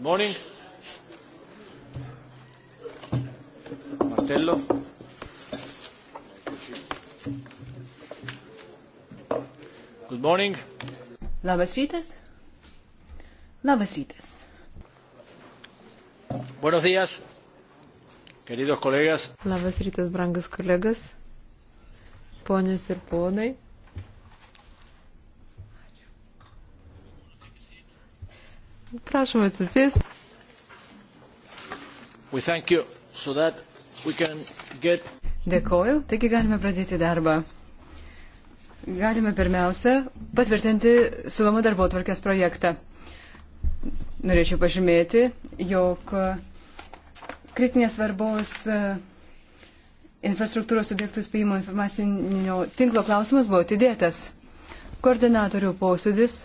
Morning. Martello. Good morning. Labas rytas. Labas rytas. Buenos días, queridos colegas. Labas rytas, brangus kolegas, ponios ir ponai. Prašom atsisėsti. So get... Dėkoju, taigi galime pradėti darbą. Galime pirmiausia patvirtinti siūlomą darbo tvarkės projektą. Norėčiau pažymėti, jog kritinės svarbos e, infrastruktūros subjektų spėjimo informacinio tinklo klausimas buvo atidėtas. Koordinatorių posėdis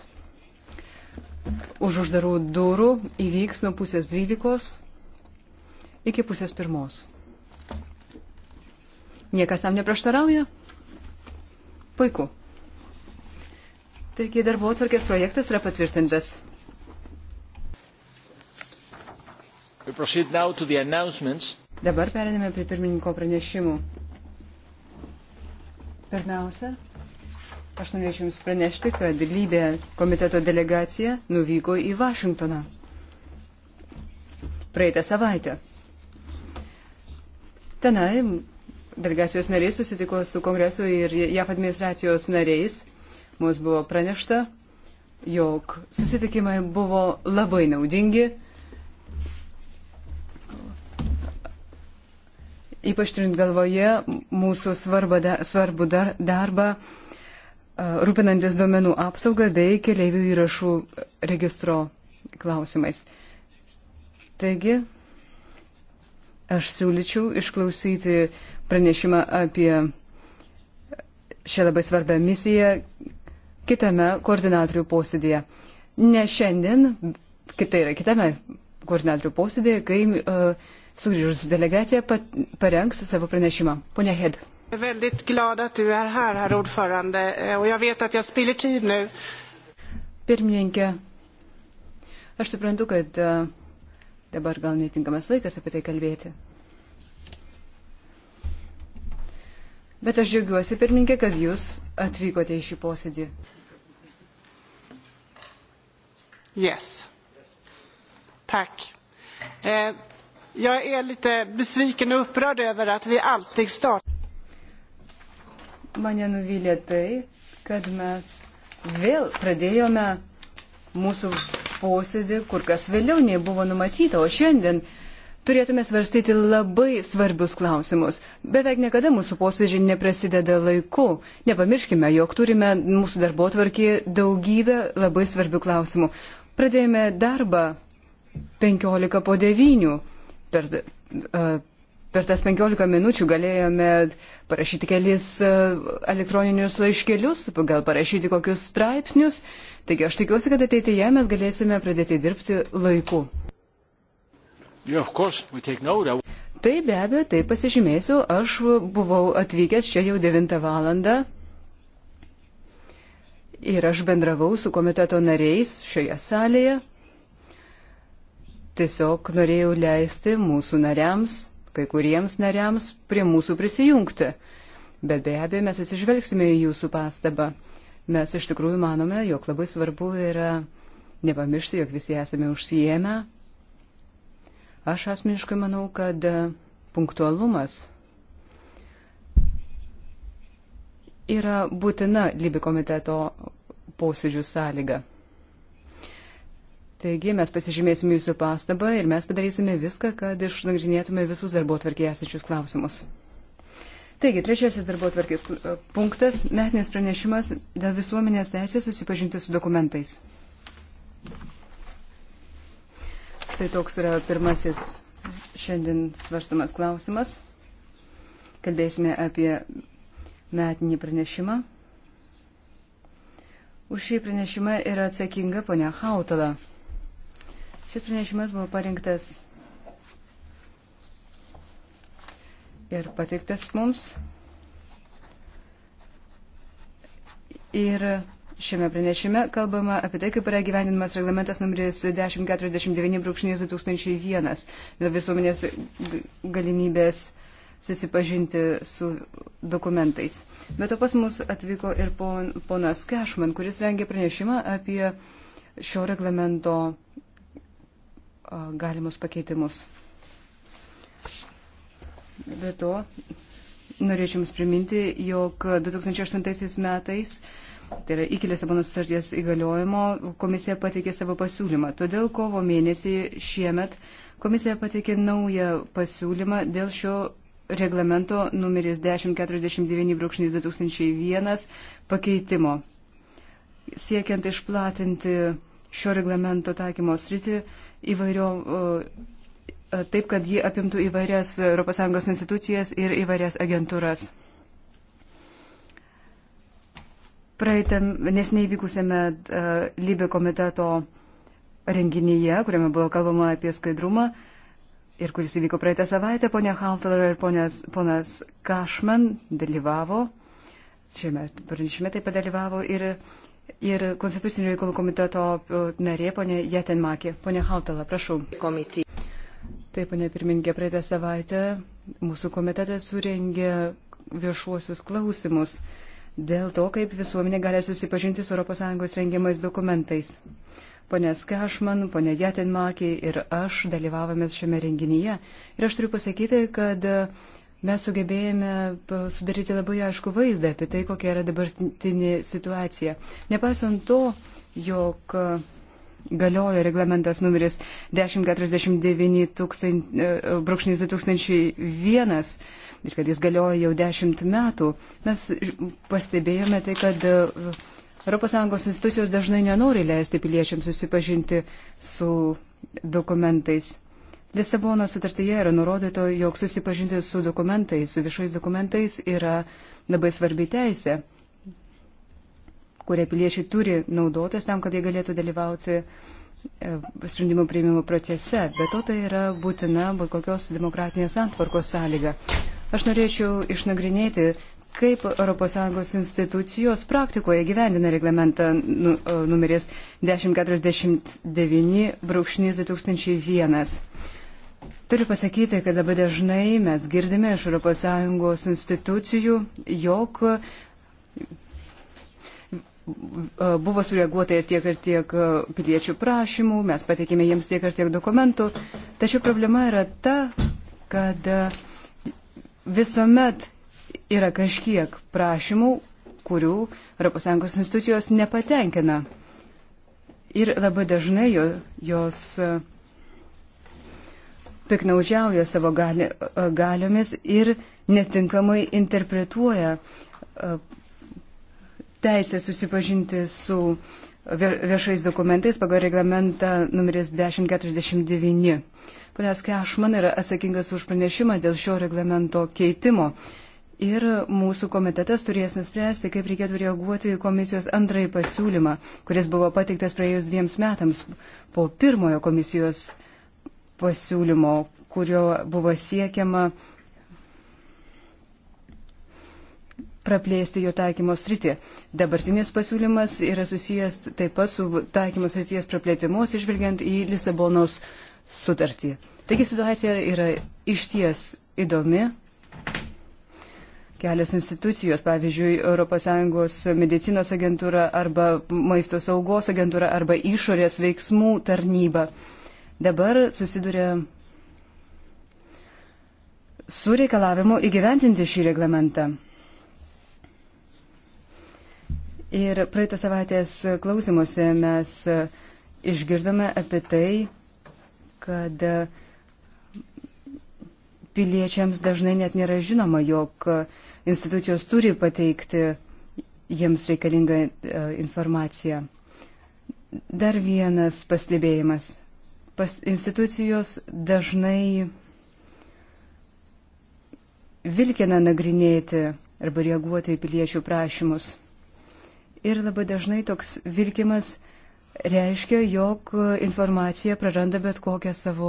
už uždarų durų įvyks nuo pusės dvylikos iki pusės pirmos. Niekas tam neprieštarauja? Puiku. Taigi darbo atvarkės projektas yra patvirtintas. Dabar perėdame prie pirmininko pranešimų. Pirmiausia, Aš norėčiau Jums pranešti, kad lybė komiteto delegacija nuvyko į Vašingtoną praeitą savaitę. Tenai delegacijos nariai susitiko su kongresu ir JAF administracijos nariais. Mums buvo pranešta, jog susitikimai buvo labai naudingi, ypač turint galvoje mūsų svarbą, svarbų dar, darbą rūpinantis duomenų apsaugą bei keliaivių įrašų registro klausimais. Taigi, aš siūlyčiau išklausyti pranešimą apie šią labai svarbią misiją kitame koordinatorių posėdėje. Ne šiandien, kitai yra kitame koordinatorių posėdėje, kai uh, sugrįžus delegacija pat, parengs savo pranešimą. Pone Hed. Jag är väldigt glad att du är här, herr ordförande, eh, och jag vet att jag spiller tid nu. Pirmininkė, aš suprantu, kad eh, dabar gal netinkamas laikas apie tai kalbėti. Bet aš džiaugiuosi, pirmininkė, kad jūs atvykote į šį posėdį. Yes. Tack. Eh, jag är lite besviken och upprörd över att vi alltid startar mane nuvylė tai, kad mes vėl pradėjome mūsų posėdį kur kas vėliau nei buvo numatyta, o šiandien turėtume svarstyti labai svarbius klausimus. Beveik niekada mūsų posėdžiai neprasideda laiku. Nepamirškime, jog turime mūsų darbo tvarkį daugybę labai svarbių klausimų. Pradėjome darbą 15 po 9 per uh, per tas 15 minučių galėjome parašyti kelis e, elektroninius laiškelius, gal parašyti kokius straipsnius. Taigi aš tikiuosi, kad ateityje mes galėsime pradėti dirbti laiku. Yeah, Taip, be abejo, tai pasižymėsiu. Aš buvau atvykęs čia jau 9 valandą. Ir aš bendravau su komiteto nariais šioje salėje. Tiesiog norėjau leisti mūsų nariams kai kuriems nariams prie mūsų prisijungti. Bet be abejo, mes atsižvelgsime į jūsų pastabą. Mes iš tikrųjų manome, jog labai svarbu yra nepamiršti, jog visi esame užsijėmę. Aš asmeniškai manau, kad punktualumas yra būtina Libi komiteto posėdžių sąlyga. Taigi mes pasižymėsime jūsų pastabą ir mes padarysime viską, kad išnagrinėtume visus darbo tvarkėje esančius klausimus. Taigi, trečiasis darbo tvarkės e, punktas - metinės pranešimas dėl visuomenės teisės susipažinti su dokumentais. Štai toks yra pirmasis šiandien svarstamas klausimas. Kalbėsime apie metinį pranešimą. Už šį pranešimą yra atsakinga ponia Hautala. Šis pranešimas buvo parinktas ir pateiktas mums. Ir šiame pranešime kalbama apie tai, kaip yra gyvenimas reglamentas numeris 1049-2001 dėl visuomenės galimybės susipažinti su dokumentais. Bet to pas mus atvyko ir pon, ponas Kešman, kuris rengė pranešimą apie šio reglamento galimus pakeitimus. Be to, norėčiau Jums priminti, jog 2008 metais, tai yra iki Lisabonos sutarties įgaliojimo, komisija pateikė savo pasiūlymą. Todėl kovo mėnesį šiemet komisija pateikė naują pasiūlymą dėl šio reglamento numeris 1049-2001 pakeitimo. Siekiant išplatinti šio reglamento taikymo sritį, įvairiom, e, taip, kad ji apimtų įvairias ES institucijas ir įvairias agentūras. Praeitam nesnei vykusiame e, Lybė komiteto renginyje, kuriame buvo kalbama apie skaidrumą ir kuris įvyko praeitą savaitę, ponia Haltaler ir ponės, ponas Kašman dalyvavo. Šiame pranešime taip pat dalyvavo ir uh, ir Konstitucinio reikalų komiteto narė, ponė Jetenmakė. Ponė Hautala, prašau. Komitė. Taip, ponė pirmininkė, praeitą savaitę mūsų komitetas surengė viešuosius klausimus dėl to, kaip visuomenė gali susipažinti su ES rengiamais dokumentais. Pone Skešman, pone Jetenmakė ir aš dalyvavome šiame renginyje. Ir aš turiu pasakyti, kad uh, mes sugebėjome sudaryti labai aišku vaizdą apie tai, kokia yra dabartinė situacija. Nepaisant to, jog galiojo reglamentas numeris 1049-2001 e, ir kad jis galiojo jau 10 metų, mes pastebėjome tai, kad ES institucijos dažnai nenori leisti piliečiams susipažinti su dokumentais. Lisabono sutartyje yra nurodyto, jog susipažinti su dokumentais, su viešais dokumentais yra labai svarbi teisė, kurią piliečiai turi naudotis tam, kad jie galėtų dalyvauti e, sprendimų prieimimo procese. Be to tai yra būtina bet kokios demokratinės antvarkos sąlyga. Aš norėčiau išnagrinėti, kaip ES institucijos praktikoje gyvendina reglamentą nu, e, numeris 1049-2001. Turiu pasakyti, kad labai dažnai mes girdime iš ES institucijų, jog e, buvo sureaguota ir tiek ir tiek piliečių prašymų, mes patikėme jiems tiek ir tiek dokumentų. Tačiau problema yra ta, kad e, visuomet yra kažkiek prašymų, kurių ES institucijos nepatenkina. Ir labai dažnai jos. jos piknaudžiauja savo gali, e, galiomis ir netinkamai interpretuoja e, teisę susipažinti su viešais dokumentais pagal reglamentą numeris 1049. Ponas Kešman yra atsakingas už pranešimą dėl šio reglamento keitimo. Ir mūsų komitetas turės nuspręsti, kaip reikėtų reaguoti į komisijos antrąjį pasiūlymą, kuris buvo pateiktas praėjus dviems metams po pirmojo komisijos pasiūlymo pasiūlymo, kurio buvo siekiama praplėsti jo taikymo sritį. Dabartinis pasiūlymas yra susijęs taip pat su taikymo srities praplėtimu, išvilgiant į Lisabonos sutartį. Taigi situacija yra išties įdomi. Kelios institucijos, pavyzdžiui, ES medicinos agentūra arba maisto saugos agentūra arba išorės veiksmų tarnyba dabar susiduria su reikalavimu įgyventinti šį reglamentą. Ir praeitą savaitės klausimuose mes išgirdome apie tai, kad piliečiams dažnai net nėra žinoma, jog institucijos turi pateikti jiems reikalingą e, informaciją. Dar vienas pastebėjimas pas, institucijos dažnai vilkina nagrinėti arba reaguoti į piliečių prašymus. Ir labai dažnai toks vilkimas reiškia, jog informacija praranda bet kokią savo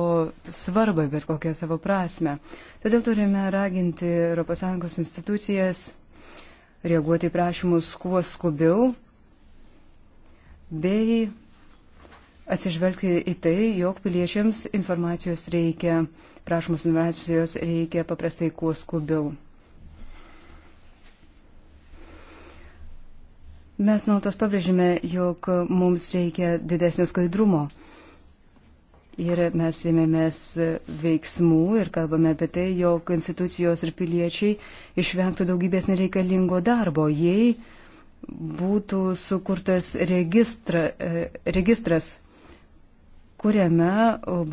svarbą, bet kokią savo prasme. Todėl turime raginti ES institucijas reaguoti į prašymus kuo skubiau bei atsižvelgti į tai, jog piliečiams informacijos reikia, prašomos informacijos reikia paprastai kuo skubiau. Mes nuolatos pabrėžime, jog mums reikia didesnio skaidrumo. Ir mes ėmėmės veiksmų ir kalbame apie tai, jog institucijos ir piliečiai išvengtų daugybės nereikalingo darbo, jei būtų sukurtas registra, e, registras kuriame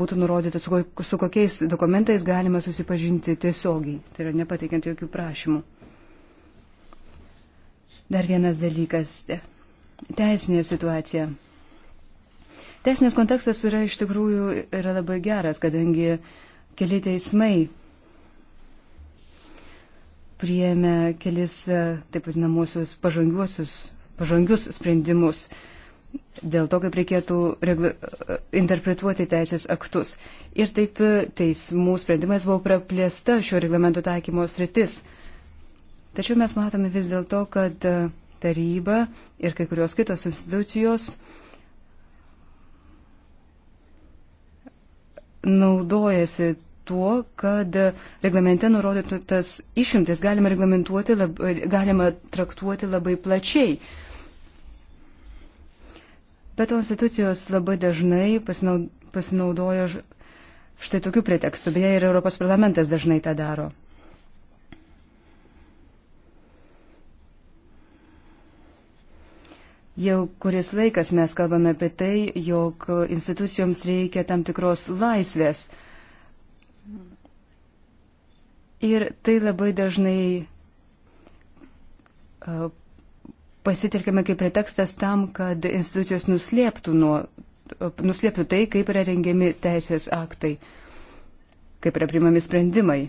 būtų nurodyta, su, su kokiais dokumentais galima susipažinti tiesiogiai, tai yra nepateikiant jokių prašymų. Dar vienas dalykas - teisinė situacija. Teisinės kontekstas yra iš tikrųjų yra labai geras, kadangi keli teismai priėmė kelis taip vadinamosius pažangiuosius, pažangius sprendimus dėl to, kaip reikėtų regla, interpretuoti teisės aktus. Ir taip e, teismų sprendimas buvo praplėsta šio reglamento taikymo sritis. Tačiau mes matome vis dėlto, kad e, taryba ir kai kurios kitos institucijos naudojasi tuo, kad reglamente nurodytas išimtis galima reglamentuoti, lab, galima traktuoti labai plačiai. Uh, Bet institucijos labai dažnai pasinaudoja štai tokių pretekstų, beje ir Europos parlamentas dažnai tą daro. Jau kuris laikas mes kalbame apie tai, jog institucijoms reikia tam tikros laisvės. Ir tai labai dažnai pasitelkiame kaip pretekstas tam, kad institucijos nuslėptų, nuo, nuslėptų tai, kaip yra rengiami teisės aktai, kaip yra primami sprendimai.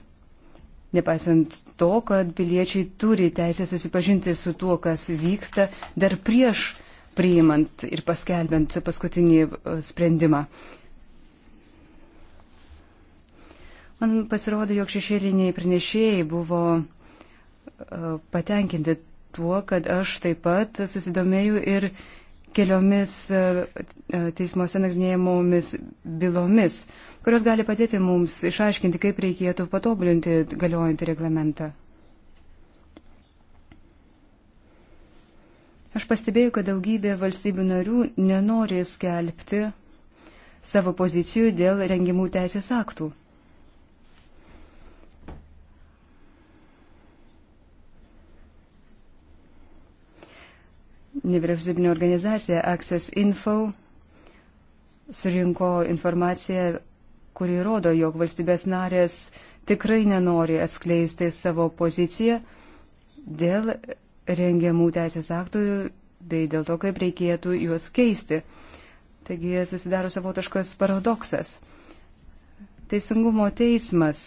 Nepaisant to, kad piliečiai turi teisę susipažinti su tuo, kas vyksta dar prieš priimant ir paskelbiant paskutinį e, sprendimą. Man pasirodo, jog šešėliniai pranešėjai buvo e, patenkinti tuo, kad aš taip pat susidomėjau ir keliomis e, e, teismuose nagrinėjamomis bylomis, kurios gali padėti mums išaiškinti, kaip reikėtų patobulinti galiojantį reglamentą. Aš pastebėjau, kad daugybė valstybių narių nenori skelbti savo pozicijų dėl rengimų teisės aktų. nevyriausybinė organizacija Access Info surinko informaciją, kuri rodo, jog valstybės narės tikrai nenori atskleisti savo poziciją dėl rengiamų teisės aktų bei dėl to, kaip reikėtų juos keisti. Taigi susidaro savotaškas paradoksas. Teisingumo teismas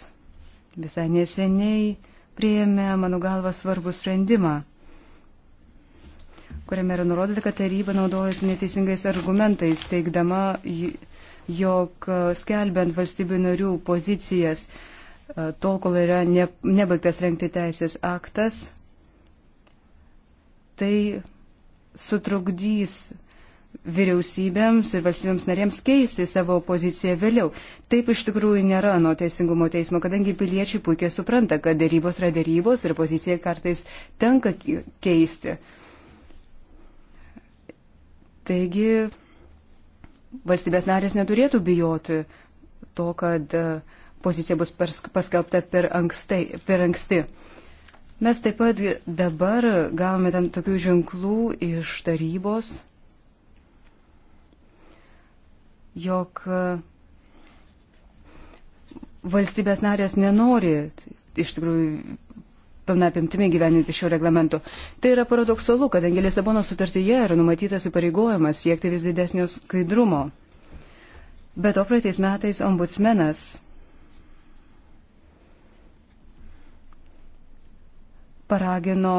visai neseniai prieėmė, mano galva, svarbų sprendimą kuriame yra nurodyta, kad taryba naudojasi neteisingais argumentais, teikdama, jog e, skelbiant valstybių narių pozicijas, e, tol kol yra ne, nebaigtas renkti teisės aktas, tai sutrukdys vyriausybėms ir valstybėms narėms keisti savo poziciją vėliau. Taip iš tikrųjų nėra nuo Teisingumo teismo, kadangi piliečiai puikiai supranta, kad dėrybos yra dėrybos ir poziciją kartais tenka keisti. Taigi valstybės narės neturėtų bijoti to, kad e, pozicija bus paskelbta per, ankstai, per anksti. Mes taip pat dabar gavome tam tokių ženklų iš tarybos, jog e, valstybės narės nenori iš tikrųjų pilna apimtimi gyveninti šio reglamento. Tai yra paradoksalu, kadangi Lisabono sutartyje yra numatytas įpareigojimas siekti vis didesnio skaidrumo. Bet o praeitais metais ombudsmenas paragino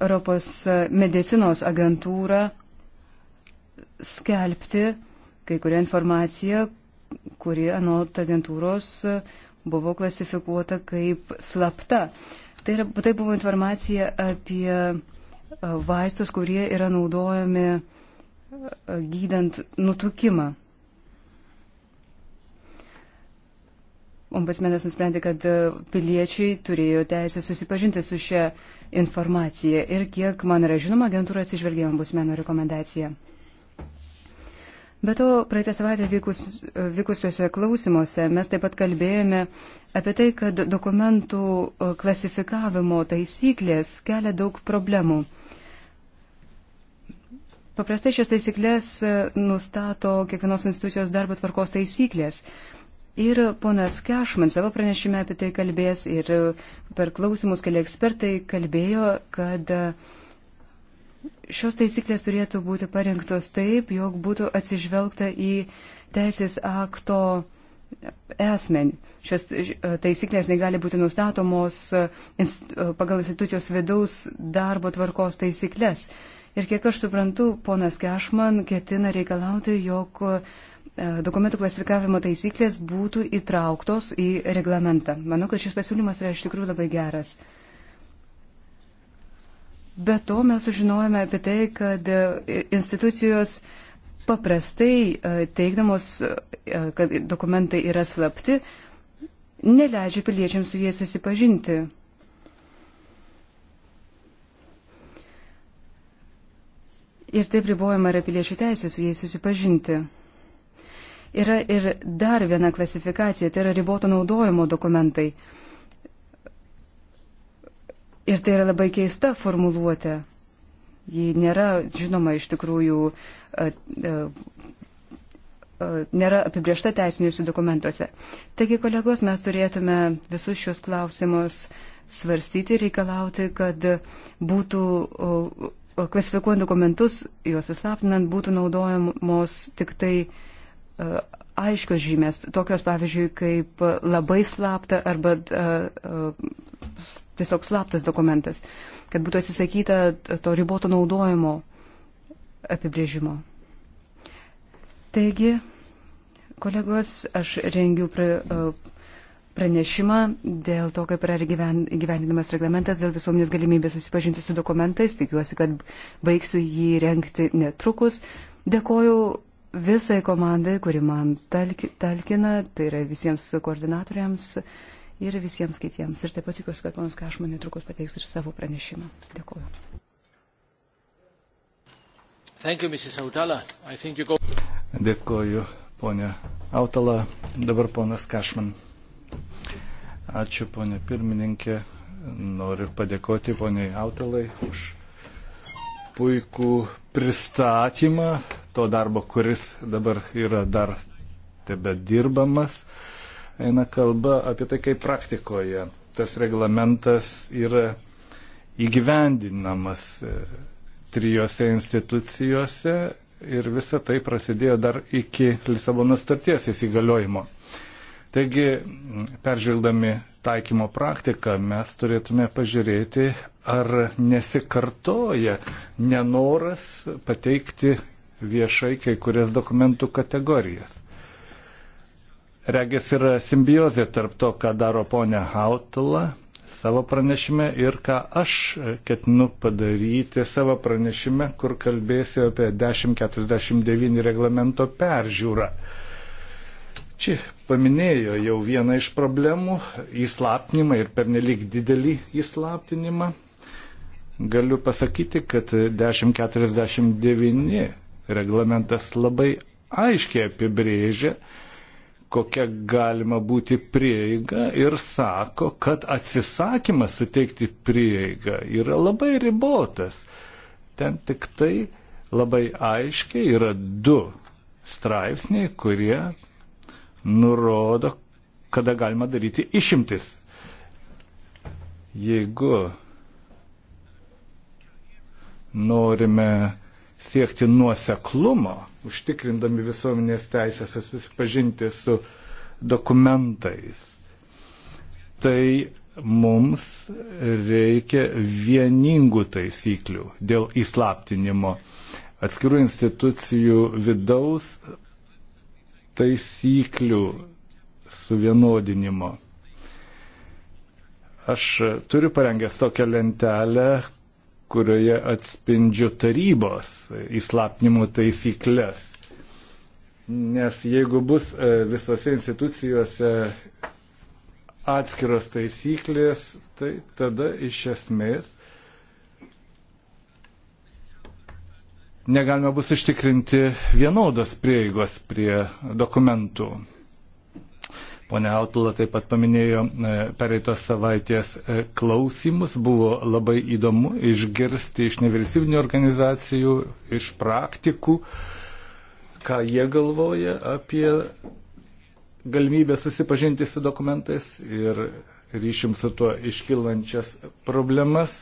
Europos medicinos agentūrą skelbti kai kurią informaciją, kuri anot agentūros buvo klasifikuota kaip slapta. Tai, yra, tai buvo informacija apie e, vaistus, kurie yra naudojami e, gydant nutukimą. Ombudsmenas nusprendė, kad e, piliečiai turėjo teisę susipažinti su šia informacija ir kiek man yra žinoma, agentūra atsižvelgė ombudsmeno rekomendaciją. Be to, praeitą savaitę vykus, vykusiuose klausimuose mes taip pat kalbėjome apie tai, kad dokumentų e, klasifikavimo taisyklės kelia daug problemų. Paprastai šias taisyklės e, nustato kiekvienos institucijos darbo tvarkos taisyklės. Ir ponas Kešman savo pranešime apie tai kalbės ir e, per klausimus keli ekspertai kalbėjo, kad uh, Šios taisyklės turėtų būti parengtos taip, jog būtų atsižvelgta į teisės akto esmenį. Šios e, taisyklės negali būti nustatomos e, e, pagal institucijos vidaus darbo tvarkos taisyklės. Ir kiek aš suprantu, ponas Kešman ketina reikalauti, jog dokumentų klasifikavimo taisyklės būtų įtrauktos į reglamentą. Manau, kad šis pasiūlymas yra iš tikrųjų labai geras. Be to mes sužinojame apie tai, kad e, institucijos paprastai e, teikdamos, e, kad dokumentai yra slapti, neleidžia piliečiams su jais susipažinti. Ir taip ribojama yra piliečių teisė su jais susipažinti. Yra ir dar viena klasifikacija, tai yra riboto naudojimo dokumentai. Ir tai yra labai keista formuluotė. Ji nėra, žinoma, iš tikrųjų, a, a, a, nėra apibriešta teisiniuose dokumentuose. Taigi, kolegos, mes turėtume visus šios klausimus svarstyti ir reikalauti, kad būtų klasifikuojant dokumentus, juos įslaptinant, būtų naudojamos tik tai aiškios žymės, tokios pavyzdžiui kaip labai slapta arba uh, uh, tiesiog slaptas dokumentas, kad būtų atsisakyta to riboto naudojimo apibrėžimo. Taigi, kolegos, aš rengiu pra, e, pranešimą dėl to, kaip yra gyvendinamas reglamentas dėl visuomenės galimybės susipažinti su dokumentais. Tikiuosi, kad baigsiu jį renkti netrukus. Dėkoju visai komandai, kuri man talkina, tai yra visiems koordinatoriams ir visiems kitiems. Ir taip pat tikiuosi, kad ponas Kašman netrukus pateiks ir savo pranešimą. Dėkuoju. Thank you, Mrs. Autala. I think you go... Dėkuoju, ponė Autala. Dabar ponas Kašman. Ačiū, ponė pirmininkė. Noriu padėkoti poniai Autalai už puikų pristatymą to darbo, kuris dabar yra dar tebe dirbamas. Uh, eina kalba apie tai, kaip praktikoje tas reglamentas yra įgyvendinamas e, trijose institucijose ir visa tai prasidėjo dar iki Lisabonos starties įsigaliojimo. Taigi, peržvelgdami taikymo praktiką, mes turėtume pažiūrėti, ar nesikartoja nenoras pateikti viešai kai kurias dokumentų kategorijas. Regis yra simbiozė tarp to, ką daro ponia Hautala savo pranešime ir ką aš ketinu padaryti savo pranešime, kur kalbėsiu apie 1049 reglamento peržiūrą. Čia paminėjo jau vieną iš problemų - įslaptinimą ir pernelik didelį įslaptinimą. Galiu pasakyti, kad 1049 reglamentas labai aiškiai apibrėžia, kokia galima būti prieiga ir sako, kad atsisakymas suteikti prieigą yra labai ribotas. Ten tik tai labai aiškiai yra du straipsniai, kurie nurodo, kada galima daryti išimtis. Jeigu norime siekti nuoseklumo, užtikrindami visuomenės teisės susipažinti su dokumentais. Tai mums reikia vieningų taisyklių dėl įslaptinimo. Atskirų institucijų vidaus taisyklių suvienodinimo. Aš turiu parengęs tokią lentelę, kurioje atspindžiu tarybos įslapnimo taisyklės. Nes jeigu bus e, visose institucijose atskiras taisyklės, tai tada iš esmės negalima bus ištikrinti vienodas prieigos prie dokumentų. Pone Autula taip pat paminėjo e, pereitos savaitės e, klausimus. Buvo labai įdomu išgirsti iš nevyriausybinio organizacijų, iš praktikų, ką jie galvoja apie galimybę susipažinti su dokumentais ir ryšim su tuo iškilančias problemas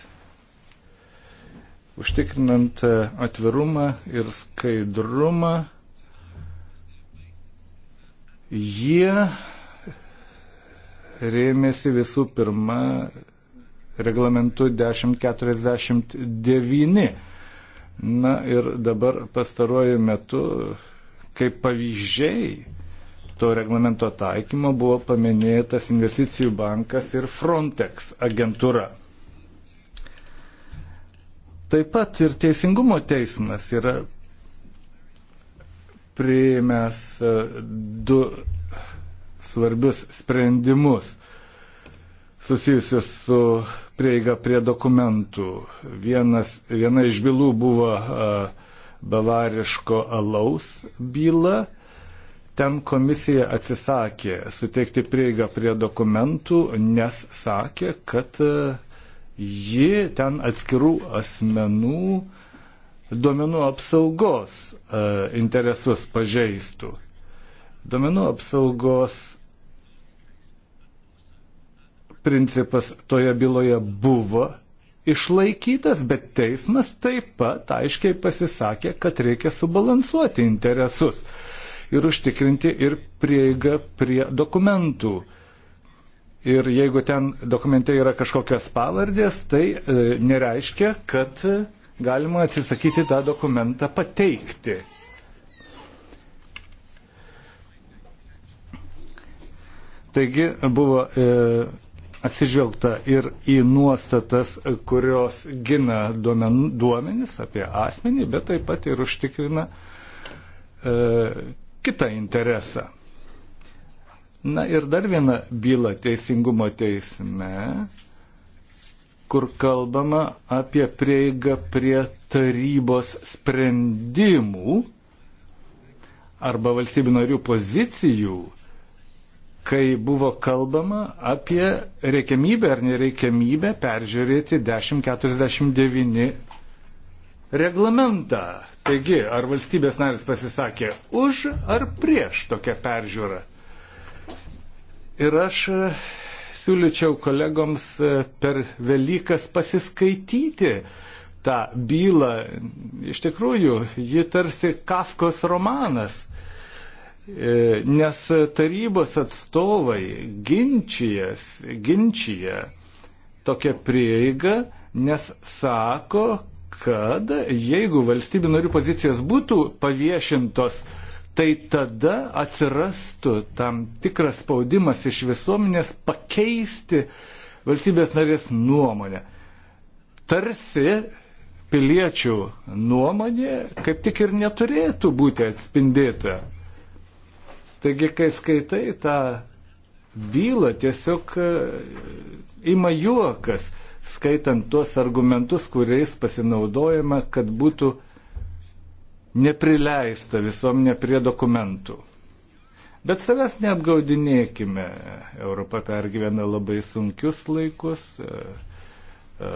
užtikrinant e, atvirumą ir skaidrumą, jie rėmėsi visų pirma reglamentu 1049. Na ir dabar pastaruoju metu, kaip pavyzdžiai to reglamento taikymo, buvo paminėtas investicijų bankas ir Frontex agentūra. Taip pat ir Teisingumo teismas yra priėmęs e, du svarbius sprendimus susijusius su prieiga prie dokumentų. Vienas, viena iš bylų buvo a, bavariško alaus byla. Ten komisija atsisakė suteikti prieigą prie dokumentų, nes sakė, kad ji ten atskirų asmenų duomenų apsaugos interesus pažeistų. Duomenų apsaugos principas toje byloje buvo išlaikytas, bet teismas taip pat aiškiai pasisakė, kad reikia subalansuoti interesus ir užtikrinti ir prieigą prie dokumentų. Ir jeigu ten dokumente yra kažkokios pavardės, tai e, nereiškia, kad e, galima atsisakyti tą dokumentą pateikti. Taigi buvo e, atsižvelgta ir į nuostatas, kurios gina duomenis apie asmenį, bet taip pat ir užtikrina e, kitą interesą. Na ir dar viena byla teisingumo teisme, kur kalbama apie prieigą prie tarybos sprendimų arba valstybių narių pozicijų, kai buvo kalbama apie reikiamybę ar nereikiamybę peržiūrėti 1049 reglamentą. Taigi, ar valstybės narės pasisakė už ar prieš tokią peržiūrą? Ir aš e, siūlyčiau kolegoms e, per Velykas pasiskaityti tą bylą. Iš tikrųjų, ji tarsi Kafkos romanas E, nes tarybos atstovai ginčijas, ginčia tokią prieigą, nes sako, kad jeigu valstybių narių pozicijos būtų paviešintos, tai tada atsirastų tam tikras spaudimas iš visuomenės pakeisti valstybės narės nuomonę. Tarsi piliečių nuomonė kaip tik ir neturėtų būti atspindėta Taigi, kai skaitai tą bylą, tiesiog e, ima juokas, skaitant tuos argumentus, kuriais pasinaudojama, kad būtų neprileista visuomenė prie dokumentų. Bet savęs neapgaudinėkime. Europa pergyvena labai sunkius laikus, e, e,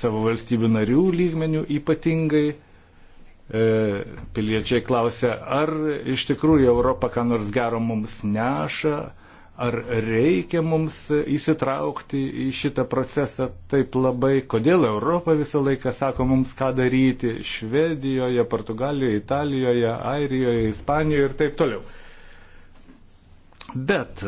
savo valstybių narių lygmenių ypatingai E, piliečiai klausia, ar iš tikrųjų Europa ką nors gero mums neša, ar reikia mums įsitraukti į šitą procesą taip labai, kodėl Europa visą laiką sako mums ką daryti Švedijoje, Portugalijoje, Italijoje, Airijoje, Ispanijoje ir taip toliau. Bet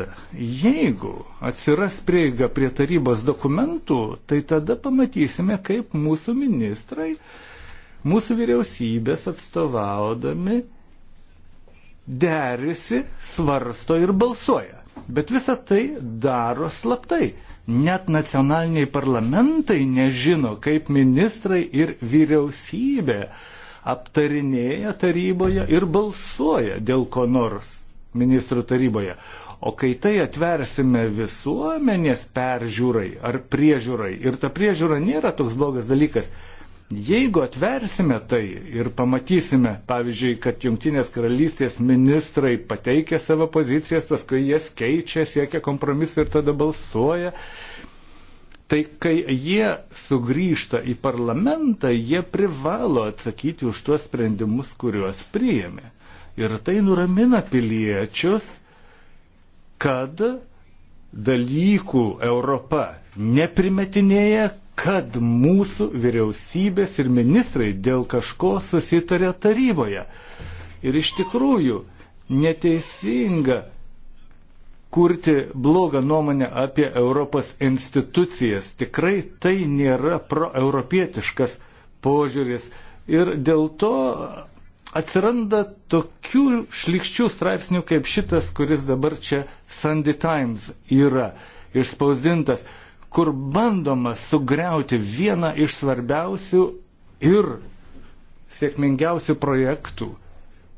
jeigu atsiras prieiga prie tarybos dokumentų, tai tada pamatysime, kaip mūsų ministrai uh, Mūsų vyriausybės atstovaudami derisi, svarsto ir balsuoja. Bet visa tai daro slaptai. Net nacionaliniai parlamentai nežino, kaip ministrai ir vyriausybė aptarinėja taryboje ir balsuoja dėl ko nors ministrų taryboje. O kai tai atversime visuomenės peržiūrai ar priežiūrai, ir ta priežiūra nėra toks blogas dalykas, Jeigu atversime tai ir pamatysime, pavyzdžiui, kad Junktinės karalystės ministrai pateikia savo pozicijas, paskui jas keičia, siekia kompromisų ir tada balsuoja, tai kai jie sugrįžta į parlamentą, jie privalo atsakyti už tuos sprendimus, kuriuos priėmė. Ir tai nuramina piliečius, kad dalykų Europa neprimetinėja, kad mūsų vyriausybės ir ministrai dėl kažko susitarė taryboje. Ir iš tikrųjų neteisinga kurti blogą nuomonę apie Europos institucijas. Tikrai tai nėra proeuropietiškas požiūris. Ir dėl to atsiranda tokių šlikščių straipsnių kaip šitas, kuris dabar čia Sunday Times yra išspausdintas kur bandoma sugriauti vieną iš svarbiausių ir sėkmingiausių projektų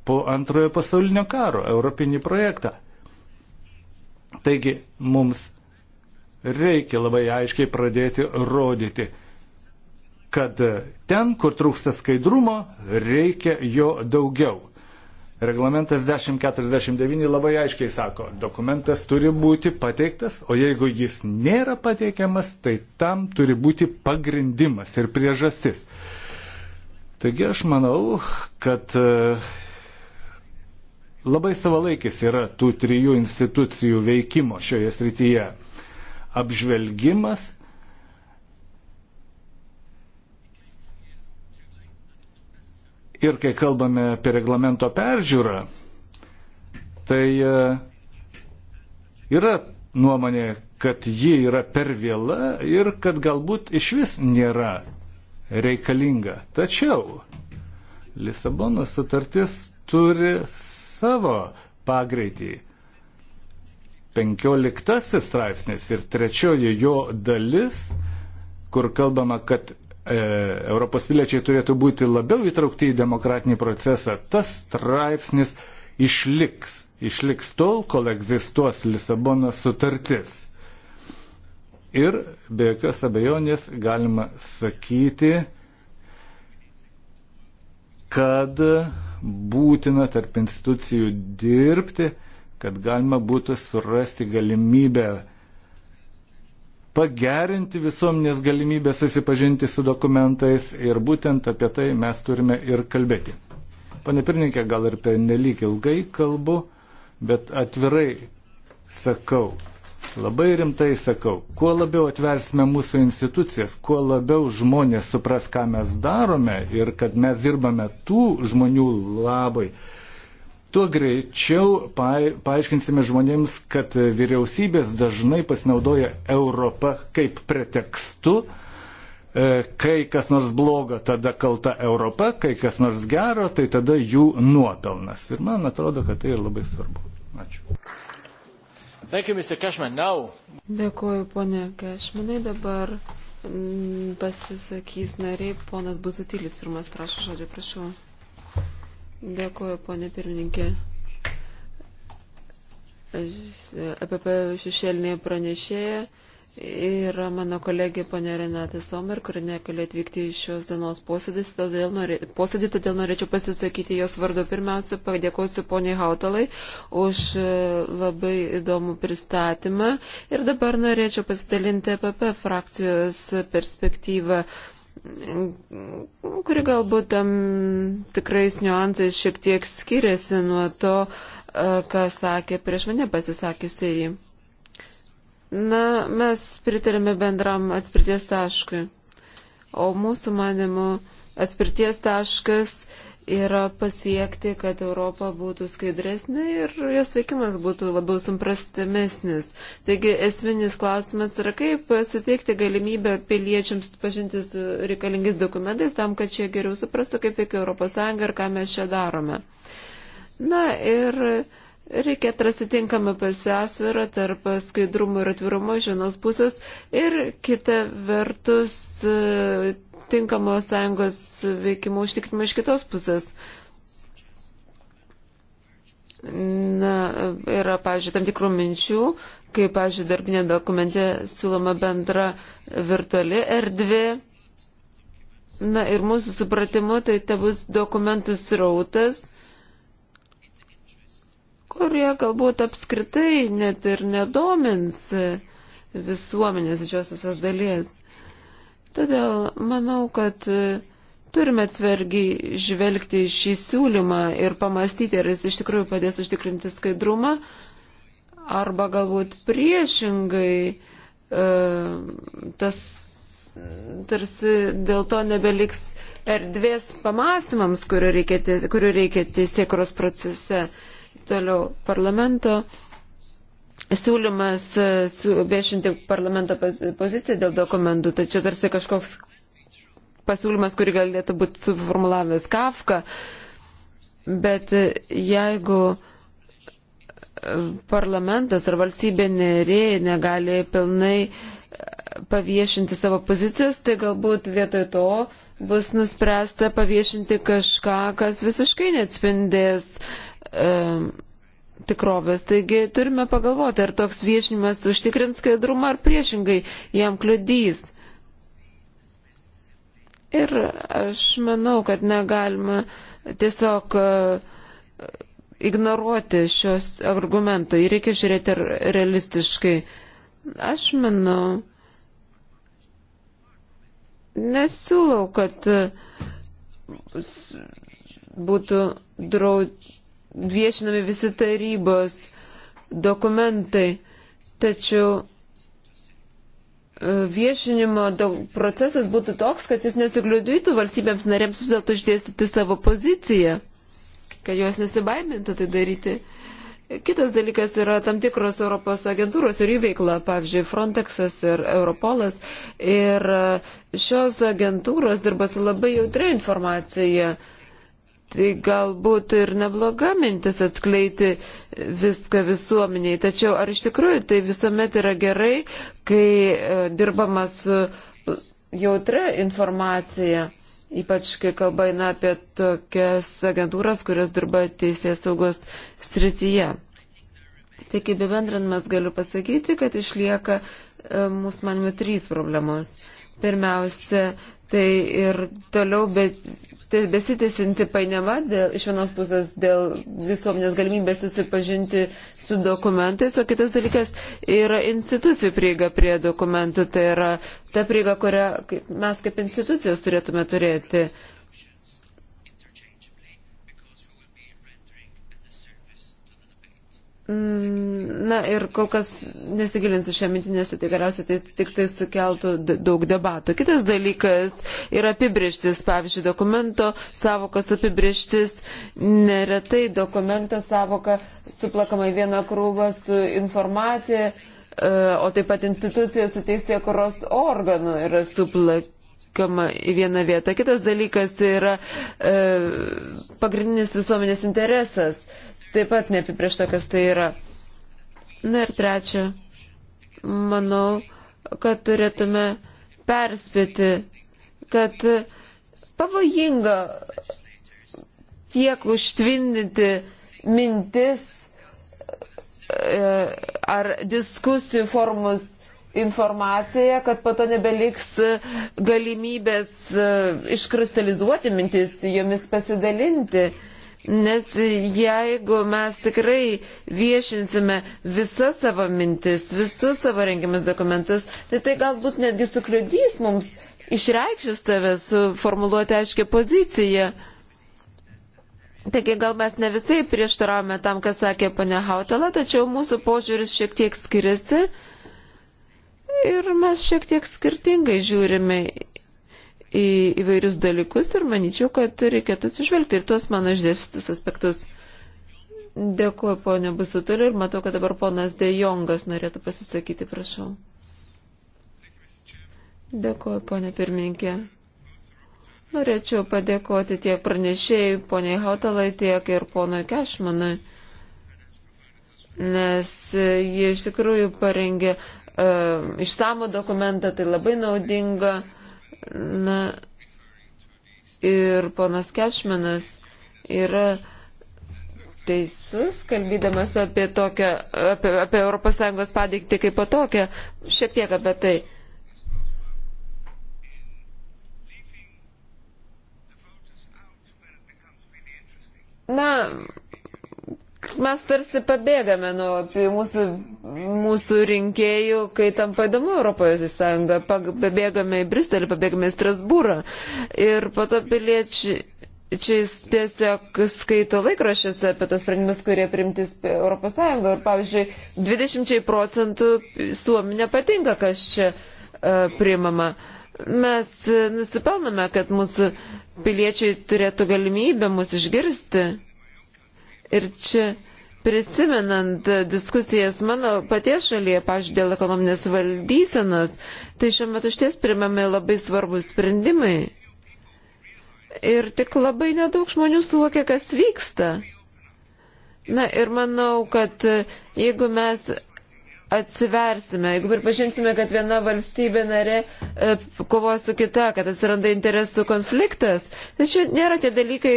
po antrojo pasaulinio karo - europinį projektą. Taigi mums reikia labai aiškiai pradėti rodyti, kad ten, kur trūksta skaidrumo, reikia jo daugiau. Reglamentas 1049 labai aiškiai sako, dokumentas turi būti pateiktas, o jeigu jis nėra pateikiamas, tai tam turi būti pagrindimas ir priežastis. Taigi aš manau, kad e, labai savalaikis yra tų trijų institucijų veikimo šioje srityje. Apžvelgimas, Ir kai kalbame apie reglamento peržiūrą, tai e, yra nuomonė, kad ji yra per vėla ir kad galbūt iš vis nėra reikalinga. Tačiau Lisabonos sutartis turi savo pagreitį. 15 straipsnis ir trečioji jo dalis, kur kalbama, kad E, Europos piliečiai turėtų būti labiau įtraukti į demokratinį procesą, tas straipsnis išliks. Išliks tol, kol egzistuos Lisabonos sutartis. Ir be jokios abejonės galima sakyti, kad būtina tarp institucijų dirbti, kad galima būtų surasti galimybę pagerinti visuomenės galimybę susipažinti su dokumentais ir būtent apie tai mes turime ir kalbėti. Pane pirmininkė, gal ir per nelik ilgai kalbu, bet atvirai sakau, labai rimtai sakau, kuo labiau atversime mūsų institucijas, kuo labiau žmonės supras, ką mes darome ir kad mes dirbame tų žmonių labai, tuo greičiau paaiškinsime žmonėms, kad vyriausybės dažnai pasinaudoja Europą kaip pretekstu. E, kai kas nors bloga, tada kalta Europa, kai kas nors gero, tai tada jų nuopelnas. Ir man atrodo, kad tai yra labai svarbu. Ačiū. Thank you, Mr. Cashman. Now. Dėkuoju, ponė Cashmanai. Dabar mm, pasisakys nariai, ponas Buzutilis, pirmas prašo žodžio, prašau. Dėkuoju, ponė pirmininkė. APP e, e šešėlinė pranešėja ir mano kolegė ponė Renata Somer, kuri negali atvykti iš šios dienos posėdį, todėl, norė, posėdį, todėl norėčiau pasisakyti jos vardu. Pirmiausia, padėkosiu poniai Hautalai už e, labai įdomų pristatymą ir dabar norėčiau pasidalinti APP frakcijos perspektyvą. Uh, kuri galbūt tam tikrais niuansais šiek tiek skiriasi nuo to, e, ką sakė prieš mane pasisakysiai. Na, mes pritarėme bendram atspirties taškui. O mūsų manimu atspirties taškas yra pasiekti, kad Europa būtų skaidresnė ir jos veikimas būtų labiau suprastamesnis. Taigi esminis klausimas yra, kaip suteikti galimybę piliečiams pažinti su reikalingais dokumentais tam, kad šie geriau suprastų, kaip veikia ES ir ką mes čia darome. Na ir reikia atrasti tinkamą pasiasvirą tarp skaidrumo ir atvirumo iš vienos pusės ir kita vertus tinkamo sąjungos veikimo užtikrinimo iš kitos pusės. Na, yra, pažiūrėjau, tam tikrų minčių, kaip, pažiūrėjau, darbinė dokumente siūloma bendra virtuali erdvė. Na ir mūsų supratimu, tai te bus dokumentų srautas, kurie galbūt apskritai net ir nedomins visuomenės didžiosios dalies. Todėl manau, kad e, turime atsvergiai žvelgti šį siūlymą ir pamastyti, ar jis iš tikrųjų padės užtikrinti skaidrumą, arba galbūt priešingai e, tas tarsi dėl to nebeliks erdvės pamastymams, kurių reikia, kurių reikia teisėkros procese. Toliau parlamento uh, siūlymas e, viešinti parlamento poziciją dėl dokumentų, tačiau tarsi kažkoks pasiūlymas, kurį galėtų būti suformulavęs Kafka, bet e, jeigu e, parlamentas ar valstybė nerė negali pilnai paviešinti savo pozicijos, tai galbūt vietoj to bus nuspręsta paviešinti kažką, kas visiškai neatspindės um, e, tikrovės. Taigi turime pagalvoti, ar toks viešinimas užtikrins skaidrumą, ar priešingai jam kliudys. Ir aš manau, kad negalima tiesiog e, ignoruoti šios argumentų. Jį reikia žiūrėti realistiškai. Aš manau, nesiūlau, kad e, būtų draudžiama viešinami visi tarybos dokumentai, tačiau e, viešinimo procesas būtų toks, kad jis nesugliudytų valstybėms narėms vis dėlto išdėstyti savo poziciją, kad jos nesibaimintų tai daryti. Kitas dalykas yra tam tikros Europos agentūros ir jų veikla, pavyzdžiui, Frontexas ir Europolas. Ir e, šios agentūros dirba su labai jautria informacija. Uh, Tai galbūt ir nebloga mintis atskleiti viską visuomeniai, tačiau ar iš tikrųjų tai visuomet yra gerai, kai e, dirbama su jautra informacija, ypač kai kalba eina apie tokias agentūras, kurios dirba teisės saugos srityje. Tai kaip bendrinimas galiu pasakyti, kad išlieka e, mūsų manimi trys problemos. Pirmiausia, tai ir toliau besitėsinti painiava dėl, iš vienos pusės dėl visuomenės galimybės susipažinti su dokumentais, o kitas dalykas yra institucijų prieiga prie dokumentų, tai yra ta prieiga, kurią mes kaip institucijos turėtume turėti. Uh, Na ir kol kas nesigilinsiu šią mintį, nes tai galiausiai tai tik tai sukeltų daug debatų. Kitas dalykas yra apibrieštis, pavyzdžiui, dokumento savokas apibrieštis. Neretai dokumento savoka suplakama į vieną krūvą su informacija, e, o taip pat institucija su teisė kuros organų yra suplakama suplakama į vieną vietą. Kitas dalykas yra e, pagrindinis visuomenės interesas taip pat neapibriešta, kas tai yra. Na ir trečia, manau, kad turėtume perspėti, kad pavojinga tiek užtvindyti mintis e, ar diskusijų formus informaciją, kad po to nebeliks galimybės e, iškristalizuoti mintis, jomis pasidalinti. Nes jeigu mes tikrai viešinsime visas savo mintis, visus savo rengiamus dokumentus, tai tai galbūt netgi sukliudys mums išreikščius tave, suformuluoti aiškę poziciją. Taigi gal mes ne visai prieštaravome tam, ką sakė ponia Hautala, tačiau mūsų požiūris šiek tiek skiriasi ir mes šiek tiek skirtingai žiūrime į įvairius dalykus ir manyčiau, kad reikėtų atsižvelgti ir tuos mano išdėstytus aspektus. Dėkuoju, ponė Busuteliu, ir matau, kad dabar ponas Dejongas norėtų pasisakyti, prašau. Dėkuoju, ponė pirmininkė. Norėčiau padėkoti tiek pranešėjai, poniai Hautalai, tiek ir ponui Kešmanui, nes jie iš tikrųjų parengė uh, e, išsamų dokumentą, tai labai naudinga. Uh, Na, ir ponas Kešminas yra teisus, kalbėdamas apie, tokią, apie, apie ES padėkti kaip po tokią, šiek tiek apie tai. Na, mes tarsi pabėgame nuo mūsų, mūsų rinkėjų, kai tampa įdomu Europoje įsąjunga, pabėgame į Briselį, pabėgame į Strasbūrą ir po to piliečiai. Čia jis tiesiog skaito laikrašiuose apie tos sprendimus, kurie primti ES. Ir pavyzdžiui, 20 procentų suomi nepatinka, kas čia uh, e, primama. Mes e, nusipelname, kad mūsų piliečiai turėtų galimybę mūsų išgirsti. Ir čia prisimenant diskusijas mano paties šalyje, pažiūrėjau, dėl ekonominės valdysenos, tai šiuo metu šties primami labai svarbus sprendimai. Ir tik labai nedaug žmonių suvokia, kas vyksta. Na ir manau, kad jeigu mes atsiversime, jeigu pripažinsime, kad viena valstybė narė e, kovoja su kita, kad atsiranda interesų konfliktas, tačiau nėra tie dalykai,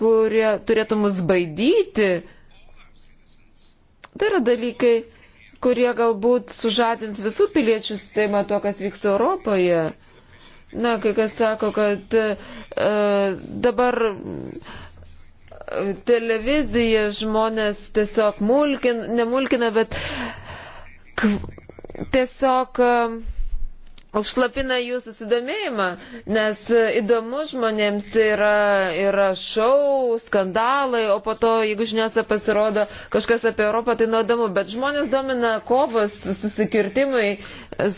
kurie turėtų mus baidyti. Tai yra dalykai, kurie galbūt sužadins visų piliečių sistemą to, kas vyksta Europoje. Na, kai kas sako, kad e, dabar e, televizija žmonės tiesiog mulkin, nemulkina, bet tiesiog um, užslapina jų susidomėjimą, nes uh, įdomu žmonėms yra, yra šau, skandalai, o po to, jeigu žiniuose pasirodo kažkas apie Europą, tai nuodomu, bet žmonės domina kovos, susikirtimai,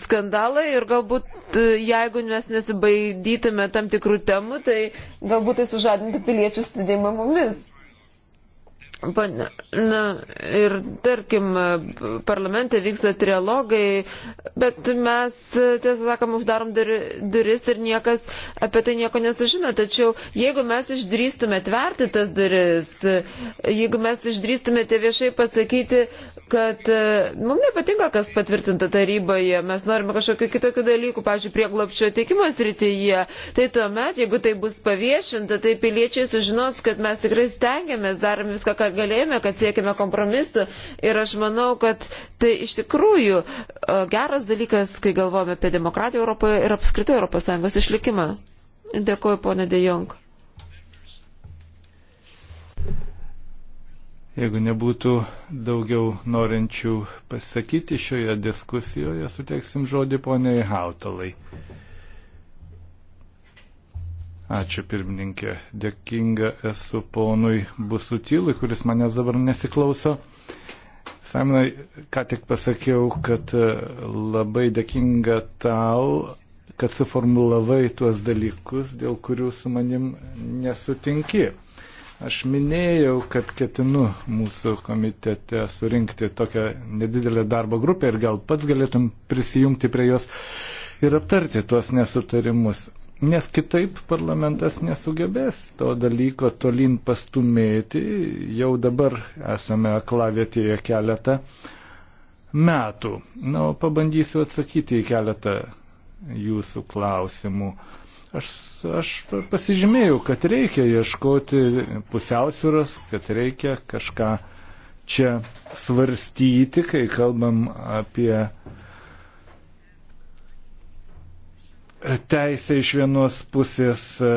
skandalai ir galbūt uh, jeigu mes nesibaidytume tam tikrų temų, tai galbūt tai sužadintų piliečių stidėjimą mumis. Na, ir tarkim, parlamente vyksta trialogai, bet mes, tiesą sakom, uždarom duris ir niekas apie tai nieko nesužino. Tačiau jeigu mes išdrįstume tverti tas duris, jeigu mes išdrįstume tie viešai pasakyti, kad e, mums nepatinka, kas patvirtinta taryboje, mes norime kažkokių kitokių dalykų, pavyzdžiui, prieglopščio teikimo srityje, tai tuomet, jeigu tai bus paviešinta, tai piliečiai sužinos, kad mes tikrai stengiamės, darom viską, ką galėjome, kad siekime kompromisu ir aš manau, kad tai iš tikrųjų e, geras dalykas, kai galvojame apie demokratiją Europoje ir apskritai ES išlikimą. Dėkuoju, ponė Dejong. Jeigu nebūtų daugiau norinčių pasakyti šioje diskusijoje, suteiksim žodį poniai Hautalai. Ačiū pirmininkė. Dėkinga esu ponui Busutilui, kuris manęs dabar nesiklauso. Saminai, ką tik pasakiau, kad e, labai dėkinga tau, kad suformulavai tuos dalykus, dėl kurių su manim nesutinki. Aš minėjau, kad ketinu mūsų komitete surinkti tokią nedidelę darbo grupę ir gal pats galėtum prisijungti prie jos ir aptarti tuos nesutarimus nes kitaip parlamentas nesugebės to dalyko tolin pastumėti. Jau dabar esame aklavietėje keletą metų. Na, o pabandysiu atsakyti į keletą jūsų klausimų. Aš, aš pasižymėjau, kad reikia ieškoti pusiausvėros, kad reikia kažką čia svarstyti, kai kalbam apie uh, teisę iš vienos pusės e,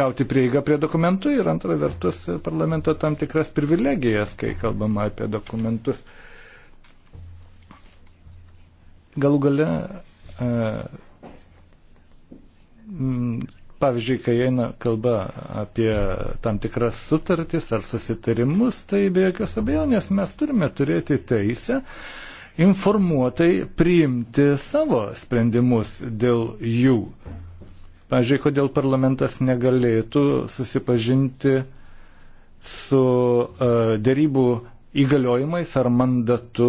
gauti prieigą prie dokumentų ir antra vertus e, parlamento tam tikras privilegijas, kai kalbama apie dokumentus. Galų gale, e, pavyzdžiui, kai eina kalba apie tam tikras sutartis ar susitarimus, tai be jokios abejonės mes turime turėti teisę uh, informuotai priimti savo sprendimus dėl jų. Pavyzdžiui, kodėl parlamentas negalėtų susipažinti su uh, e, dėrybų įgaliojimais ar mandatu,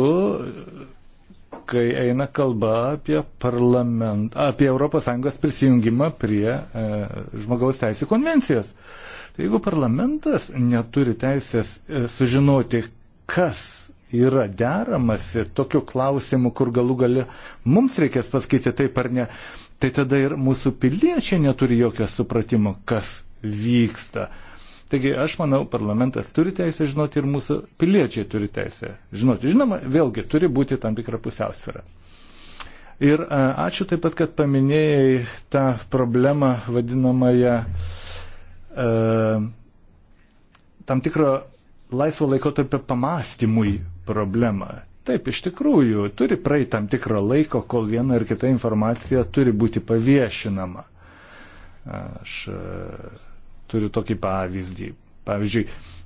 kai eina kalba apie, apie ES prisijungimą prie uh, žmogaus teisų konvencijos. Tai jeigu parlamentas neturi teisės e, sužinoti, kas yra deramasi tokiu klausimu, kur galų gali mums reikės pasakyti taip ar ne, tai tada ir mūsų piliečiai neturi jokio supratimo, kas vyksta. Taigi aš manau, parlamentas turi teisę žinoti ir mūsų piliečiai turi teisę žinoti. Žinoma, vėlgi turi būti tam tikra pusiausvėra. Ir a, e, ačiū taip pat, kad paminėjai tą problemą vadinamąją a, e, tam tikro laisvo laiko tarp pamastymui problemą. Taip, iš tikrųjų, turi praeiti tam tikrą laiko, kol viena ar kita informacija turi būti paviešinama. Aš e, turiu tokį pavyzdį. Pavyzdžiui,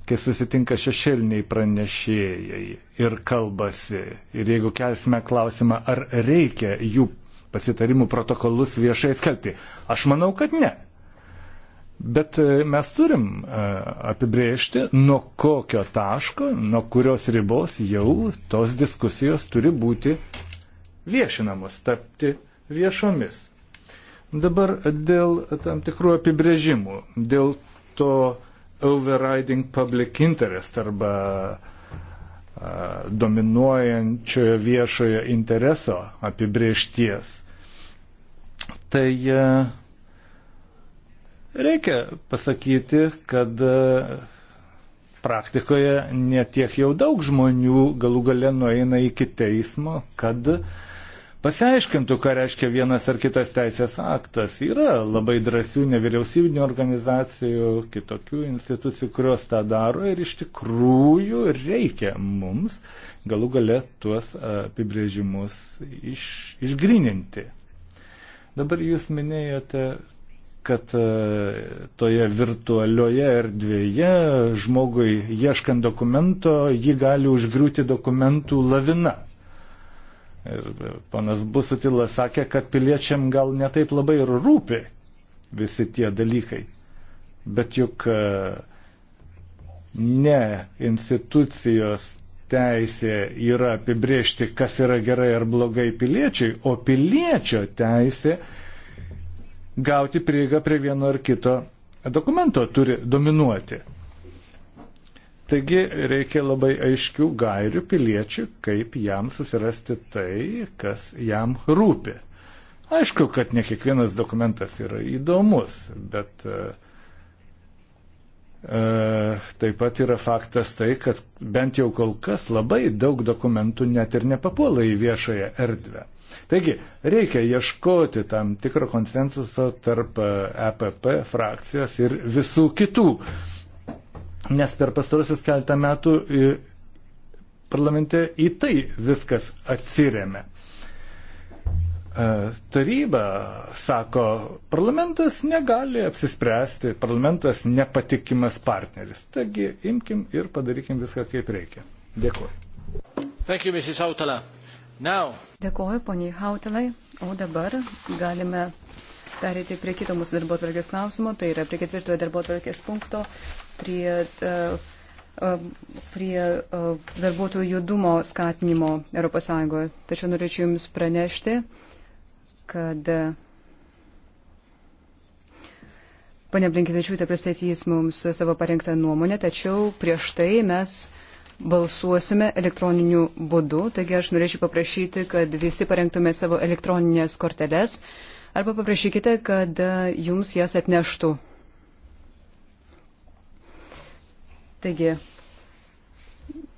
kai susitinka šešėliniai pranešėjai ir kalbasi, ir jeigu kelsime klausimą, ar reikia jų pasitarimų protokolus viešai skelbti, aš manau, kad ne. Bet e, mes turim e, apibriežti, nuo kokio taško, nuo kurios ribos jau tos diskusijos turi būti viešinamos, tapti viešomis. Dabar dėl tam tikrų apibrėžimų, dėl to overriding public interest arba e, dominuojančiojo viešojo intereso apibriešties. Tai Reikia pasakyti, kad e, praktikoje netiek jau daug žmonių galų gale nueina iki teismo, kad pasiaiškintų, ką reiškia vienas ar kitas teisės aktas. Yra labai drąsių nevyriausybinio organizacijų, kitokių institucijų, kurios tą daro ir iš tikrųjų reikia mums galų gale tuos e, apibrėžimus iš, išgrininti. Dabar jūs minėjote kad e, toje virtualioje erdvėje žmogui ieškant dokumento jį gali užgriūti dokumentų lavina. Ir panas Busutila sakė, kad piliečiam gal netaip labai ir rūpi visi tie dalykai. Bet juk e, ne institucijos teisė yra apibriežti, kas yra gerai ar blogai piliečiai, o piliečio teisė yra gauti prieigą prie vieno ar kito dokumento turi dominuoti. Taigi reikia labai aiškių gairių piliečių, kaip jam susirasti tai, kas jam rūpi. Aišku, kad ne kiekvienas dokumentas yra įdomus, bet e, e, taip pat yra faktas tai, kad bent jau kol kas labai daug dokumentų net ir nepapuola į viešąją erdvę. Taigi, reikia ieškoti tam tikro konsensuso tarp EPP e frakcijos ir visų kitų. Nes per pastarusius keletą metų e, parlamente į tai viskas atsiriame. Taryba sako, parlamentas negali apsispręsti, parlamentas nepatikimas partneris. Taigi imkim ir padarykim viską kaip reikia. Dėkuoju. Thank you, Mrs. Autala. Now. Dėkuoju, poniai Hautelai. O dabar galime pereiti prie kito mūsų darbo tvarkės klausimo, tai yra prie ketvirtojo darbo tvarkės punkto, prie, e, e, prie e, darbuotojų judumo skatinimo ES. Tačiau norėčiau Jums pranešti, kad Pane Blinkevičiūtė pristatys mums savo parengtą nuomonę, tačiau prieš tai mes balsuosime elektroniniu būdu, taigi aš norėčiau paprašyti, kad visi parengtume savo elektroninės korteles arba paprašykite, kad e, jums jas atneštų. Taigi,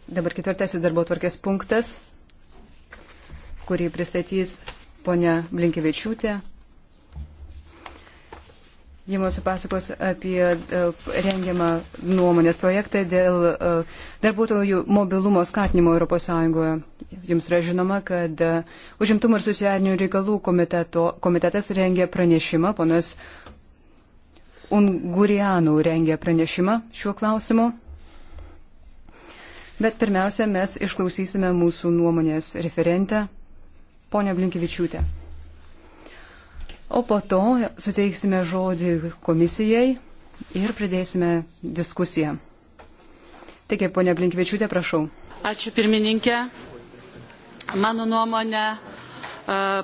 dabar ketvirtasis darbo tvarkės punktas, kurį pristatys ponia Blinkevičiūtė. Jie mūsų pasakos apie e, rengiamą nuomonės projektą dėl e, darbuotojų mobilumo skatinimo ES. Jums yra žinoma, kad e, užimtumo ir socialinių reikalų komiteto, komitetas rengia pranešimą, ponas Ungurianų rengia pranešimą šiuo klausimu. Bet pirmiausia, mes išklausysime mūsų nuomonės referentę, ponę Blinkevičiūtę. O po to suteiksime žodį komisijai ir pradėsime diskusiją. Taigi, ponia Blinkvečiūtė, prašau. Ačiū pirmininkė. Mano nuomonė, e,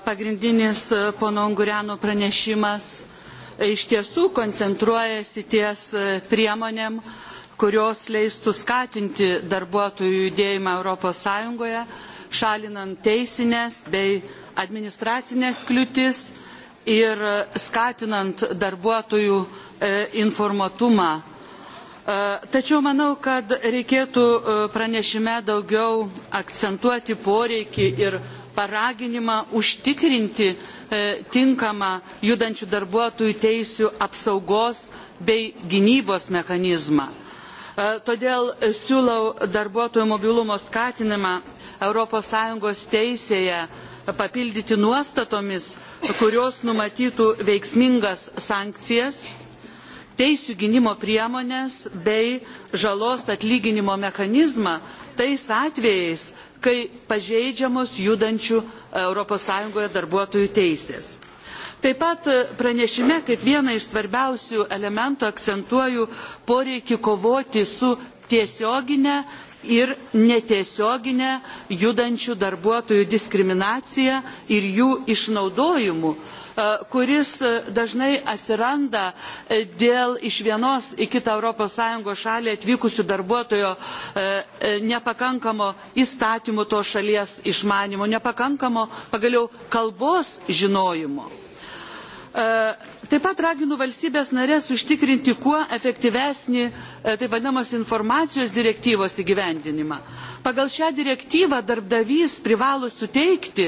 pagrindinis e, pono Unguriano pranešimas e, iš tiesų koncentruojasi ties priemonėm, kurios leistų skatinti darbuotojų judėjimą Europos Sąjungoje, šalinant teisinės bei administracinės kliūtis, ir skatinant darbuotojų e, informatumą. E, tačiau manau, kad reikėtų e, pranešime daugiau akcentuoti poreikį ir paraginimą užtikrinti tinkamą judančių darbuotojų teisių apsaugos bei gynybos mechanizmą. Todėl siūlau darbuotojų mobilumo skatinimą ES teisėje papildyti nuostatomis, kurios numatytų veiksmingas sankcijas, teisų gynimo priemonės bei žalos atlyginimo mechanizmą tais atvejais, kai pažeidžiamos judančių ES darbuotojų teisės. Taip pat pranešime kaip vieną iš svarbiausių elementų akcentuoju poreikį kovoti su tiesioginė ir netiesioginę judančių darbuotojų diskriminaciją ir jų išnaudojimu, e, kuris e, dažnai atsiranda e, dėl iš vienos į kitą ES šalį atvykusių darbuotojo nepakankamo įstatymų to šalies išmanimo, nepakankamo pagaliau kalbos žinojimo. E, taip pat raginu valstybės narės užtikrinti kuo efektyvesnį e, taip vadinamos informacijos direktyvos įgyvendinimą. Pagal šią direktyvą darbdavys privalo suteikti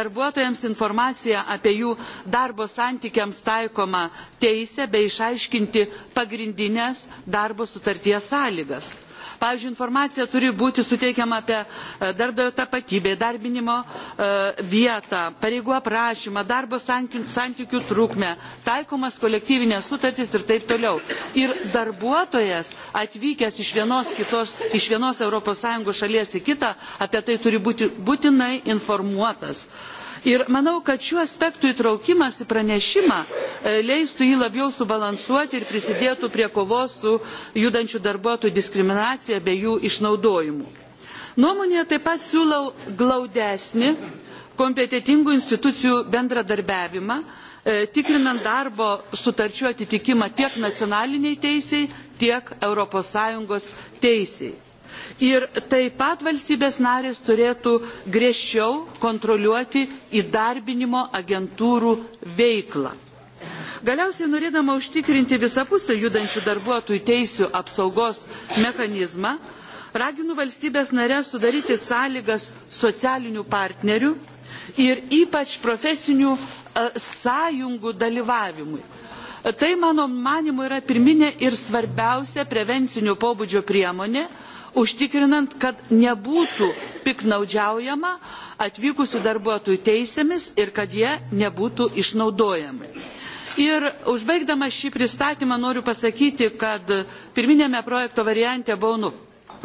darbuotojams informaciją apie jų darbo santykiams taikomą teisę bei išaiškinti pagrindinės darbo sutarties sąlygas. Pavyzdžiui, informacija turi būti suteikiama apie e, darbdavio tapatybę, darbinimo e, vietą, pareigų aprašymą, darbo santykių trukmę, taikomas kolektyvinės sutartys ir taip toliau. Ir darbuotojas atvykęs iš vienos, kitos, iš vienos ES šalies į kitą apie tai turi būti būtinai informuotas. Uh, Ir manau, kad šiuo aspektu įtraukimas į pranešimą e, leistų jį labiau subalansuoti ir prisidėtų prie kovos su judančių darbuotojų diskriminacija bei jų išnaudojimu. Nuomonėje taip pat siūlau glaudesnį kompetitingų institucijų bendradarbiavimą, e, tikrinant darbo sutarčių atitikimą tiek nacionaliniai teisiai, tiek ES teisiai ir taip pat valstybės narės turėtų griežčiau kontroliuoti įdarbinimo agentūrų veiklą. Galiausiai norėdama užtikrinti visapusę judančių darbuotojų teisių apsaugos mechanizmą, raginu valstybės narės sudaryti sąlygas socialinių partnerių ir ypač profesinių e, sąjungų dalyvavimui. E, tai, mano manimu, yra pirminė ir svarbiausia prevencinio pobūdžio priemonė, užtikrinant, kad nebūtų piknaudžiaujama atvykusių darbuotojų teisėmis ir kad jie nebūtų išnaudojami. Ir užbaigdama šį pristatymą noriu pasakyti, kad pirminėme projekto variante buvo nu,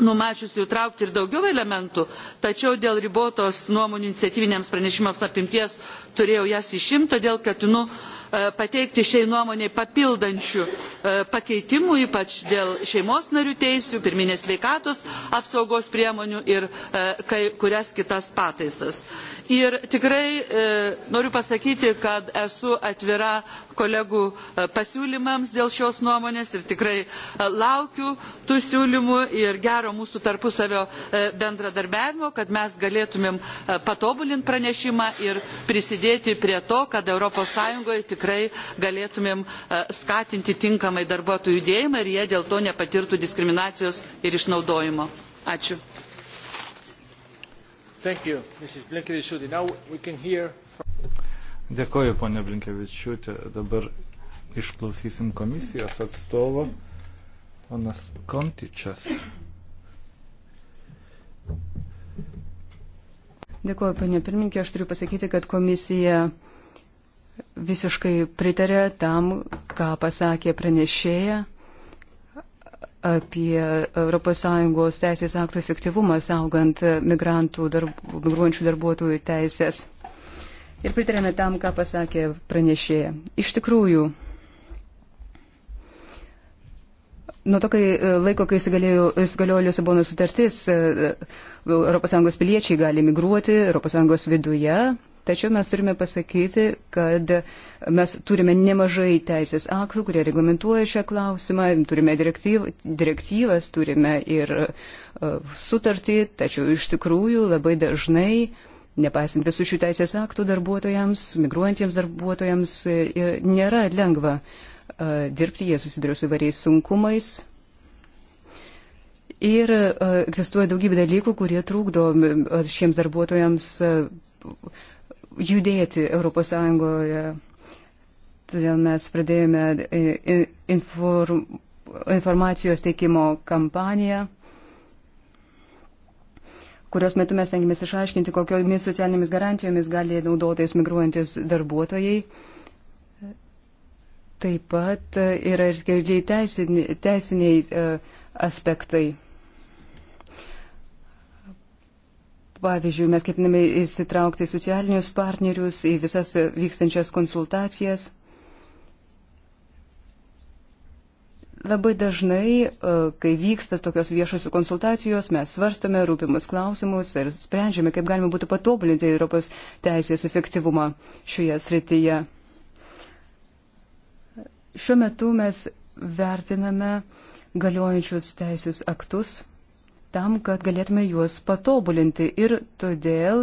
numačiusi įtraukti ir daugiau elementų, tačiau dėl ribotos nuomonių iniciatyviniams pranešimams apimties turėjau jas išimti, todėl ketinu nu, E, pateikti šiai nuomonėje papildančių e, pakeitimų, ypač dėl šeimos narių teisių, pirminės veikatos apsaugos priemonių ir e, kai, kurias kitas pataisas. Ir tikrai noriu pasakyti, kad esu atvira kolegų pasiūlymams dėl šios nuomonės ir tikrai laukiu tų siūlymų ir gero mūsų tarpusavio bendradarbiavimo, kad mes galėtumėm patobulinti pranešimą ir prisidėti prie to, kad ES tikrai tikrai galėtumėm e, skatinti tinkamai darbuotojų judėjimą ir jie dėl to nepatirtų diskriminacijos ir išnaudojimo. Ačiū. Dėkoju, ponė Blinkevičiūtė. Dabar išklausysim komisijos atstovo, ponas Kontičas. Dėkuoju, panė pirmininkė. Aš turiu pasakyti, kad komisija visiškai pritarė tam, ką pasakė pranešėja apie ES teisės aktų efektyvumą saugant migrantų, darbų, migruojančių darbuotojų teisės. Ir pritarėme tam, ką pasakė pranešėja. Iš tikrųjų, nuo to kai, laiko, kai įsigaliojo Lisabono sutartis, ES piliečiai gali migruoti ES viduje, Tačiau mes turime pasakyti, kad mes turime nemažai teisės aktų, kurie reglamentuoja šią klausimą, turime direktyv, direktyvas, turime ir uh, sutartį, tačiau iš tikrųjų labai dažnai Nepaisant visų šių teisės aktų darbuotojams, migruojantiems darbuotojams e, nėra lengva e, dirbti, jie susiduria su įvairiais sunkumais. Ir egzistuoja daugybė dalykų, kurie trūkdo šiems darbuotojams judėti ES. Todėl mes pradėjome e, inform, informacijos teikimo kampaniją kurios metu mes tengiamės išaiškinti, kokiomis socialinėmis garantijomis gali naudotis migruojantis darbuotojai. Taip pat yra ir keli teisiniai, teisiniai aspektai. Pavyzdžiui, mes ketiname įsitraukti socialinius partnerius į visas vykstančias konsultacijas. Labai dažnai, e, kai vyksta tokios viešos konsultacijos, mes svarstame rūpimus klausimus ir sprendžiame, kaip galima būtų patobulinti Europos teisės efektyvumą šioje srityje. Šiuo metu mes vertiname galiojančius teisės aktus tam, kad galėtume juos patobulinti. Ir todėl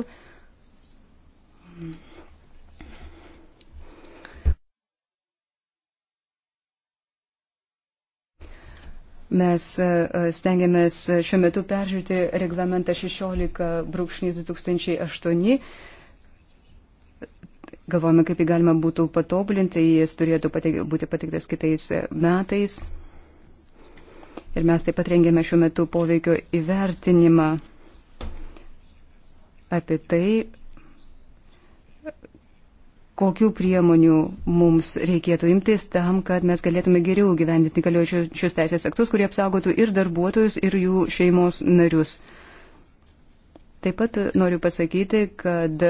mes e, stengiamės šiuo metu peržiūrėti reglamentą 16.2008. Galvojame, kaip jį galima būtų patobulinti, jis turėtų patik būti patiktas kitais metais. Ir mes taip pat rengėme šiuo metu poveikio įvertinimą apie tai, kokių priemonių mums reikėtų imtis tam, kad mes galėtume geriau gyvendinti galiojančius teisės aktus, kurie apsaugotų ir darbuotojus, ir jų šeimos narius. Taip pat noriu pasakyti, kad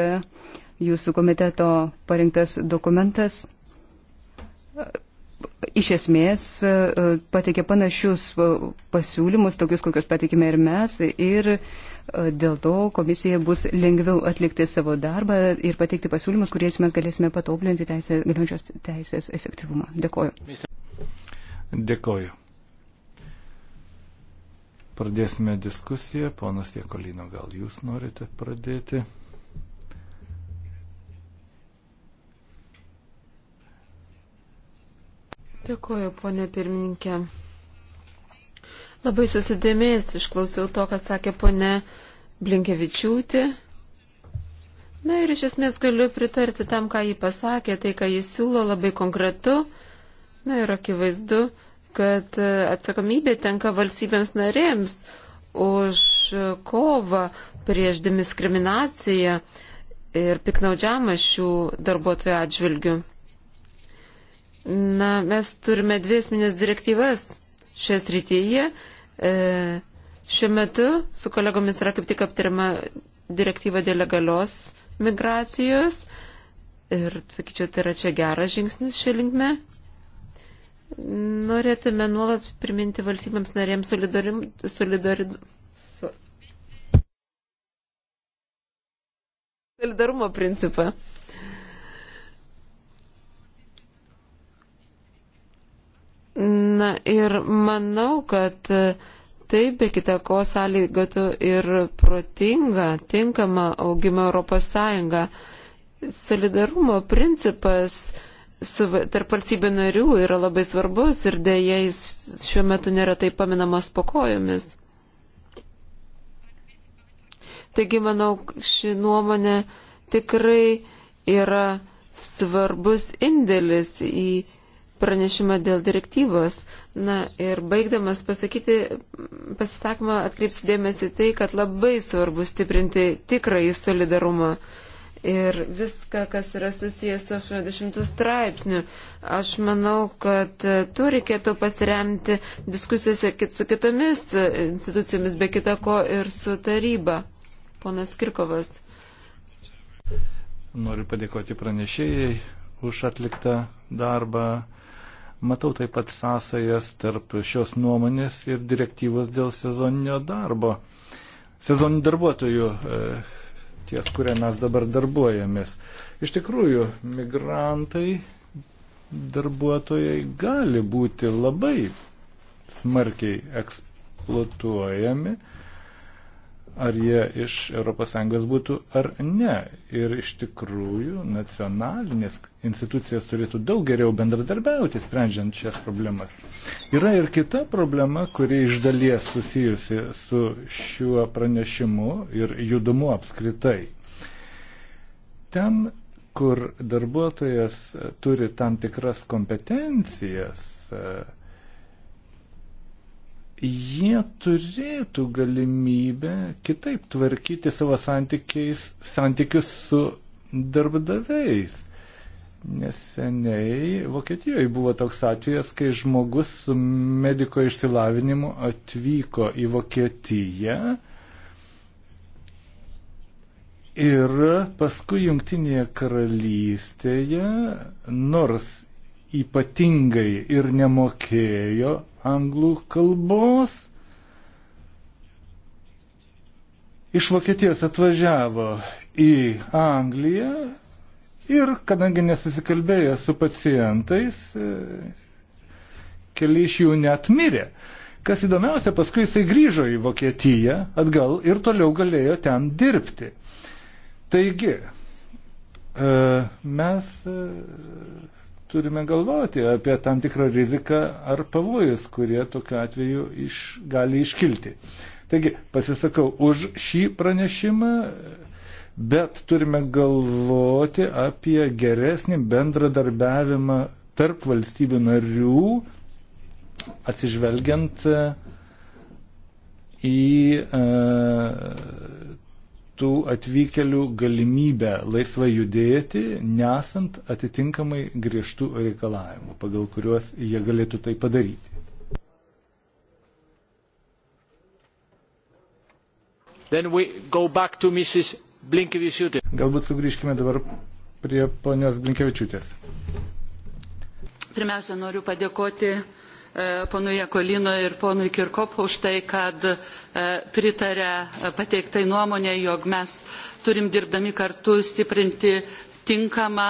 jūsų komiteto parinktas dokumentas iš esmės e, e, pateikė panašius e, pasiūlymus, tokius, kokius pateikėme ir mes, ir dėl to komisija bus lengviau atlikti savo darbą ir pateikti pasiūlymus, kuriais mes galėsime patobulinti teisė, galiojančios teisės efektyvumą. Dėkoju. Dėkoju. Pradėsime diskusiją. Ponas Jekolino, gal jūs norite pradėti? Dėkuoju, ponė pirmininkė. Labai susidėmėjęs išklausiau to, ką sakė ponė Blinkevičiūtė. Na ir iš esmės galiu pritarti tam, ką jį pasakė, tai, ką jis siūlo, labai konkretu. Na ir akivaizdu, kad e, atsakomybė tenka valstybėms narėms už kovą prieš diskriminaciją ir piknaudžiamą šių darbuotojų atžvilgių. Na, mes turime dvi esminės direktyvas šias rytyje. E, šiuo metu su kolegomis yra kaip tik aptariama direktyva dėl legalios migracijos. Ir, sakyčiau, tai yra čia geras žingsnis šia linkme. Norėtume nuolat priminti valstybėms narėms solidarim, solidarim, so, solidarumo principą. Na ir manau, kad e, tai be kita ko sąlygotų ir protingą, tinkamą augimą Europos Sąjungą. Solidarumo principas su, tarp valstybių narių yra labai svarbus ir dėja jis šiuo metu nėra taip paminamas po kojomis. Taigi, manau, ši nuomonė tikrai yra svarbus indėlis į pranešimą dėl direktyvos. Na ir baigdamas pasakyti, pasisakymą atkreipsiu dėmesį tai, kad labai svarbu stiprinti tikrąjį solidarumą. Ir viską, kas yra susijęs su 80 straipsniu, aš manau, kad e, tu reikėtų pasiremti diskusijose su kitomis e, institucijomis, be kita ko ir su taryba. Ponas Kirkovas. Noriu padėkoti pranešėjai už atliktą darbą Matau taip pat sąsajas tarp šios nuomonės ir direktyvos dėl sezoninio darbo. Sezoninių darbuotojų, e, ties kurią mes dabar darbuojamės. Iš tikrųjų, migrantai, darbuotojai gali būti labai smarkiai eksploatuojami ar jie iš ES būtų ar ne. Ir iš tikrųjų nacionalinės institucijas turėtų daug geriau bendradarbiauti, sprendžiant šias problemas. Yra ir kita problema, kuri iš dalies susijusi su šiuo pranešimu ir judumu apskritai. Ten, kur darbuotojas turi tam tikras kompetencijas, jie turėtų galimybę kitaip tvarkyti savo santykius su darbdaviais. Neseniai Vokietijoje buvo toks atvejas, kai žmogus su mediko išsilavinimu atvyko į Vokietiją ir paskui Junktinėje karalystėje, nors ypatingai ir nemokėjo anglų kalbos. Iš Vokietijos atvažiavo į Angliją ir kadangi nesusikalbėjo su pacientais, keli iš jų net mirė. Kas įdomiausia, paskui jisai grįžo į Vokietiją atgal ir toliau galėjo ten dirbti. Taigi, e, mes e, turime galvoti apie tam tikrą riziką ar pavojus, kurie tokiu atveju iš, gali iškilti. Taigi, pasisakau už šį pranešimą, bet turime galvoti apie geresnį bendradarbiavimą tarp valstybių narių, atsižvelgiant e, į e, tų atvykelių galimybę laisvai judėti, nesant atitinkamai griežtų reikalavimų, pagal kuriuos jie galėtų tai padaryti. Galbūt sugrįžkime dabar prie ponios Blinkevičiūtės. Pirmiausia, noriu padėkoti uh, E, ponui Jekolino ir ponui Kirkop už tai, kad e, pritarė e, pateiktai nuomonė, jog mes turim dirbdami kartu stiprinti tinkamą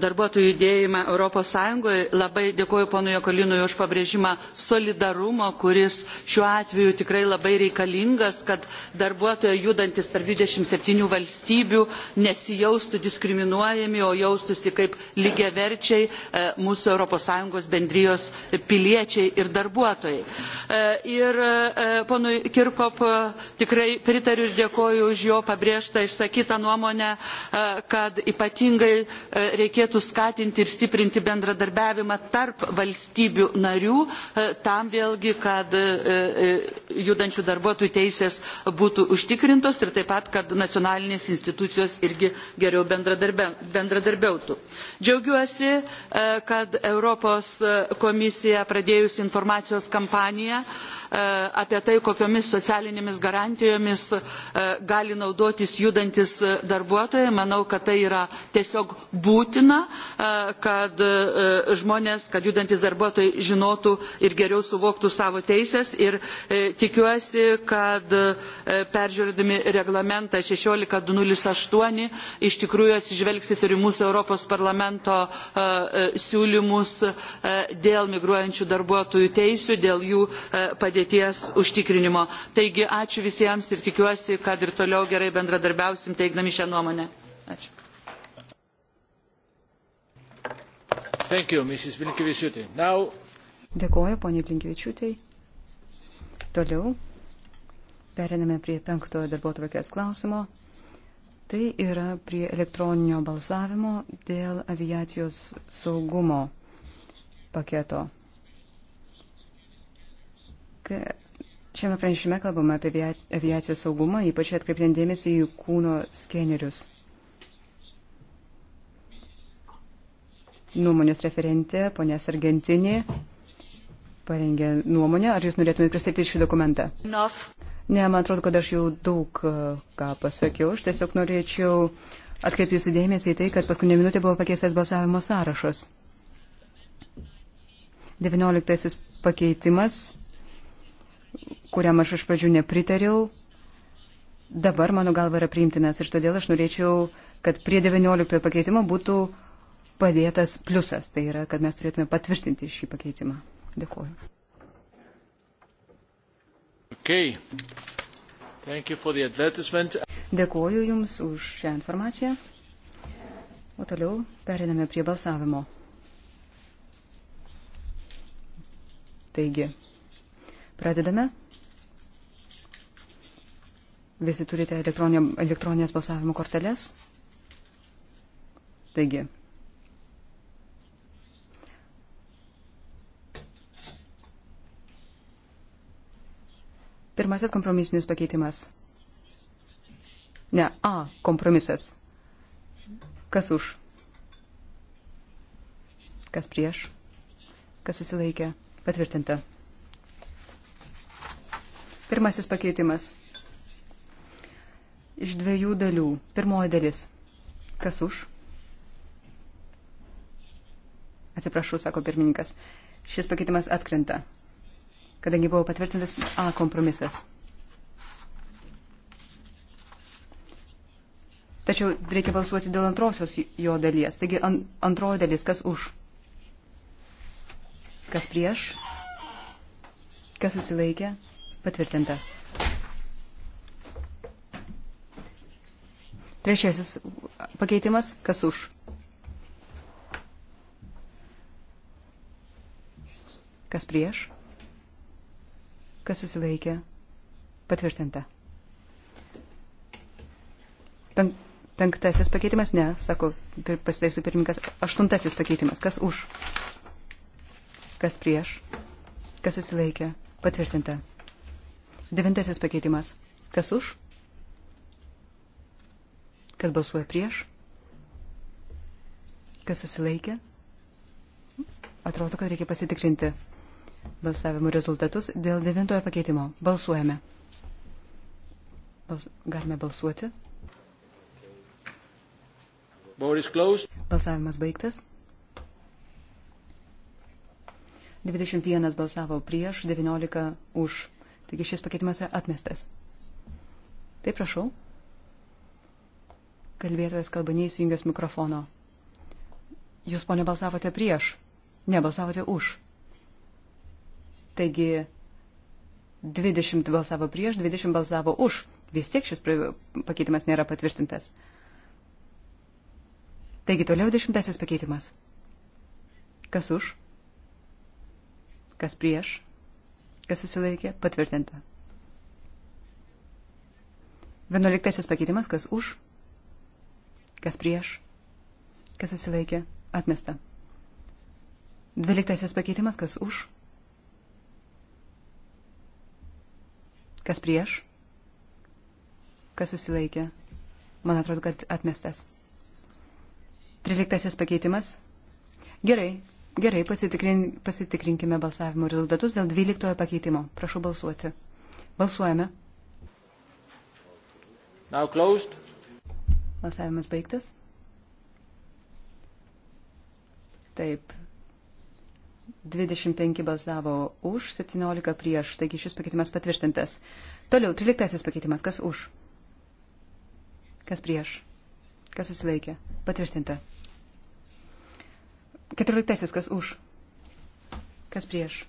darbuotojų judėjimą Europos Sąjungoje. Labai dėkoju ponui Jokolinui už pabrėžimą solidarumo, kuris šiuo atveju tikrai labai reikalingas, kad darbuotojai judantis tarp 27 valstybių nesijaustų diskriminuojami, o jaustųsi kaip lygiaverčiai mūsų Europos Sąjungos bendrijos piliečiai ir darbuotojai. Ir ponui Kirkop tikrai pritariu ir dėkoju už jo pabrėžtą išsakytą nuomonę, kad ypatingai ypatingai e, reikėtų skatinti ir stiprinti bendradarbiavimą tarp valstybių narių, e, tam vėlgi, kad e, judančių darbuotojų teisės būtų užtikrintos ir taip pat, kad nacionalinės institucijos irgi geriau bendradarbiautų. Džiaugiuosi, kad Europos komisija pradėjus informacijos kampaniją E, apie tai, kokiomis socialinėmis garantijomis e, gali naudotis judantis darbuotojai. Manau, kad tai yra tiesiog būtina, e, kad žmonės, kad judantis darbuotojai žinotų ir geriau suvoktų savo teisės. Ir tikiuosi, kad peržiūrėdami reglamentą 1608 iš tikrųjų atsižvelgsit ir mūsų Europos parlamento siūlymus dėl migruojančių darbuotojų teisių, dėl jų padėties padėties užtikrinimo. Taigi ačiū visiems ir tikiuosi, kad ir toliau gerai bendradarbiausim teikdami šią nuomonę. Ačiū. Thank you, Mrs. Blinkevičiūtė. Now... Dėkuoju, ponė Blinkevičiūtė. Toliau periname prie penktojo darbo tvarkės klausimo. Tai yra prie elektroninio balsavimo dėl aviacijos saugumo paketo. Šiame pranešime kalbame apie aviacijos saugumą, ypač atkreipiant dėmesį į kūno skenerius. Nuomonės referentė, ponės Argentinė, parengė nuomonę. Ar jūs norėtumėte pristatyti šį dokumentą? Enough. Ne, man atrodo, kad aš jau daug e, ką pasakiau. Aš tiesiog norėčiau atkreipti jūsų dėmesį į tai, kad paskutinė minutė buvo pakeistas balsavimo sąrašas. 19 pakeitimas kuriam aš iš pradžių nepritariau, dabar mano galva yra priimtinas ir todėl aš norėčiau, kad prie 19 pakeitimo būtų padėtas pliusas. Tai yra, kad mes turėtume patvirtinti šį pakeitimą. Dėkuoju. Okay. Dėkuoju Jums už šią informaciją. O toliau periname prie balsavimo. Taigi, Pradedame. Visi turite elektroninė, elektroninės balsavimo korteles. Taigi. Pirmasis kompromisinis pakeitimas. Ne, A kompromisas. Kas už? Kas prieš? Kas susilaikė? Patvirtinta. Pirmasis pakeitimas. Iš dviejų dalių. Pirmoji dalis. Kas už? Atsiprašau, sako pirmininkas. Šis pakeitimas atkrenta, kadangi buvo patvirtintas A kompromisas. Tačiau reikia balsuoti dėl antrosios jo dalies. Taigi an, antroji dalis, kas už? Kas prieš? Kas susilaikė? Patvirtinta. Trečiasis pakeitimas, kas už? Kas prieš? Kas susilaikė? Patvirtinta. Penk penktasis pakeitimas, ne, sako, pasitaisiu pirmininkas. Aštuntasis pakeitimas, kas už? Kas prieš? Kas susilaikė? Patvirtinta. Devintasis pakeitimas. Kas už? Kas balsuoja prieš? Kas susilaikė? Atrodo, kad reikia pasitikrinti balsavimo rezultatus dėl devintojo pakeitimo. Balsuojame. Bals galime balsuoti. Balsavimas baigtas. 21 balsavo prieš, 19 už. Taigi šis pakeitimas yra atmestas. Taip prašau. Kalbėtojas kalba neįsijungęs mikrofono. Jūs, ponė, balsavote prieš, nebalsavote už. Taigi 20 balsavo prieš, 20 balsavo už. Vis tiek šis pakeitimas nėra patvirtintas. Taigi toliau dešimtasis pakeitimas. Kas už? Kas prieš? Kas susilaikė? Patvirtinta. Vienuoliktasis pakeitimas, kas už, kas prieš, kas susilaikė, atmesta. Dvyliktasis pakeitimas, kas už, kas prieš, kas susilaikė, man atrodo, kad atmestas. Tryliktasis pakeitimas. Gerai, Gerai, pasitikrin, pasitikrinkime balsavimo rezultatus dėl 12 pakeitimo. Prašau balsuoti. Balsuojame. Balsavimas baigtas. Taip. 25 balsavo už, 17 prieš, taigi šis pakeitimas patvirtintas. Toliau, 13 pakeitimas, kas už? Kas prieš? Kas susilaikė? Patvirtinta. Keturioliktasis, kas už, kas prieš,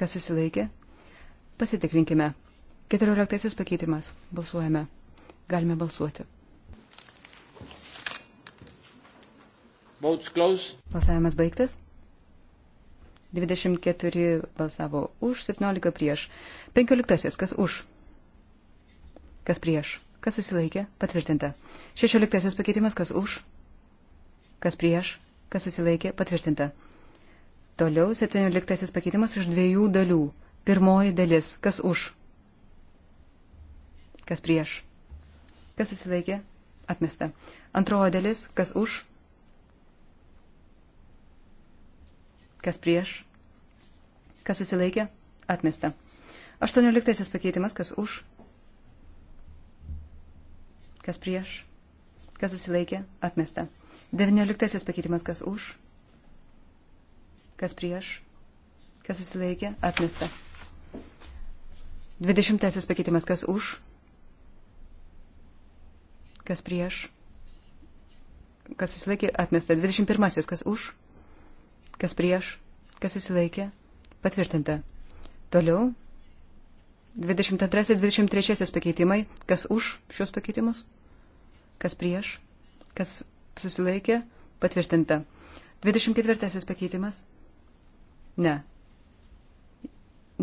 kas susilaikė. Pasitikrinkime. Keturioliktasis pakeitimas. Balsuojame. Galime balsuoti. Balsavimas baigtas. 24 balsavo už, 17 prieš. 15. Kas už? Kas prieš? kas susilaikė, patvirtinta. Šešioliktasis pakeitimas, kas už, kas prieš, kas susilaikė, patvirtinta. Toliau septynioliktasis pakeitimas iš dviejų dalių. Pirmoji dalis, kas už, kas prieš, kas susilaikė, atmesta. Antroji dalis, kas už, kas prieš, kas susilaikė, atmesta. Aštuonioliktasis pakeitimas, kas už, Kas prieš? Kas susilaikė? Atmesta. Devynioliktasis pakeitimas. Kas už? Kas prieš? Kas susilaikė? Atmesta. Dvidešimtasis pakeitimas. Kas už? Kas prieš? Kas susilaikė? Atmesta. Dvidešimt pirmasis. Kas už? Kas prieš? Kas susilaikė? Patvirtinta. Toliau. 22-23 pakeitimai. Kas už šios pakeitimus? Kas prieš? Kas susilaikė? Patvirtinta. 24 pakeitimas? Ne.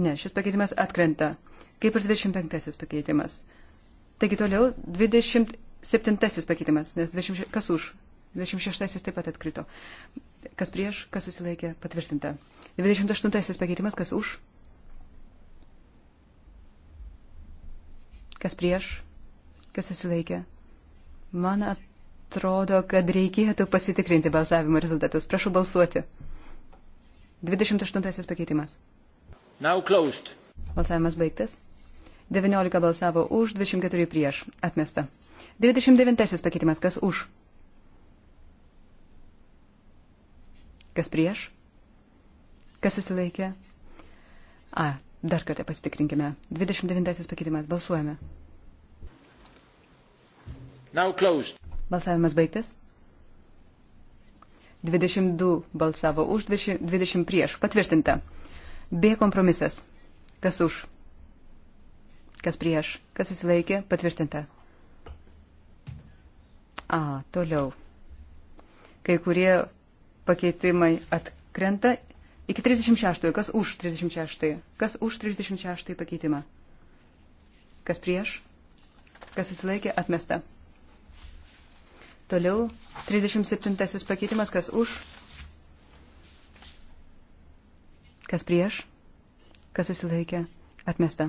Ne, šis pakeitimas atkrenta. Kaip ir 25 pakeitimas. Taigi toliau 27 pakeitimas, nes 20, kas už? 26 taip pat atkrito. Kas prieš, kas susilaikė, patvirtinta. 28 pakeitimas, kas už? Kas prieš, kas susilaikė, Man atrodo, kad reikėtų pasitikrinti balsavimo rezultatus. Prašau balsuoti. 28 pakeitimas. Balsavimas baigtas. 19 balsavo už, 24 prieš. Atmesta. 29 pakeitimas. Kas už? Kas prieš? Kas susilaikė? A, dar kartą pasitikrinkime. 29 pakeitimas. Balsuojame. Balsavimas baigtas. 22 balsavo už, 20, 20 prieš. Patvirtinta. B kompromisas. Kas už? Kas prieš? Kas susilaikė? Patvirtinta. A, toliau. Kai kurie pakeitimai atkrenta iki 36. Kas už 36? Kas už 36 pakeitimą? Kas prieš? Kas susilaikė? Atmesta. Toliau 37 pakeitimas, kas už, kas prieš, kas susilaikė, atmesta.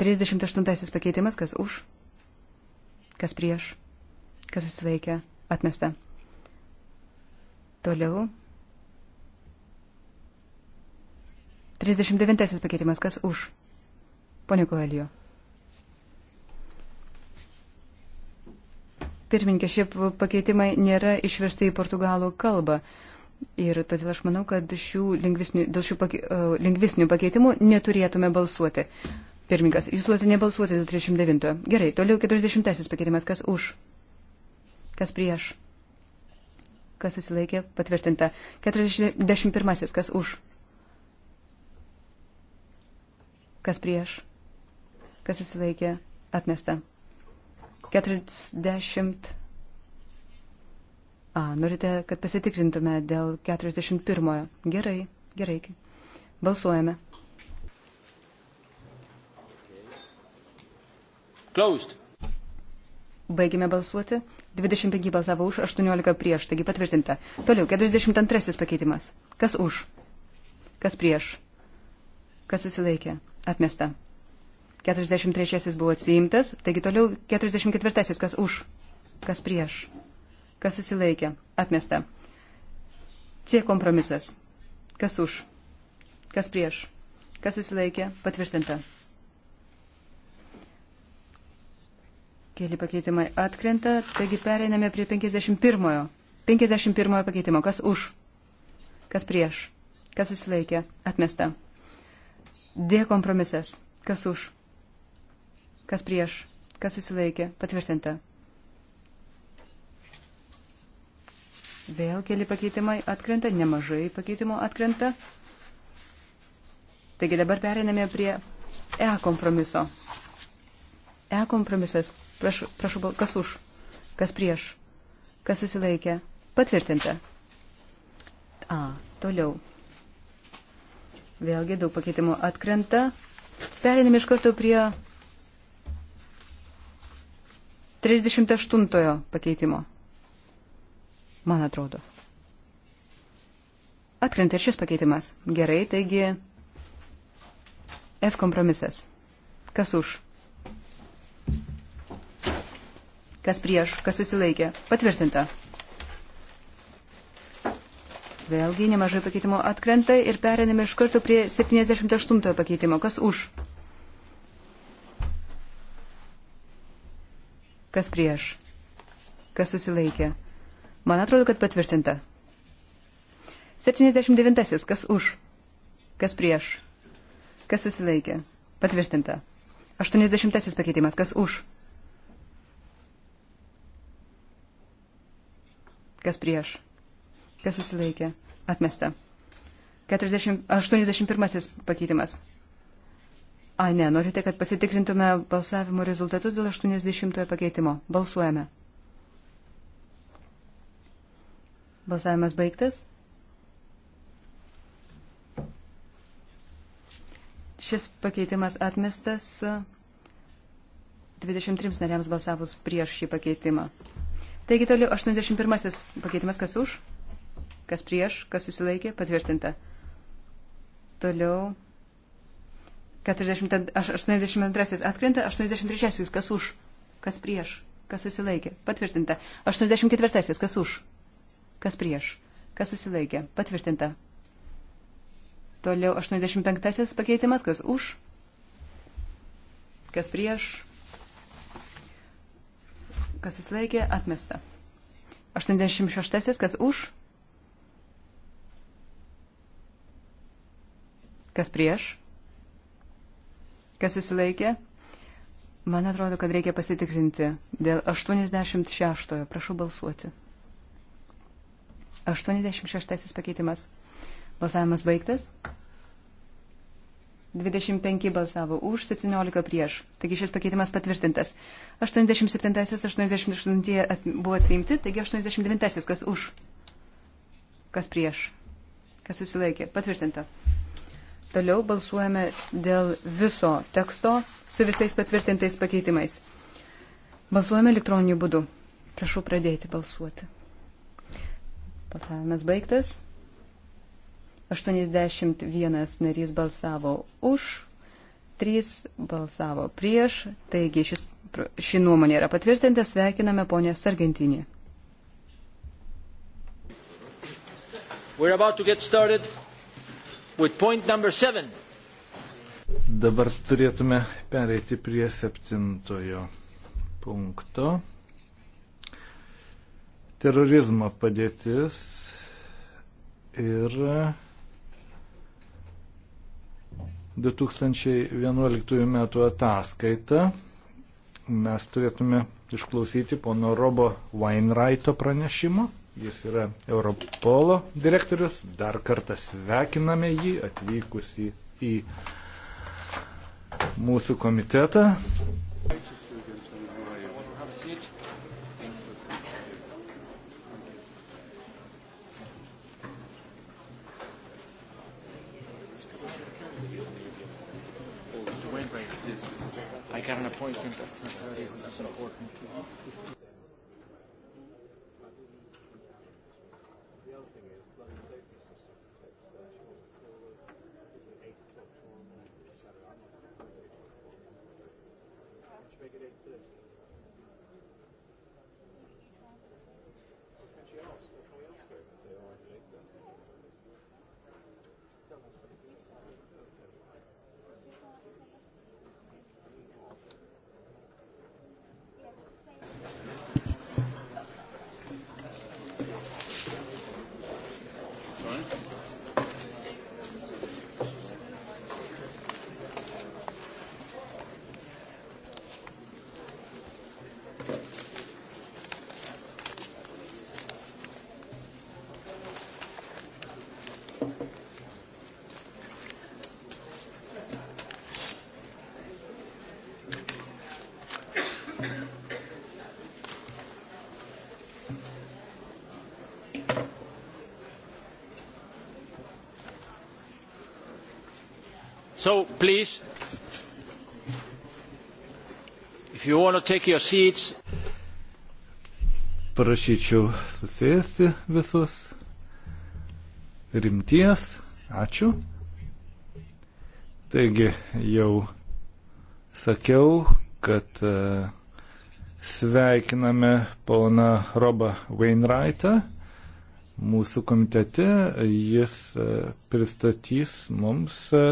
38 pakeitimas, kas už, kas prieš, kas susilaikė, atmesta. Toliau 39 pakeitimas, kas už, poniko Elio. Pirminkė, šie pakeitimai nėra išversti į portugalų kalbą. Ir todėl aš manau, kad šių dėl šių pake, uh, e, lingvisnių pakeitimų neturėtume balsuoti. Pirmininkas, jūs siūlote nebalsuoti dėl 39. Gerai, toliau 40 pakeitimas. Kas už? Kas prieš? Kas susilaikė? Patvirtinta. 41. Kas už? Kas prieš? Kas susilaikė? Atmesta. 40. A, norite, kad pasitikrintume dėl 41. Gerai, gerai. Balsuojame. Closed. Baigime balsuoti. 25 balsavo už, 18 prieš, taigi patvirtinta. Toliau, 42 pakeitimas. Kas už? Kas prieš? Kas susilaikė? Atmesta. 43 buvo atsiimtas, taigi toliau 44, kas už, kas prieš, kas susilaikė, atmesta. C kompromisas, kas už, kas prieš, kas susilaikė, patvirtinta. Keli pakeitimai atkrenta, taigi pereiname prie 51. 51 pakeitimo, kas už, kas prieš, kas susilaikė, atmesta. D kompromisas, kas už, Kas prieš? Kas susilaikė? Patvirtinta. Vėl keli pakeitimai atkrenta, nemažai pakeitimų atkrenta. Taigi dabar pereiname prie E kompromiso. E kompromisas. Prašau, prašau, kas už? Kas prieš? Kas susilaikė? Patvirtinta. A. Toliau. Vėlgi daug pakeitimų atkrenta. Pereiname iš karto prie 38 pakeitimo. Man atrodo. Atkrenta ir šis pakeitimas. Gerai, taigi F kompromisas. Kas už? Kas prieš? Kas susilaikė? Patvirtinta. Vėlgi nemažai pakeitimų atkrenta ir periname iš karto prie 78 pakeitimo. Kas už? Kas prieš? Kas susilaikė? Man atrodo, kad patvirtinta. 79. Kas už? Kas prieš? Kas susilaikė? Patvirtinta. 80. pakeitimas. Kas už? Kas prieš? Kas susilaikė? Atmesta. 40, 81. pakeitimas. A, ne, norite, kad pasitikrintume balsavimo rezultatus dėl 80 pakeitimo. Balsuojame. Balsavimas baigtas. Šis pakeitimas atmestas 23 nariams balsavus prieš šį pakeitimą. Taigi toliau 81 pakeitimas kas už, kas prieš, kas susilaikė, patvirtinta. Toliau 42 atkrenta, 83 kas už, kas prieš, kas susilaikė, patvirtinta. 84 kas už, kas prieš, kas susilaikė, patvirtinta. Toliau 85 pakeitimas, kas už, kas prieš, kas susilaikė, atmesta. 86 kas už, kas prieš, Kas susilaikė? Man atrodo, kad reikia pasitikrinti. Dėl 86. Prašau balsuoti. 86. pakeitimas. Balsavimas baigtas. 25 balsavo už, 17 prieš. Taigi šis pakeitimas patvirtintas. 87-asis, 88 buvo atsiimti, taigi 89-asis, kas už, kas prieš, kas susilaikė. Patvirtinta. Toliau balsuojame dėl viso teksto su visais patvirtintais pakeitimais. Balsuojame elektroniniu būdu. Prašau pradėti balsuoti. Balsavimas baigtas. 81 narys balsavo už, 3 balsavo prieš, taigi šis, ši nuomonė yra patvirtinta, sveikiname ponę Sargentinį. We're about to get started. Dabar turėtume pereiti prie septintojo punkto. Terorizmo padėtis ir 2011 metų ataskaita. Mes turėtume išklausyti pono Robo Weinreito pranešimo. Jis yra Europolo direktorius. Dar kartą sveikiname jį atvykus į, į mūsų komitetą. I got an appointment at 10.30, which is important. she else. So, please, if you want to take your seats. Parašyčiau susėsti visus. Rimties. Ačiū. Taigi, jau sakiau, kad e, sveikiname poną Robą Wainwrightą mūsų komitete jis e, pristatys mums e,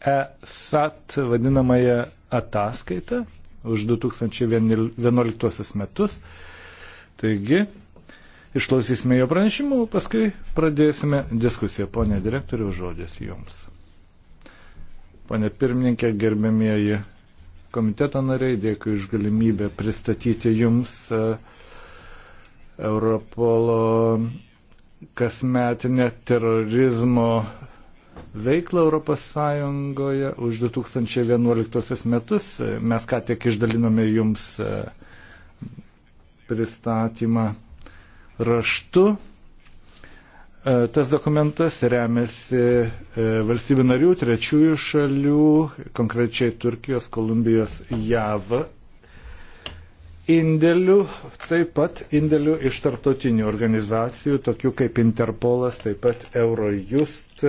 TESAT vadinamąją ataskaitą už 2011 metus. Taigi, išklausysime jo pranešimų, paskui pradėsime diskusiją. Pone direktoriu, žodis jums. Pane pirmininkė, gerbėmieji komiteto nariai, dėkui už galimybę pristatyti jums e, Europolo kasmetinę terorizmo veiklą ES už 2011 metus. Mes ką tik išdalinome jums e, pristatymą raštu. E, tas dokumentas remiasi e, valstybių narių, trečiųjų šalių, konkrečiai Turkijos, Kolumbijos, JAV indėlių, taip pat indėlių iš tarptautinių organizacijų, tokių kaip Interpolas, taip pat Eurojust,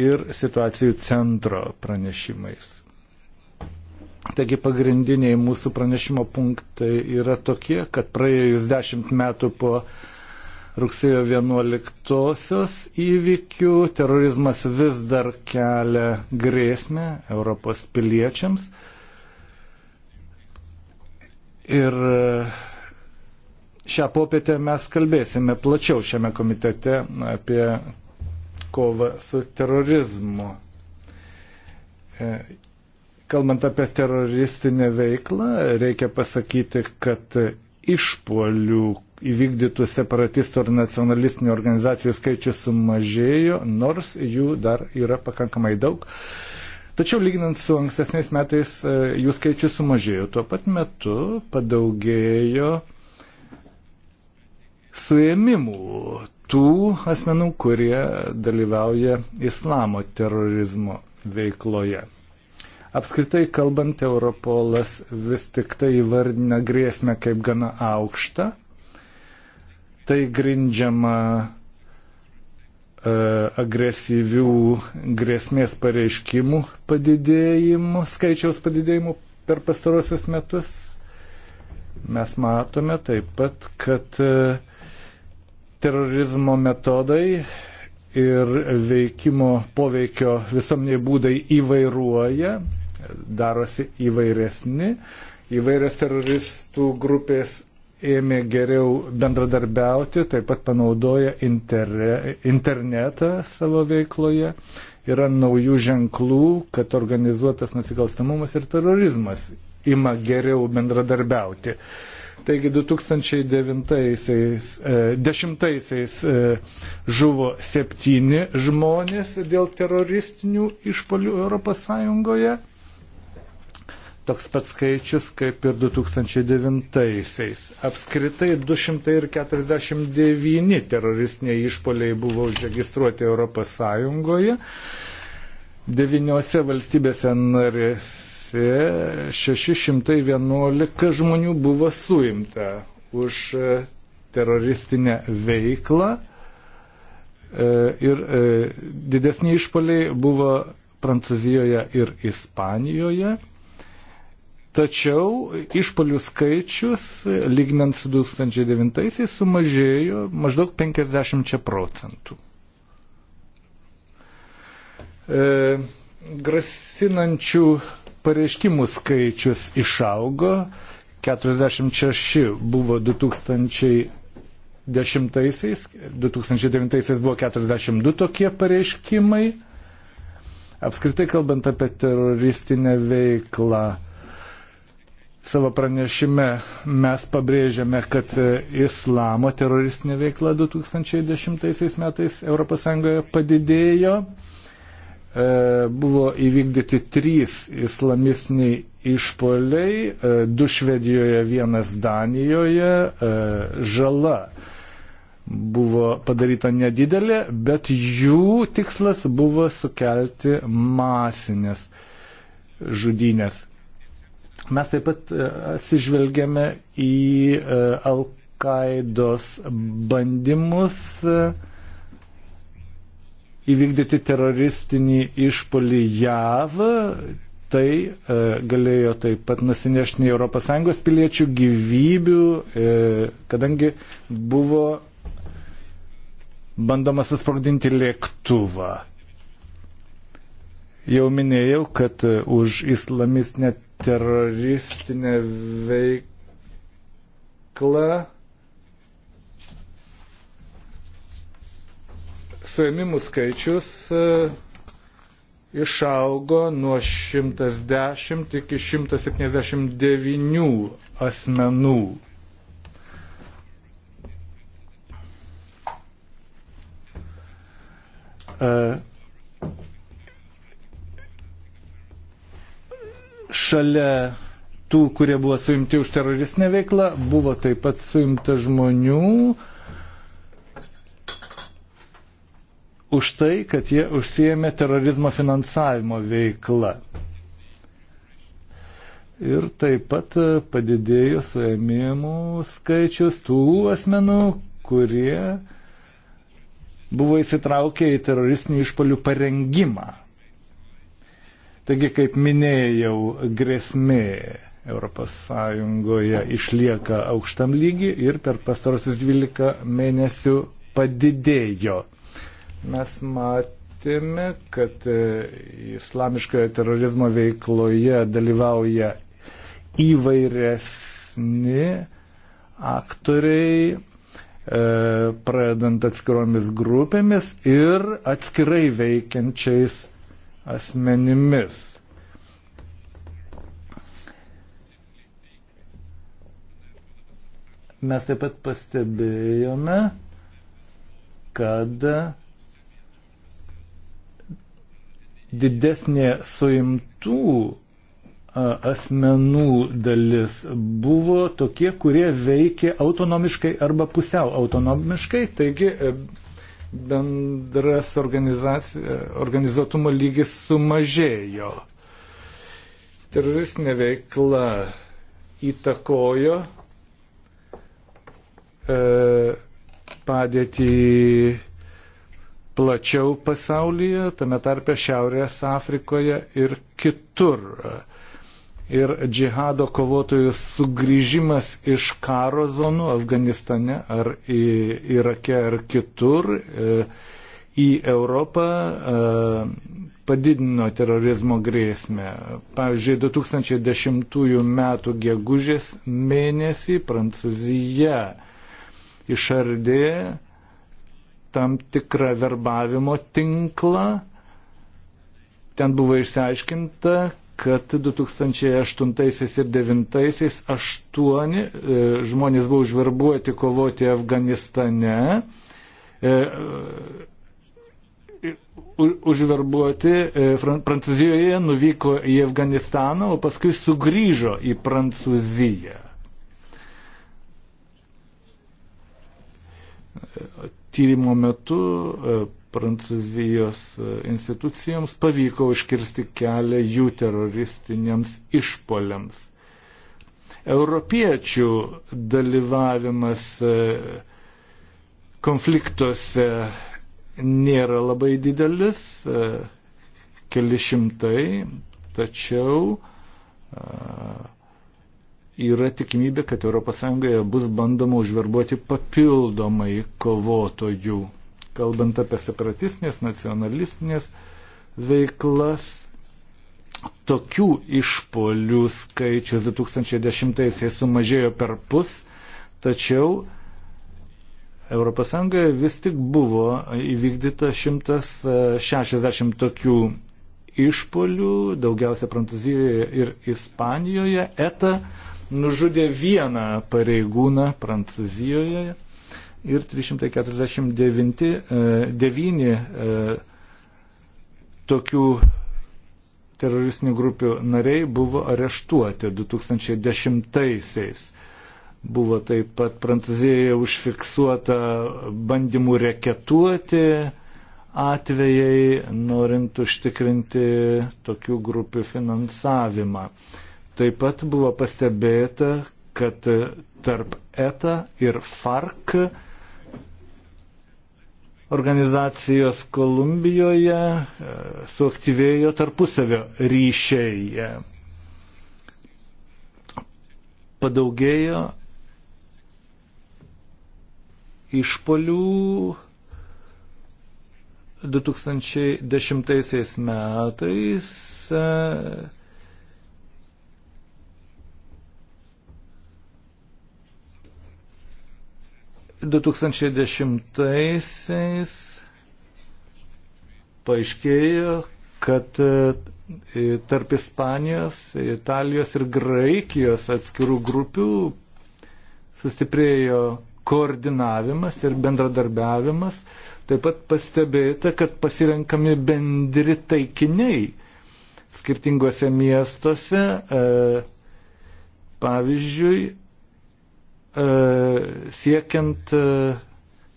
ir situacijų centro pranešimais. Taigi pagrindiniai mūsų pranešimo punktai yra tokie, kad praėjus dešimt metų po rugsėjo 11-osios įvykių terorizmas vis dar kelia grėsmę Europos piliečiams. Ir šią popietę mes kalbėsime plačiau šiame komitete apie kovą su terorizmu. E, kalbant apie teroristinę veiklą, reikia pasakyti, kad išpolių įvykdytų separatistų ir nacionalistinių organizacijų skaičius sumažėjo, nors jų dar yra pakankamai daug. Tačiau lyginant su ankstesniais metais e, jų skaičius sumažėjo. Tuo pat metu padaugėjo suėmimų tų asmenų, kurie dalyvauja islamo terorizmo veikloje. Apskritai kalbant, Europolas vis tik tai įvardina grėsmę kaip gana aukštą. Tai grindžiama e, agresyvių grėsmės pareiškimų padidėjimų, skaičiaus padidėjimų per pastarosius metus. Mes matome taip pat, kad e, terorizmo metodai ir veikimo poveikio visuomeniai būdai įvairuoja, darosi įvairesni. Įvairios teroristų grupės ėmė geriau bendradarbiauti, taip pat panaudoja inter, internetą savo veikloje. Yra naujų ženklų, kad organizuotas nusikalstamumas ir terorizmas ima geriau bendradarbiauti. Uh, Taigi 2010-aisiais e, e, žuvo septyni žmonės dėl teroristinių išpolių ES. Toks pats skaičius kaip ir 2009-aisiais. Apskritai 249 teroristiniai išpoliai buvo užregistruoti ES devyniose valstybėse narėse kuriuose 611 žmonių buvo suimta už e, teroristinę veiklą e, ir e, didesni išpoliai buvo Prancūzijoje ir Ispanijoje. Tačiau išpolių skaičius, lygnant su 2009-aisiais, sumažėjo maždaug 50 procentų. E, grasinančių pareiškimų skaičius išaugo, 46 buvo 2010-aisiais, 2009-aisiais buvo 42 tokie pareiškimai. Apskritai kalbant apie teroristinę veiklą, savo pranešime mes pabrėžiame, kad islamo teroristinė veikla 2010 metais ES padidėjo E, buvo įvykdyti trys islamistiniai išpoliai, e, du Švedijoje, vienas Danijoje, e, žala buvo padaryta nedidelė, bet jų tikslas buvo sukelti masinės žudynės. Mes taip pat atsižvelgėme į Al-Qaidos bandymus uh, įvykdyti teroristinį išpolį JAV, tai e, galėjo taip pat nusinešti ES piliečių gyvybių, e, kadangi buvo bandoma susprogdinti lėktuvą. Jau minėjau, kad e, už islamistinę teroristinę veiklą suėmimų skaičius e, išaugo nuo 110 iki 179 asmenų. E, šalia tų, kurie buvo suimti už teroristinę veiklą, buvo taip pat suimta žmonių, už tai, kad jie užsijėmė terorizmo finansavimo veiklą. Ir taip pat e, padidėjo suėmimų skaičius tų asmenų, kurie buvo įsitraukę į teroristinių išpolių parengimą. Taigi, kaip minėjau, grėsmė ES išlieka aukštam lygi ir per pastarosius 12 mėnesių padidėjo. Mes matėme, kad e, islamiškojo terorizmo veikloje dalyvauja įvairesni aktoriai, e, pradant atskiromis grupėmis ir atskirai veikiančiais asmenimis. Mes taip pat pastebėjome, kad didesnė suimtų asmenų dalis buvo tokie, kurie veikė autonomiškai arba pusiau autonomiškai, taigi e, bendras e, organizuotumo lygis sumažėjo. Teroristinė veikla įtakojo e, padėtį plačiau pasaulyje, tame tarpe Šiaurės Afrikoje ir kitur. Ir džihado kovotojų sugrįžimas iš karo zonų Afganistane ar į Irake ar kitur e, į Europą e, padidino terorizmo grėsmę. Pavyzdžiui, 2010 m. gegužės mėnesį Prancūzija išardė tam tikrą verbavimo tinklą. Ten buvo išsiaiškinta, kad 2008 ir 2009 aštuoni e, žmonės buvo užverbuoti kovoti Afganistane. E, e, užverbuoti Prancūzijoje, nuvyko į Afganistaną, o paskui sugrįžo į Prancūziją tyrimo metu e, Prancūzijos e, institucijoms pavyko užkirsti kelią jų teroristiniams išpoliams. Europiečių dalyvavimas e, konfliktuose nėra labai didelis, keli šimtai, tačiau yra tikimybė, kad ES bus bandoma užverbuoti papildomai kovotojų. Kalbant apie separatistinės, nacionalistinės veiklas, tokių išpolių skaičius 2010-aisiais sumažėjo per pus, tačiau ES vis tik buvo įvykdyta 160 e, tokių išpolių, daugiausia Prancūzijoje ir Ispanijoje. ETA nužudė vieną pareigūną Prancūzijoje ir 349 e, devyni, e, tokių teroristinių grupių nariai buvo areštuoti 2010-aisiais. Buvo taip pat Prancūzijoje užfiksuota bandymų reketuoti atvejai, norint užtikrinti tokių grupių finansavimą. Taip pat buvo pastebėta, kad tarp ETA ir FARC organizacijos Kolumbijoje e, suaktyvėjo tarpusavio ryšiai. Padaugėjo išpolių 2010 metais e, 2010-aisiais paaiškėjo, kad e, tarp Ispanijos, Italijos ir Graikijos atskirų grupių sustiprėjo koordinavimas ir bendradarbiavimas. Taip pat pastebėjote, kad pasirenkami bendri taikiniai skirtingose miestuose. E, pavyzdžiui, E, siekiant e,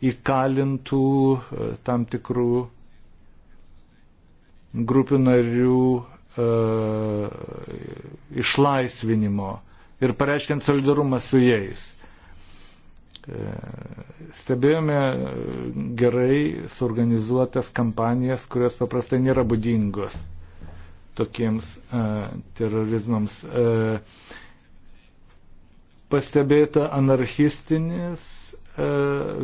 įkalintų e, tam tikrų grupių narių išlaisvinimo ir pareiškiant solidarumą su jais. Stebėjome gerai suorganizuotas kampanijas, kurios paprastai nėra būdingos tokiems terorizmams pastebėta anarchistinės e,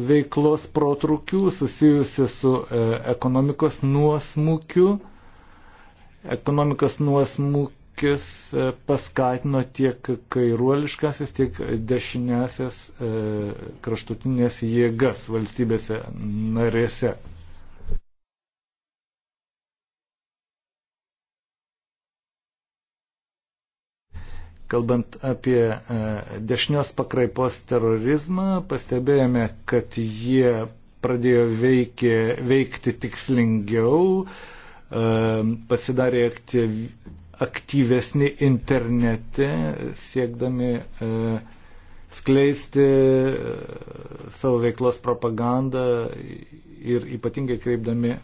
veiklos protrukių susijusių su e, ekonomikos nuosmukiu. Ekonomikos nuosmukis e, paskatino tiek kairuoliškasis, tiek dešinėsias kraštutinės jėgas valstybėse narėse. Kalbant apie e, dešinios pakraipos terorizmą, pastebėjome, kad jie pradėjo veikė, veikti tikslingiau, e, pasidarė aktyv, aktyvesni internete, siekdami e, skleisti savo veiklos propagandą ir ypatingai kreipdami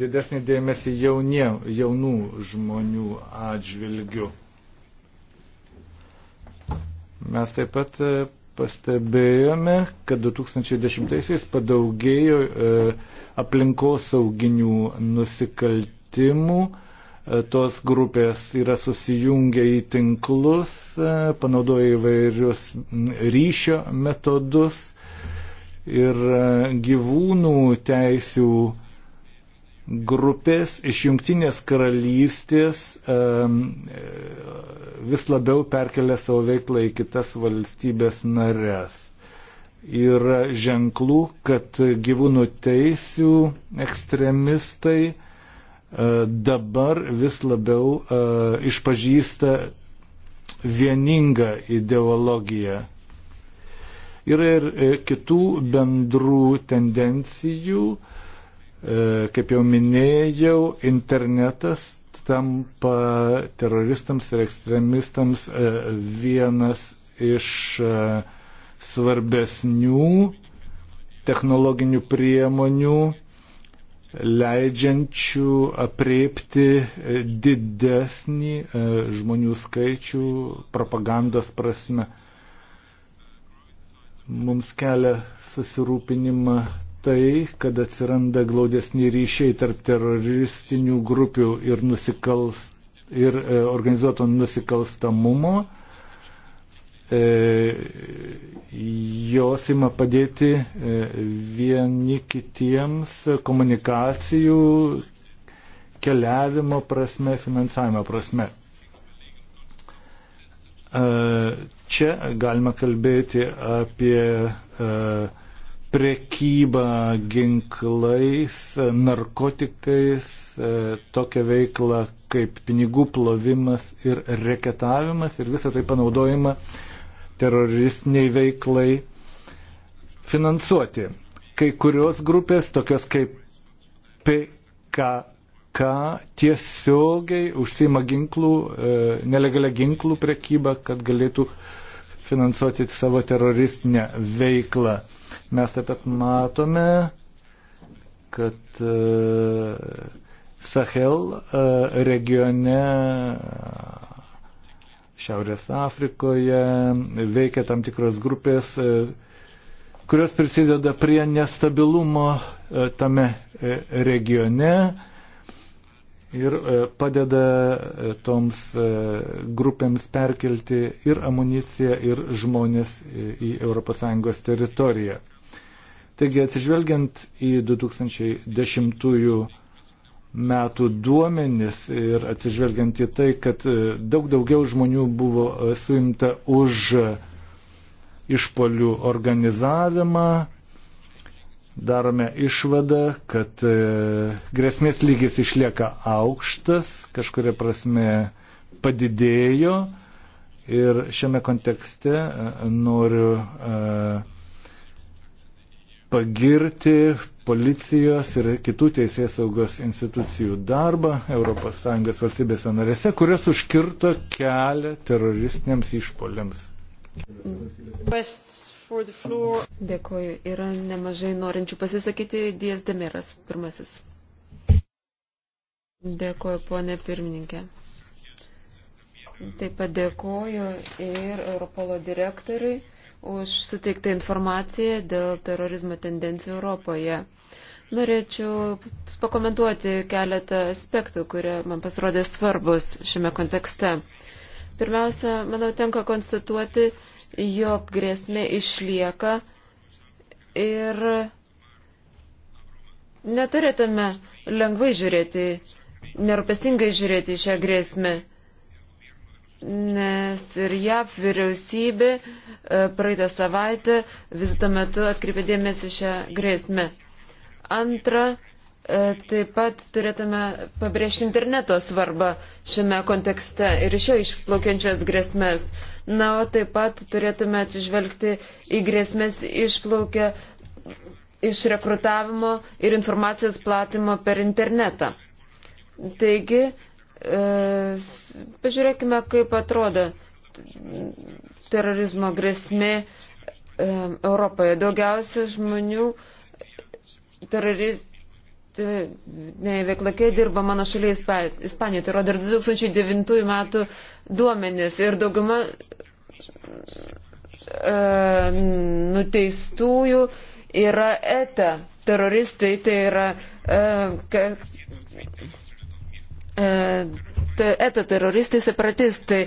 didesnį dėmesį jaunie, jaunų žmonių atžvilgių. Mes taip pat e, pastebėjome, kad 2010-aisiais padaugėjo e, aplinkosauginių nusikaltimų. E, tos grupės yra susijungę į tinklus, panaudoja įvairius ryšio metodus ir gyvūnų teisių grupės iš jungtinės karalystės vis labiau perkelia savo veiklą į kitas valstybės nares. Yra ženklų, kad gyvūnų teisių ekstremistai e, dabar vis labiau e, išpažįsta vieningą ideologiją yra ir e, kitų bendrų tendencijų, E, kaip jau minėjau, internetas tampa teroristams ir ekstremistams e, vienas iš e, svarbesnių technologinių priemonių, leidžiančių apriepti didesnį žmonių skaičių propagandos prasme. Mums kelia susirūpinimą tai, kad atsiranda glaudesni ryšiai tarp teroristinių grupių ir, nusikals, ir e, organizuoto nusikalstamumo. E, jos ima padėti e, vieni kitiems komunikacijų, keliavimo prasme, finansavimo prasme. E, čia galima kalbėti apie e, prekyba ginklais, narkotikais, e, tokia veikla kaip pinigų plovimas ir reketavimas ir visą tai panaudojama teroristiniai veiklai finansuoti. Kai kurios grupės, tokios kaip PKK, tiesiogiai užsima ginklų, e, nelegalia ginklų prekybą, kad galėtų finansuoti savo teroristinę veiklą. Mes taip pat matome, kad e, Sahel e, regione e, Šiaurės Afrikoje veikia tam tikros grupės, kurios prisideda prie nestabilumo tame regione ir e, padeda e, toms e, grupėms perkelti ir amuniciją, ir žmonės į ES teritoriją. Taigi atsižvelgiant į 2010 metų duomenis ir atsižvelgiant į tai, kad daug daugiau žmonių buvo suimta už išpolių organizavimą, darome išvadą, kad e, grėsmės lygis išlieka aukštas, kažkuria prasme padidėjo ir šiame kontekste e, noriu e, pagirti policijos ir kitų teisės saugos institucijų darbą ES valstybėse narėse, kurias užkirto kelią teroristiniams išpoliams. West Dėkuoju. Yra nemažai norinčių pasisakyti. Dijas Demiras, pirmasis. Dėkuoju, ponė pirmininkė. Taip pat dėkuoju ir Europolo direktoriui už suteiktą informaciją dėl terorizmo tendencijų Europoje. Norėčiau pakomentuoti keletą aspektų, kurie man pasirodė svarbus šiame kontekste. Pirmiausia, manau, tenka konstatuoti, jog grėsmė išlieka ir neturėtume lengvai žiūrėti, nerupestingai žiūrėti šią grėsmę. Nes ir JAV vyriausybė e, praeitą savaitę vizito metu atkreipė dėmesį šią grėsmę. Antra, e, taip pat turėtume pabrėžti interneto svarbą šiame kontekste ir iš jo išplaukiančias grėsmės. Na, o taip pat turėtume atsižvelgti į grėsmės išplaukę iš rekrutavimo ir informacijos platimo per internetą. Taigi, e, pažiūrėkime, kaip atrodo terorizmo grėsmė e, Europoje. Daugiausia žmonių teroriz, ne, veikla, kai dirba mano šalyje Ispanijoje, tai rodo ir 2009 metų duomenis ir dauguma e, nuteistųjų yra ETA teroristai, tai yra e, ka, e, ETA teroristai, separatistai.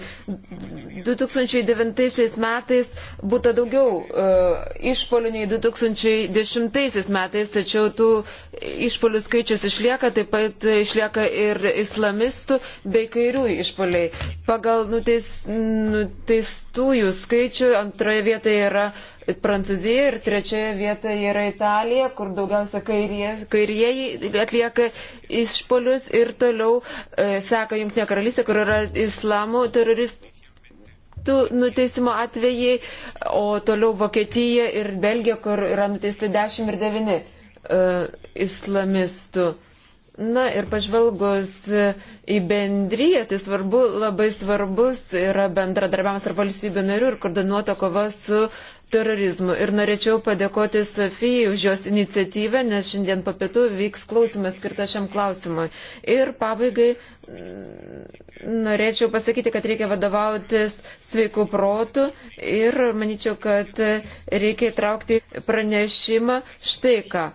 2009 metais būtų daugiau uh, išpolių nei 2010 metais, tačiau tų išpolių skaičius išlieka, taip pat išlieka ir islamistų bei kairiųjų išpoliai. Pagal nuteis, nuteistųjų skaičių antroje vietoje yra uh, Prancūzija ir trečioje vietoje yra Italija, kur daugiausia kairieji kairie atlieka išpolius ir toliau e, seka Junktinė karalystė, kur yra islamų teroristų nuteisimo atvejai, o toliau Vokietija ir Belgija, kur yra nuteisti 10 ir 9 e, islamistų. Na ir pažvelgus į bendryją, tai svarbu, labai svarbus yra bendradarbiavimas ar valstybių narių ir koordinuota kova su uh, terorizmu. Ir norėčiau padėkoti Sofijai už jos iniciatyvą, nes šiandien po pietų vyks klausimas skirtas šiam klausimui. Ir pabaigai mm, norėčiau pasakyti, kad reikia vadovautis sveiku protu ir manyčiau, kad reikia įtraukti pranešimą štai ką.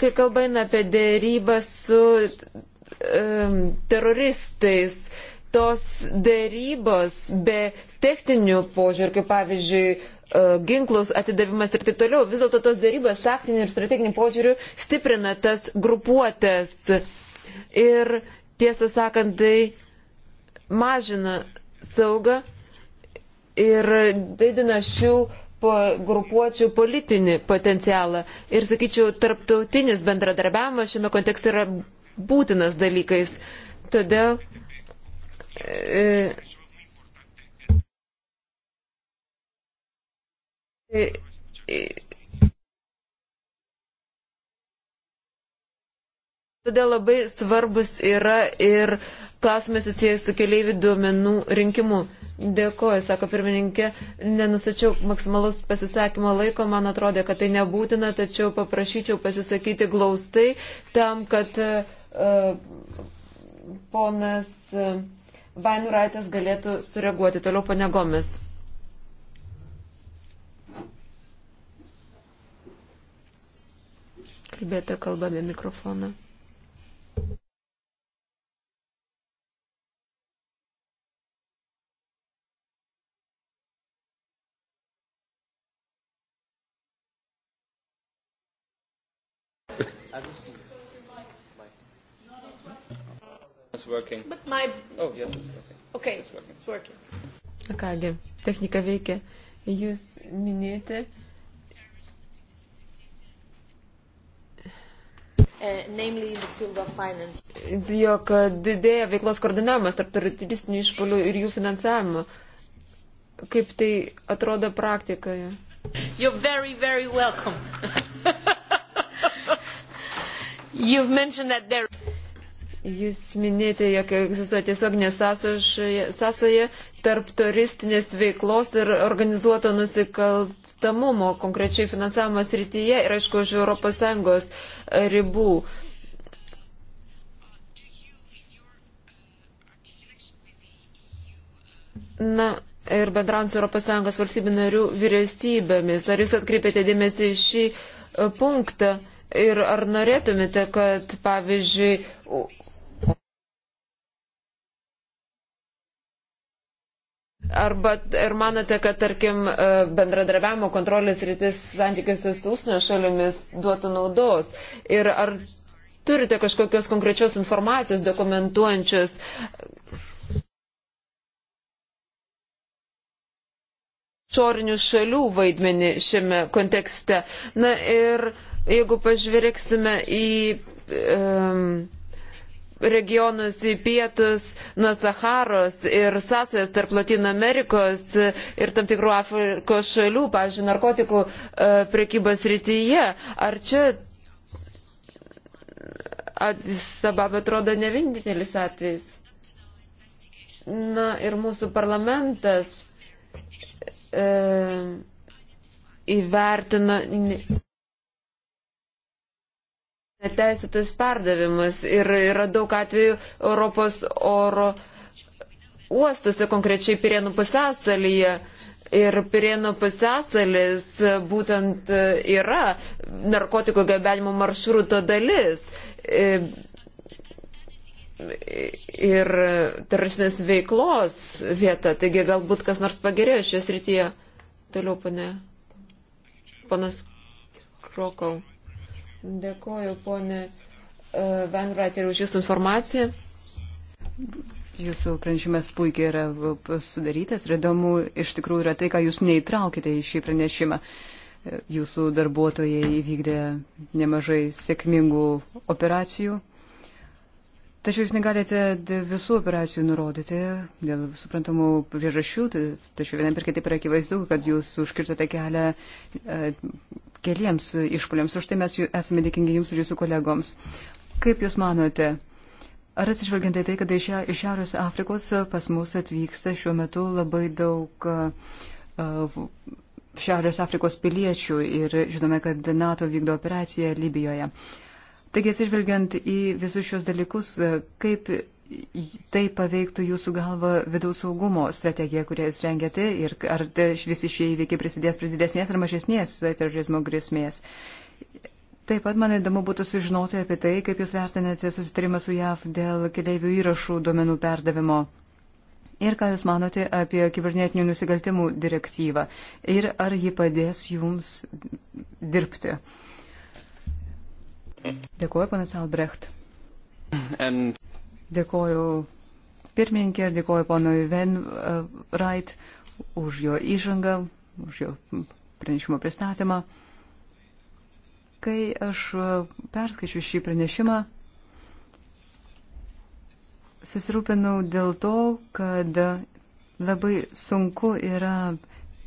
Kai kalba eina apie dėrybą su um, teroristais, tos dėrybos be techninių požiūrį, kaip pavyzdžiui, E, ginklus atidavimas ir taip toliau. Vis dėlto tos darybas taktiniu ir strateginiu požiūriu stiprina tas grupuotės. Ir tiesą sakant, tai mažina saugą ir didina šių grupuočių politinį potencialą. Ir sakyčiau, tarptautinis bendradarbiavimas šiame kontekste yra būtinas dalykais. Todėl. E, Todėl labai svarbus yra ir klausimai susijęs su keliaivių duomenų rinkimu. Dėkoju, sako pirmininkė, nenusačiau maksimalus pasisakymo laiko, man atrodė, kad tai nebūtina, tačiau paprašyčiau pasisakyti glaustai tam, kad uh, ponas e, Vainuraitas galėtų sureaguoti. Toliau panegomis. Kalbėta kalba be mikrofoną. It's working. But my... Oh, yes, it's working. Okay, it's working. It's working. Kągi, technika veikia. Jūs minėjote Uh, jog uh, didėja veiklos koordinavimas tarp teroristinių išpolių ir jų finansavimo. Kaip tai atrodo praktikoje? You're very, very welcome. You've mentioned that there. Jūs minėjote, jog egzistuoja tiesioginė sąsaja tarp turistinės veiklos ir organizuoto nusikalstamumo, konkrečiai finansavimo srityje ir, aišku, už ES ribų. Na, ir bendraujant su ES valstybių narių vyriausybėmis, ar jūs atkreipėte dėmesį į šį punktą ir ar norėtumėte, kad, pavyzdžiui, Arba ir manote, kad, tarkim, e, bendradarbiavimo kontrolės rytis santykiuose su užsienio šalimis duotų naudos? Ir ar turite kažkokios konkrečios informacijos dokumentuojančios? Šorinių šalių vaidmenį šiame kontekste. Na ir jeigu pažvelgsime į um, regionus į pietus nuo Saharos ir sąsajas tarp Latino Amerikos ir tam tikrų Afrikos šalių, pavyzdžiui, narkotikų e, prekybos rytyje. Ar čia Adisababa atrodo ne vienintelis atvejs? Na ir mūsų parlamentas e, įvertino. Teisėtus perdavimus ir yra daug atvejų Europos oro uostose, konkrečiai Pirėnų pusęsalyje. Ir Pirėnų pusęsalis būtent yra narkotikų gabenimo maršruto dalis. Ir taršinės veiklos vieta. Taigi galbūt kas nors pagerėjo šioje srityje. Toliau, pane. Panas Krokau. Dėkuoju, ponė Vendrat, ir už Jūsų informaciją. Jūsų pranešimas puikiai yra sudarytas ir įdomu iš tikrųjų yra tai, ką Jūs neįtraukite į šį pranešimą. E, jūsų darbuotojai įvykdė nemažai sėkmingų operacijų. Tačiau jūs negalite visų operacijų nurodyti dėl suprantamų priežasčių, tačiau vienam per kitaip yra akivaizdu, kad jūs užkirtote kelią e, keliems išpoliams. Už tai mes esame dėkingi Jums ir Jūsų kolegoms. Kaip Jūs manote, ar atsižvelgiant į tai, kad iš Šiaurės Afrikos pas mus atvyksta šiuo metu labai daug Šiaurės Afrikos piliečių ir žinome, kad NATO vykdo operaciją Libijoje. Taigi, atsižvelgiant į visus šios dalykus, kaip tai paveiktų jūsų galva vidaus saugumo strategiją, kurią jūs rengiate ir ar visi šie įvykiai prisidės prie didesnės ar mažesnės terorizmo grėsmės. Taip pat man įdomu būtų sužinoti apie tai, kaip jūs vertinate susitarimą su JAV dėl keliaivių įrašų duomenų perdavimo. Ir ką jūs manote apie kibernetinių nusikaltimų direktyvą. Ir ar ji padės jums dirbti. Dėkuoju, panas Albrecht. And... Dėkoju pirmininkė ir dėkoju ponui Ven Wright už jo įžangą, už jo pranešimo pristatymą. Kai aš perskaičiu šį pranešimą, susirūpinau dėl to, kad labai sunku yra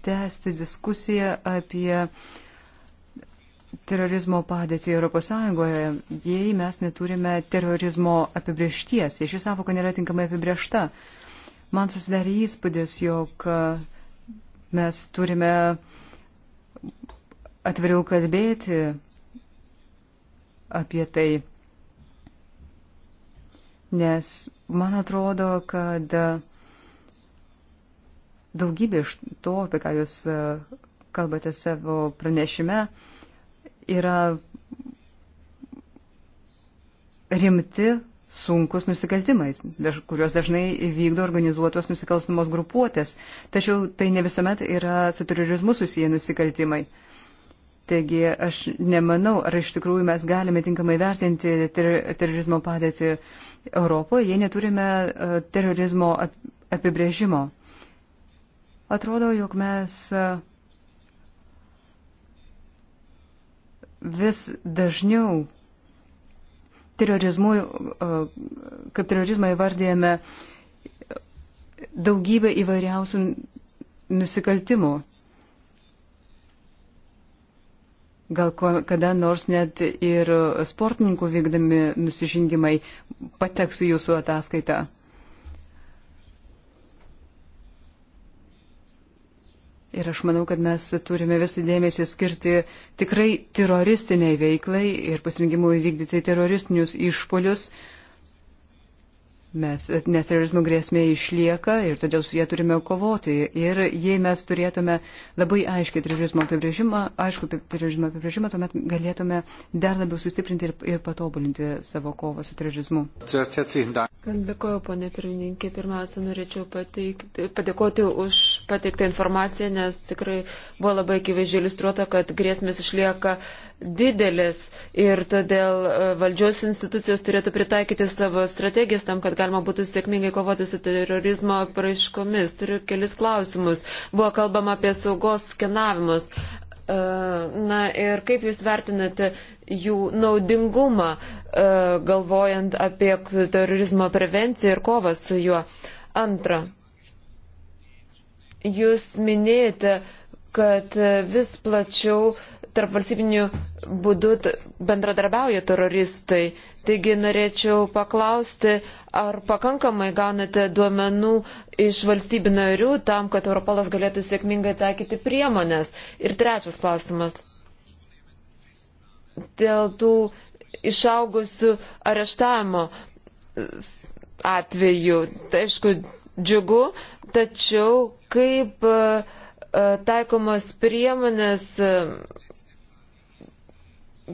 tęsti diskusiją apie uh, terorizmo padėtį ES, jei mes neturime terorizmo apibriešties, jei ši savoka nėra tinkamai apibriešta. Man susidarė įspūdis, jog e, mes turime atviriau kalbėti apie tai, nes man atrodo, kad daugybė iš to, apie ką jūs e, kalbate savo pranešime, uh, yra rimti sunkus nusikaltimai, kuriuos dažnai vykdo organizuotos nusikalstamos grupuotės. Tačiau tai ne visuomet yra su terorizmu susiję nusikaltimai. Taigi aš nemanau, ar iš tikrųjų mes galime tinkamai vertinti ter terorizmo padėtį Europoje, jei neturime e, terorizmo apibrėžimo. Atrodo, jog mes e, vis dažniau terorizmu, e, kaip terorizmą įvardėjame daugybę įvairiausių nusikaltimų. Gal kada nors net ir sportininkų vykdami nusižengimai pateks į jūsų ataskaitą. Ir aš manau, kad mes turime visą dėmesį skirti tikrai teroristiniai veiklai ir pasirinkimui vykdyti teroristinius išpolius, uh, Mes, nes terorizmo grėsmė išlieka ir todėl su jie turime kovoti. Ir jei mes turėtume labai aiškiai terorizmo apibrėžimą, aišku, terorizmo apibrėžimą, tuomet galėtume dar labiau sustiprinti ir, ir patobulinti savo kovą su terorizmu. Dėkuoju, ponė pirmininkė. Pirmiausia, norėčiau pateikti, padėkoti už pateiktą informaciją, nes tikrai buvo labai akivaizdžiai iliustruota, kad grėsmės išlieka didelis ir todėl e, valdžios institucijos turėtų pritaikyti savo strategijas tam, kad galima būtų sėkmingai kovoti su terorizmo praaiškomis. Turiu kelis klausimus. Buvo kalbama apie saugos skenavimus. E, na ir kaip Jūs vertinate jų naudingumą, e, galvojant apie terorizmo prevenciją ir kovą su juo? Antra, Jūs minėjote, kad vis plačiau uh, tarp valstybinių būdų bendradarbiauja teroristai. Taigi norėčiau paklausti, ar pakankamai gaunate duomenų iš valstybių narių tam, kad Europolas galėtų sėkmingai taikyti priemonės. Ir trečias klausimas. Dėl tų išaugusių areštavimo atvejų. Tai aišku, džiugu, tačiau kaip e, taikomos priemonės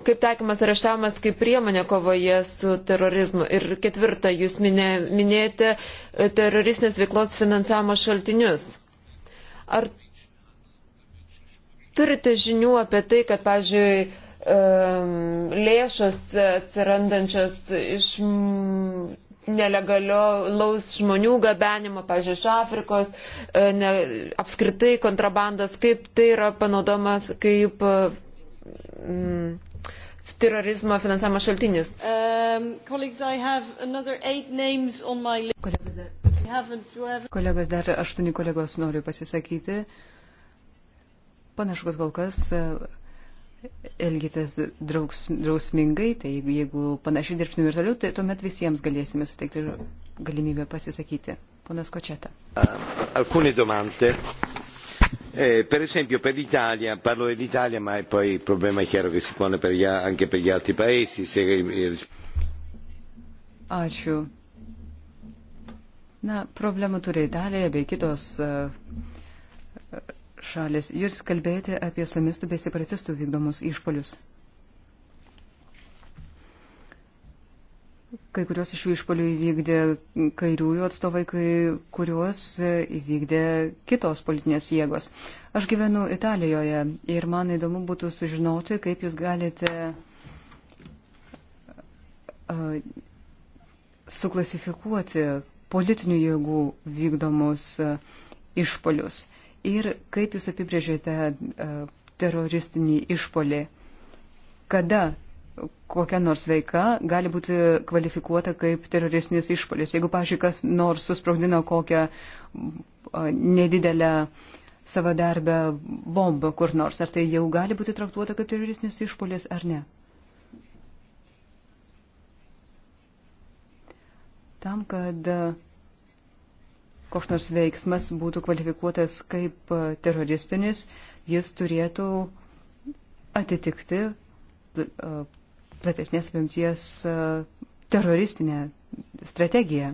kaip taikomas areštavimas kaip priemonė kovoje su terorizmu. Ir ketvirta, jūs minė, minėjote e, teroristinės veiklos finansavimo šaltinius. Ar turite žinių apie tai, kad, pavyzdžiui, lėšos atsirandančios iš nelegalios žmonių gabenimo, pažiūrėjau, iš Afrikos, e, ne, apskritai kontrabandos, kaip tai yra panaudomas kaip mm, terorizmo finansavimo šaltinis. Um, colleagues, my... kolegos, dar, kolegos, dar aštuoni kolegos noriu pasisakyti. Panašu, kad kol kas e, elgitės draugs, drausmingai, tai jeigu, jeigu panašiai dirbsime ir toliau, tai tuomet visiems galėsime suteikti galimybę pasisakyti. Ponas Kočeta. Alkūnį domantį. Eh, per esempio per l'Italia, parlo dell'Italia ma poi il problema è chiaro che si pone per gli, anche per gli altri paesi. Se... Eh, Ačiū. Na, problemų turi Italija bei kitos e, e, šalis. Jūs kalbėjote apie islamistų bei separatistų vykdomus išpolius. Kai kurios iš jų išpolių įvykdė kairiųjų atstovai, kai kuriuos įvykdė kitos politinės jėgos. Aš gyvenu Italijoje ir man įdomu būtų sužinoti, kaip jūs galite uh, suklasifikuoti politinių jėgų vykdomus uh, išpolius ir kaip jūs apibrėžėte uh, teroristinį išpolį kada kokia nors veika gali būti kvalifikuota kaip teroristinis išpolis. Jeigu, pažiūrėk, kas nors susprogdino kokią nedidelę savadarbę bombą kur nors, ar tai jau gali būti traktuota kaip teroristinis išpolis ar ne? Tam, kad koks nors veiksmas būtų kvalifikuotas kaip teroristinis, jis turėtų atitikti platesnės apimties e, teroristinę strategiją.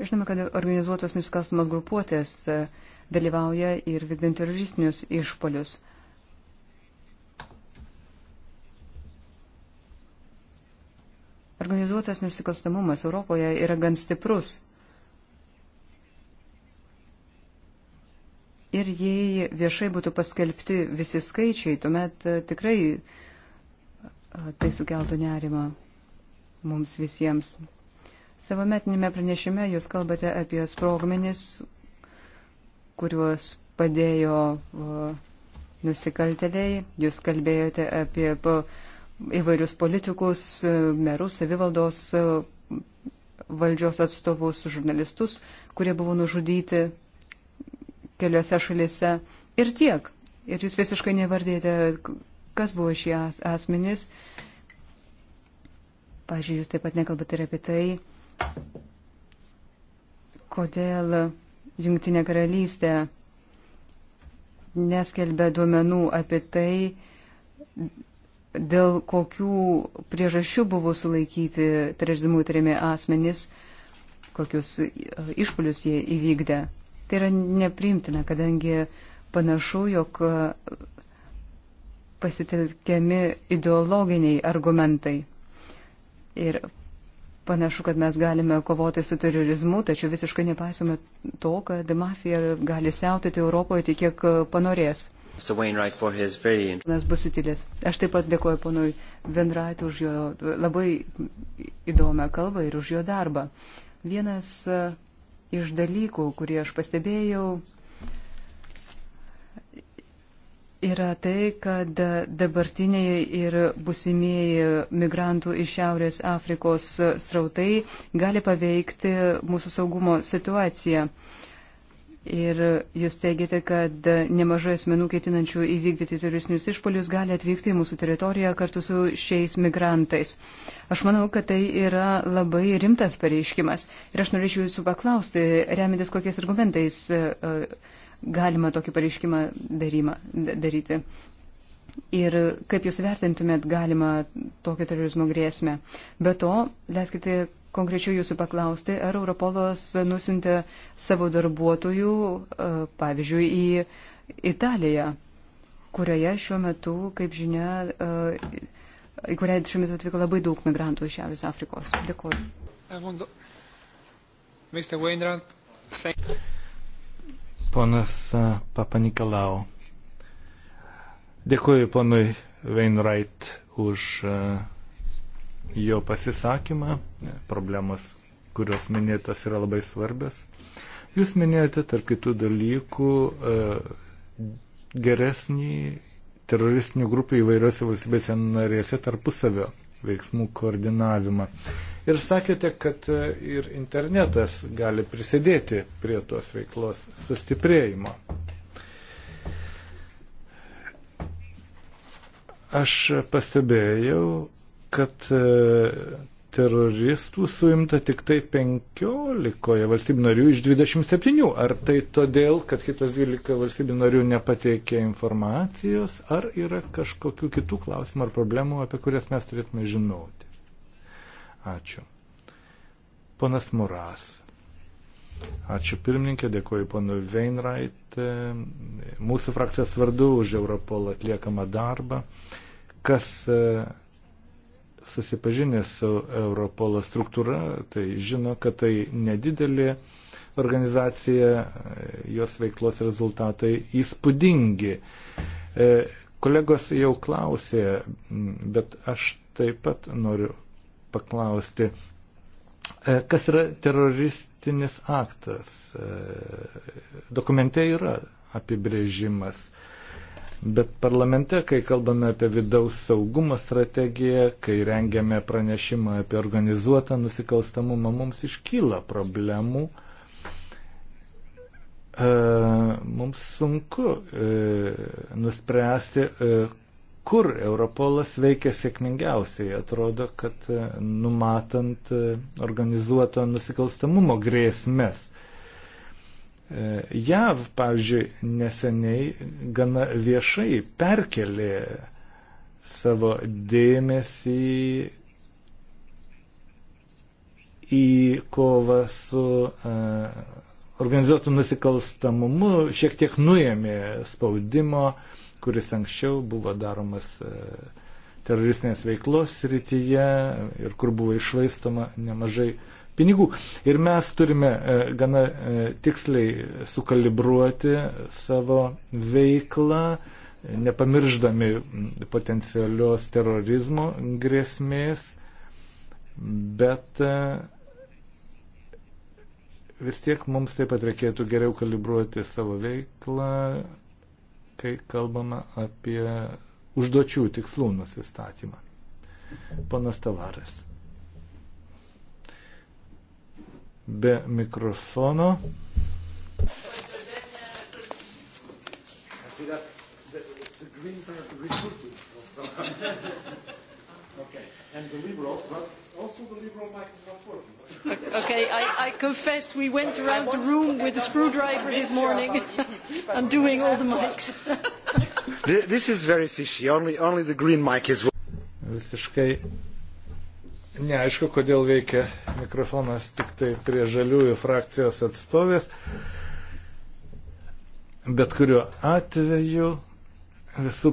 Žinome, kad organizuotos nusikalstamos grupuotės e, dalyvauja ir vykdant teroristinius išpolius. Organizuotas nusikalstamumas Europoje yra gan stiprus. Ir jei viešai būtų paskelbti visi skaičiai, tuomet e, tikrai e, tai sukeltų nerimą mums visiems. Savo metinėme pranešime jūs kalbate apie sprogmenis, kuriuos padėjo e, nusikalteliai, jūs kalbėjote apie įvairius politikus, merus, savivaldos valdžios atstovus, žurnalistus, kurie buvo nužudyti keliose šalise ir tiek. Ir jūs visiškai nevardėte, kas buvo šie asmenys. Pavyzdžiui, jūs taip pat nekalbate ir apie tai, kodėl Junktinė karalystė neskelbia duomenų apie tai, dėl kokių priežasčių buvo sulaikyti terorizmų įtariami asmenys, kokius e, išpolius jie įvykdė. Tai yra neprimtina, kadangi panašu, jog e, pasitelkiami ideologiniai argumentai. Ir panašu, kad mes galime kovoti su terorizmu, tačiau visiškai nepaisome to, kad mafija gali siautyti Europoje tik kiek e, panorės. Very... Mes bus įtilės. Aš taip pat dėkoju ponui Vendrait už jo labai įdomią kalbą ir už jo darbą. Vienas e, iš dalykų, kurį aš pastebėjau, yra tai, kad dabartiniai ir busimieji migrantų iš Šiaurės Afrikos srautai gali paveikti mūsų saugumo situaciją. Ir jūs teigiate, kad nemažai asmenų ketinančių įvykdyti teroristinius išpolius gali atvykti į mūsų teritoriją kartu su šiais migrantais. Aš manau, kad tai yra labai rimtas pareiškimas. Ir aš norėčiau jūsų paklausti, remintis kokiais argumentais e, e, galima tokį pareiškimą darymą, daryti. Ir kaip jūs vertintumėt galima tokio terorizmo grėsmę. Be to, leiskite konkrečiau jūsų paklausti, ar Europolas nusintė savo darbuotojų, e, pavyzdžiui, į Italiją, kurioje šiuo metu, kaip žinia, e, į kurią šiuo metu atvyko labai daug migrantų iš Šiaurės Afrikos. Dėkuoju. Mr. Wainwright, thank you. Ponas e, Papanikalau. Dėkuoju ponui Wainwright už uh, jo pasisakymą. Problemos, kurios minėtos, yra labai svarbios. Jūs minėjote, tarp kitų dalykų, e, geresnį teroristinių grupių įvairiose valstybėse narėse tarpusavio veiksmų koordinavimą. Ir sakėte, kad e, ir internetas gali prisidėti prie tos veiklos sustiprėjimo. Aš pastebėjau, kad e, teroristų suimta tik tai 15 valstybių narių iš 27. Ar tai todėl, kad kitos 12 valstybių narių nepateikė informacijos, ar yra kažkokių kitų klausimų ar problemų, apie kurias mes turėtume žinoti? Ačiū. Ponas Muras. Ačiū pirmininkė, dėkuoju ponu Veinrait, e, mūsų frakcijos vardu už Europol atliekamą darbą. Kas e, susipažinęs su Europolo struktūra, tai žino, kad tai nedidelė organizacija, jos veiklos rezultatai įspūdingi. E, kolegos jau klausė, bet aš taip pat noriu paklausti, e, kas yra teroristinis aktas. E, dokumente yra apibrėžimas. Bet parlamente, kai kalbame apie vidaus saugumo strategiją, kai rengiame pranešimą apie organizuotą nusikalstamumą, mums iškyla problemų. E, mums sunku e, nuspręsti, e, kur Europolas veikia sėkmingiausiai. Atrodo, kad e, numatant e, organizuoto nusikalstamumo grėsmės. E, JAV, pavyzdžiui, neseniai gana viešai perkelė savo dėmesį į kovą su uh, organizuotų nusikalstamumu, šiek tiek nuėmė spaudimo, kuris anksčiau buvo daromas uh, teroristinės veiklos srityje ir kur buvo išvaistoma nemažai uh, pinigų. Ir mes turime e, gana e, tiksliai sukalibruoti savo veiklą, nepamirždami potencialios terorizmo grėsmės, bet e, vis tiek mums taip pat reikėtų geriau kalibruoti savo veiklą, kai kalbama apie užduočių tikslų nusistatymą. Panas Tavaras. be mikrofono. Okay. And the liberals, but also the liberal mic is not working. okay, I, I confess we went around the room with a screwdriver this morning undoing all the mics. this is very fishy. Only, only the green mic is working. Visiškai Neaišku, kodėl veikia mikrofonas tik tai prie žaliųjų frakcijos atstovės. Bet kuriuo atveju visų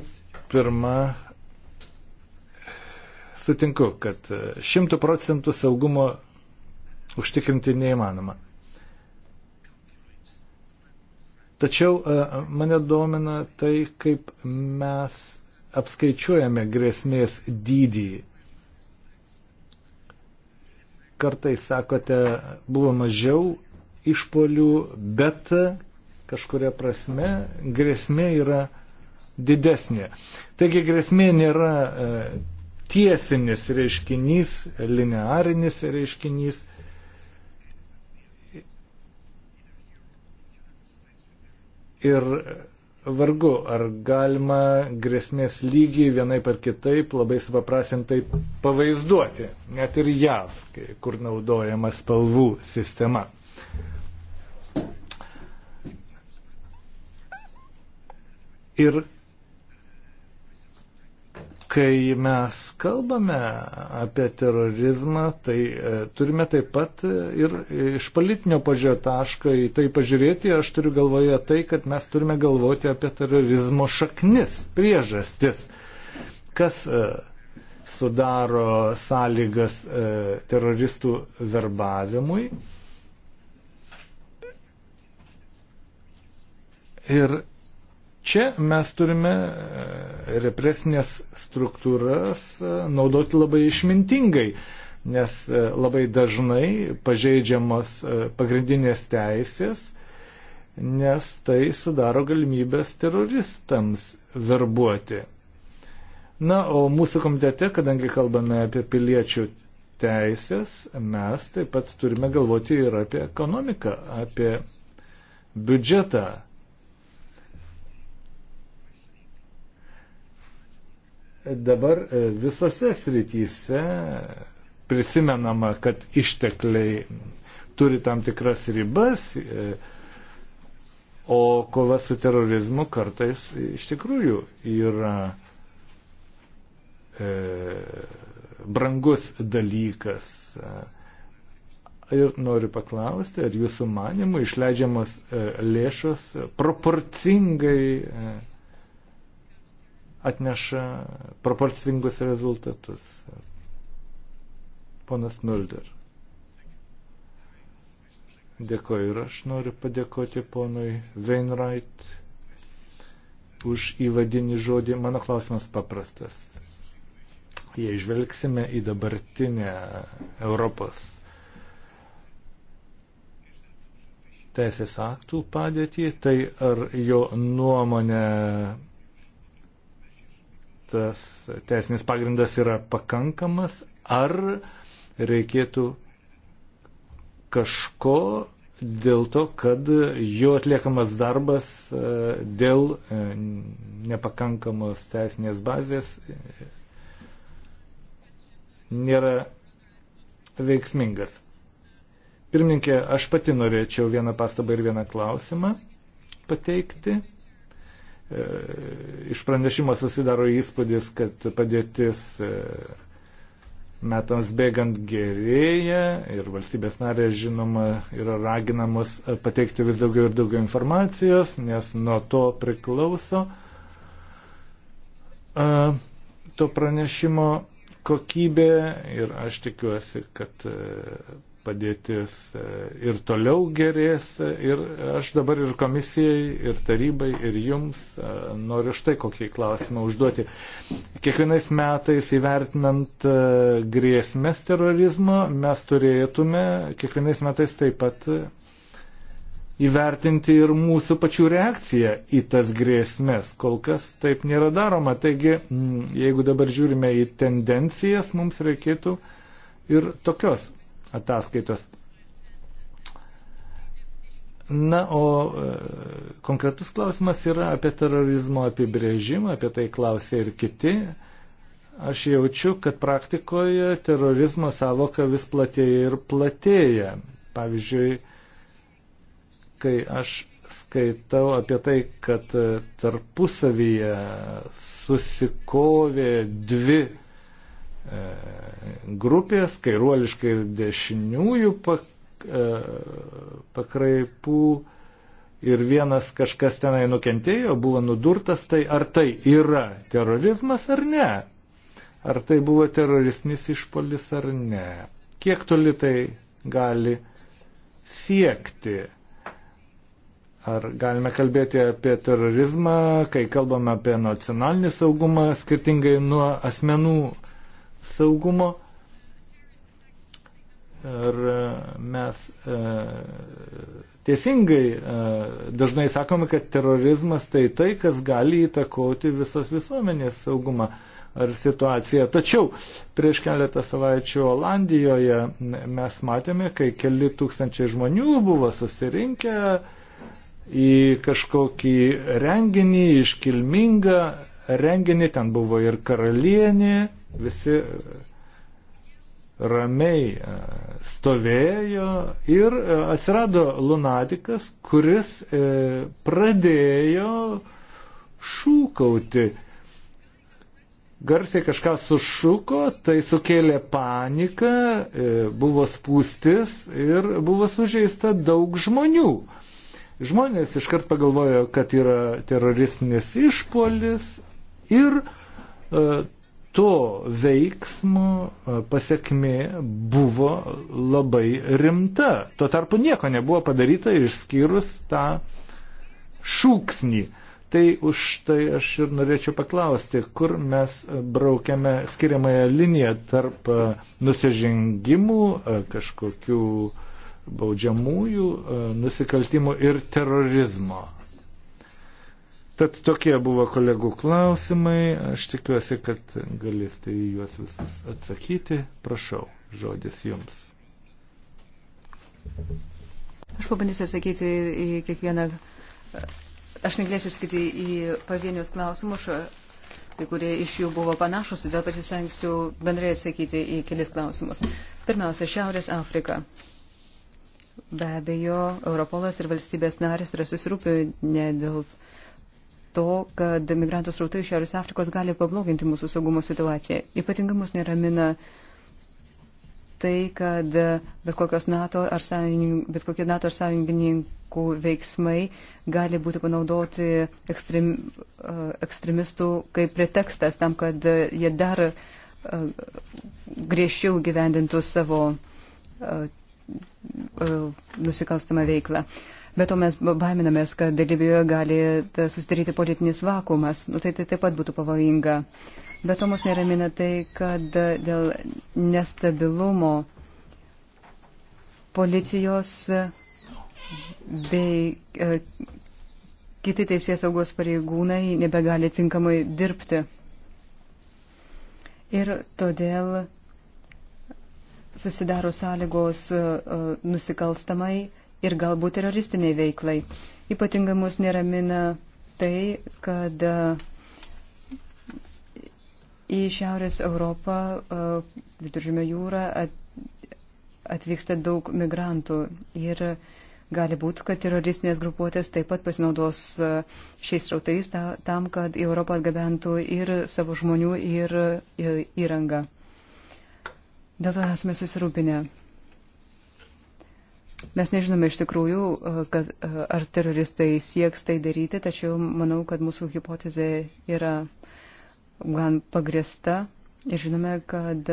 pirma sutinku, kad šimtų procentų saugumo užtikrinti neįmanoma. Tačiau e, mane domina tai, kaip mes apskaičiuojame grėsmės dydį kartais sakote, buvo mažiau išpolių, bet kažkuria prasme grėsmė yra didesnė. Taigi grėsmė nėra e, tiesinis reiškinys, linearinis reiškinys. Ir vargu, ar galima grėsmės lygį vienai par kitaip labai supaprasintai pavaizduoti, net ir JAV, kur naudojama spalvų sistema. Ir Kai mes kalbame apie terorizmą, tai e, turime taip pat e, ir iš politinio požiūrio taško į tai pažiūrėti. Aš turiu galvoje tai, kad mes turime galvoti apie terorizmo šaknis, priežastis, kas e, sudaro sąlygas teroristų verbavimui. Ir Čia mes turime e, represinės struktūras e, naudoti labai išmintingai, nes e, labai dažnai pažeidžiamas pagrindinės teisės, nes tai sudaro galimybės teroristams verbuoti. Na, o mūsų komitete, kadangi kalbame apie piliečių teisės, mes taip pat turime galvoti ir apie ekonomiką, apie biudžetą. dabar e, visose srityse prisimenama, kad ištekliai turi tam tikras ribas, e, o kova su terorizmu kartais iš tikrųjų yra e, brangus dalykas. Ir noriu paklausti, ar jūsų manimų išleidžiamos lėšos proporcingai atneša proporcingus rezultatus. Ponas Mulder. Dėkoju ir aš noriu padėkoti ponui Weinreit už įvadinį žodį. Mano klausimas paprastas. Jei žvelgsime į dabartinę Europos teisės aktų padėtį, tai ar jo nuomonė tas teisinis pagrindas yra pakankamas, ar reikėtų kažko dėl to, kad jo atliekamas darbas e, dėl e, nepakankamos teisinės bazės e, nėra veiksmingas. Pirmininkė, aš pati norėčiau vieną pastabą ir vieną klausimą pateikti. E, iš pranešimo susidaro įspūdis, kad padėtis e, metams bėgant gerėja ir valstybės narės, žinoma, yra raginamos pateikti vis daugiau ir daugiau informacijos, nes nuo to priklauso e, to pranešimo kokybė ir aš tikiuosi, kad padėtis e, ir toliau gerės. E, ir aš dabar ir komisijai, ir tarybai, ir jums e, noriu štai kokį klausimą užduoti. Kiekvienais metais įvertinant grėsmės terorizmo, mes turėtume kiekvienais metais taip pat įvertinti ir mūsų pačių reakciją į tas grėsmės. Kol kas taip nėra daroma. Taigi, jeigu dabar žiūrime į tendencijas, mums reikėtų ir tokios ataskaitos. Na, o e, konkretus klausimas yra apie terorizmo apibrėžimą, apie tai klausė ir kiti. Aš jaučiu, kad praktikoje terorizmo savoka vis platėja ir platėja. Pavyzdžiui, kai aš skaitau apie tai, kad tarpusavyje susikovė dvi E, grupės, kairuoliškai ir dešiniųjų pak, e, pakraipų ir vienas kažkas tenai nukentėjo, buvo nudurtas, tai ar tai yra terorizmas ar ne? Ar tai buvo teroristinis išpolis ar ne? Kiek toli tai gali siekti? Ar galime kalbėti apie terorizmą, kai kalbame apie nacionalinį saugumą, skirtingai nuo asmenų saugumo. Ir e, mes e, teisingai e, dažnai sakome, kad terorizmas tai tai, kas gali įtakoti visos visuomenės saugumą ar situaciją. Tačiau prieš keletą savaičių Olandijoje mes matėme, kai keli tūkstančiai žmonių buvo susirinkę į kažkokį renginį, iškilmingą renginį, ten buvo ir karalienė, visi ramiai e, stovėjo ir e, atsirado lunatikas, kuris e, pradėjo šūkauti. Garsiai kažką sušuko, tai sukėlė paniką, buvo spūstis ir buvo sužeista daug žmonių. Žmonės iškart pagalvojo, kad yra teroristinis išpolis ir to veiksmo e, pasiekmi buvo labai rimta. Tuo tarpu nieko nebuvo padaryta išskyrus tą šūksnį. Tai už tai aš ir norėčiau paklausti, kur mes braukiame skiriamąją liniją tarp e, nusižengimų, e, kažkokių baudžiamųjų nusikaltimų ir terorizmo. Tad tokie buvo kolegų klausimai. Aš tikiuosi, kad galėsite į juos visus atsakyti. Prašau, žodis jums. Aš pabandysiu atsakyti į kiekvieną. Aš negalėsiu sakyti į pavienius klausimus, kai kurie iš jų buvo panašus, todėl pasistengsiu bendrai atsakyti į kelis klausimus. Pirmiausia, Šiaurės Afrika. Be abejo, Europolas ir valstybės narės yra susirūpinę dėl to, kad migrantų srautai iš Šiaurės Afrikos gali pabloginti mūsų saugumo situaciją. Ypatingai mus neramina tai, kad bet, NATO ar bet kokie NATO ar sąjungininkų veiksmai gali būti panaudoti ekstrem, e, ekstremistų kaip pretekstas tam, kad jie dar e, griežčiau gyvendintų savo e, nusikalstamą veiklą. Uh, Bet to mes baiminamės, kad Libijoje gali susidaryti politinis vakumas. Nu, tai, tai taip pat būtų pavojinga. Bet to mus neramina tai, kad dėl nestabilumo policijos bei e, kiti teisės saugos pareigūnai nebegali tinkamai dirbti. Ir todėl susidaro sąlygos e, nusikalstamai ir galbūt teroristiniai veiklai. Ypatingai mus neramina tai, kad e, į Šiaurės Europą, e, Viduržymio jūrą atvyksta daug migrantų ir gali būti, kad teroristinės grupuotės taip pat pasinaudos e, šiais rautais tam, kad į Europą atgabentų ir savo žmonių, ir įrangą. Dėl to esame susirūpinę. Mes nežinome iš tikrųjų, e, kad, e, ar teroristai sieks tai daryti, tačiau manau, kad mūsų hipotezė yra gan pagrista. Ir žinome, kad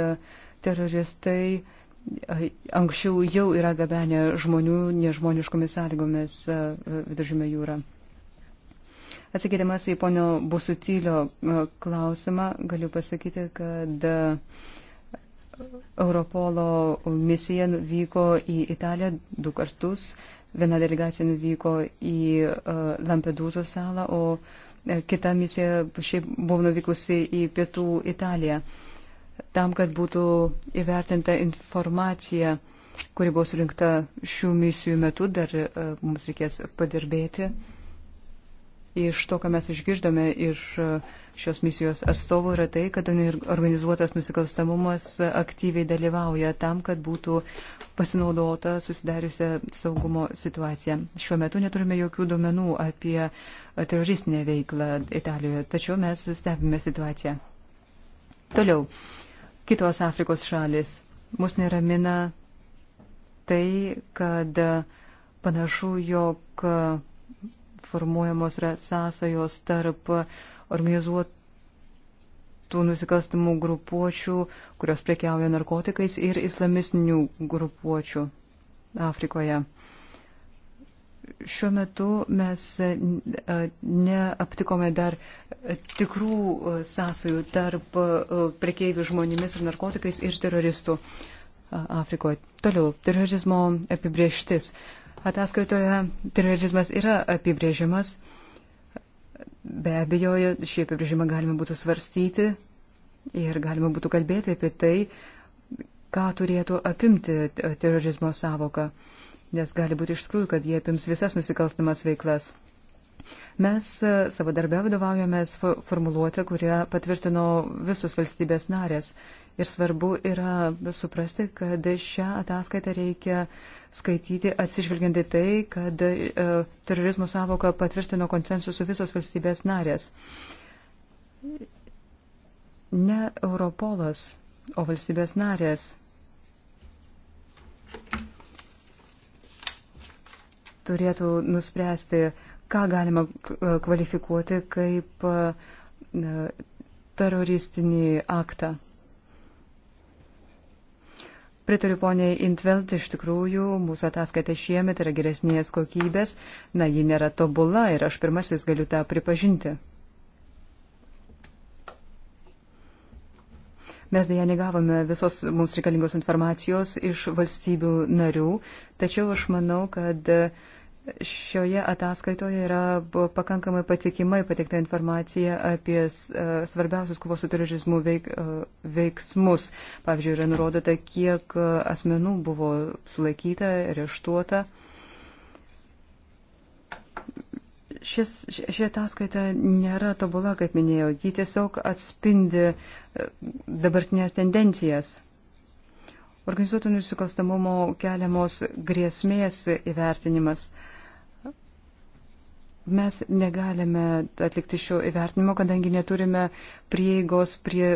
teroristai e, anksčiau jau yra gabenę žmonių nežmoniškomis sąlygomis viduržymė jūra. Atsakydamas į ponio Busutylio klausimą, galiu pasakyti, kad uh, Europolo misija vyko į Italiją du kartus. Viena delegacija nuvyko į e, Lampedūzos salą, o e, kita misija šiaip buvo nuvykusi į pietų Italiją. Tam, kad būtų įvertinta informacija, kuri buvo surinkta šių misijų metu, dar e, mums reikės padirbėti. Iš to, ką mes išgirdome iš uh, šios misijos atstovų yra tai, kad organizuotas nusikalstamumas aktyviai dalyvauja tam, kad būtų pasinaudota susidariusią saugumo situaciją. Šiuo metu neturime jokių duomenų apie teroristinę veiklą Italijoje, tačiau mes stebime situaciją. Toliau. Kitos Afrikos šalis. Mus neramina tai, kad panašu, jog formuojamos yra sąsajos tarp uh, organizuotų nusikalstamų grupuočių, kurios prekiauja narkotikais ir islamistinių grupuočių Afrikoje. Šiuo metu mes e, neaptikome dar e, tikrų e, sąsajų tarp prekeivių žmonėmis ir narkotikais ir teroristų Afrikoje. Toliau, terorizmo apibrieštis. Ataskaitoje terorizmas yra apibrėžimas Be abejo, šį apibrėžimą galima būtų svarstyti ir galima būtų kalbėti apie tai, ką turėtų apimti terorizmo savoka, nes gali būti iš tikrųjų, kad jie apims visas nusikalstamas veiklas. Mes e, savo darbę vadovaujamės formuluotę, kurią patvirtino visus valstybės narės. Ir svarbu yra suprasti, kad šią ataskaitą reikia uh, skaityti atsižvelgianti tai, kad e, terorizmo savoką patvirtino konsensusų visos valstybės narės. Ne Europolas, o valstybės narės turėtų nuspręsti, ką galima e, kvalifikuoti kaip e, teroristinį aktą. Pritariu poniai Intvelt, iš tikrųjų, mūsų ataskaita šiemet yra geresnės kokybės, na, ji nėra tobula ir aš pirmasis galiu tą pripažinti. Mes dėja negavome visos mums reikalingos informacijos iš valstybių narių, tačiau aš manau, kad uh, Šioje ataskaitoje yra pakankamai patikimai pateikta informacija apie e, svarbiausius kovos su terorizmu veik, e, veiksmus. Pavyzdžiui, yra nurodyta, kiek e, asmenų buvo sulaikyta, reštuota. Šis, ši ataskaita nėra tobula, kaip minėjau, ji tiesiog atspindi dabartinės tendencijas. Organizuotų nusikalstamumo keliamos grėsmės įvertinimas. Uh, Mes negalime atlikti šio įvertinimo, kadangi neturime prieigos prie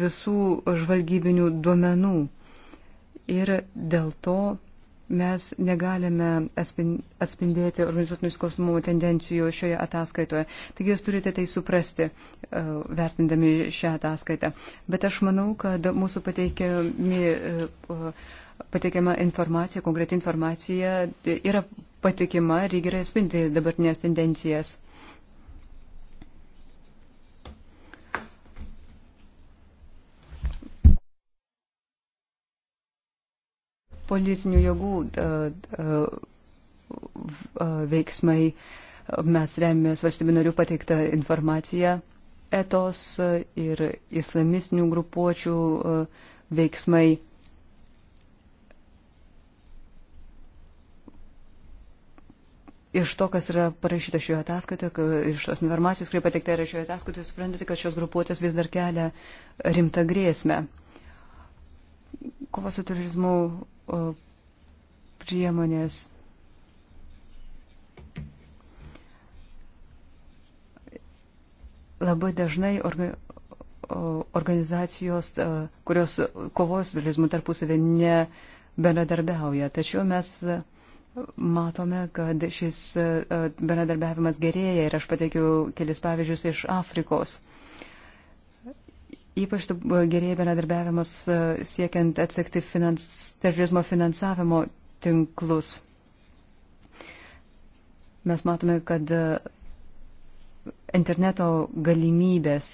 visų žvalgybinių duomenų. Ir dėl to mes negalime atspindėti organizuotų nusikalstamų tendencijų šioje ataskaitoje. Taigi jūs turite tai suprasti, e, vertindami šią ataskaitą. Bet aš manau, kad mūsų pateikiami e, pateikiama informacija, konkreti informacija tai yra patikima ir gerai spinti dabartinės tendencijas. Politinių jėgų veiksmai mes remiamės valstybių narių pateiktą informaciją etos ir islamistinių grupuočių veiksmai. iš to, kas yra parašyta šioje ataskaitoje, iš tos informacijos, kuri pateikta yra šioje ataskaitoje, suprantate, kad šios grupuotės vis dar kelia rimtą grėsmę. Kova su terorizmu priemonės. Labai dažnai orga, organizacijos, kurios kovoja su terorizmu tarpusavį, ne bendradarbiauja. Tačiau mes Matome, kad šis e, e, bendradarbiavimas gerėja ir aš pateikiau kelis pavyzdžius iš Afrikos. Ypač e, gerėja bendradarbiavimas siekiant atsekti finans, terorizmo finansavimo tinklus. Mes matome, kad interneto galimybės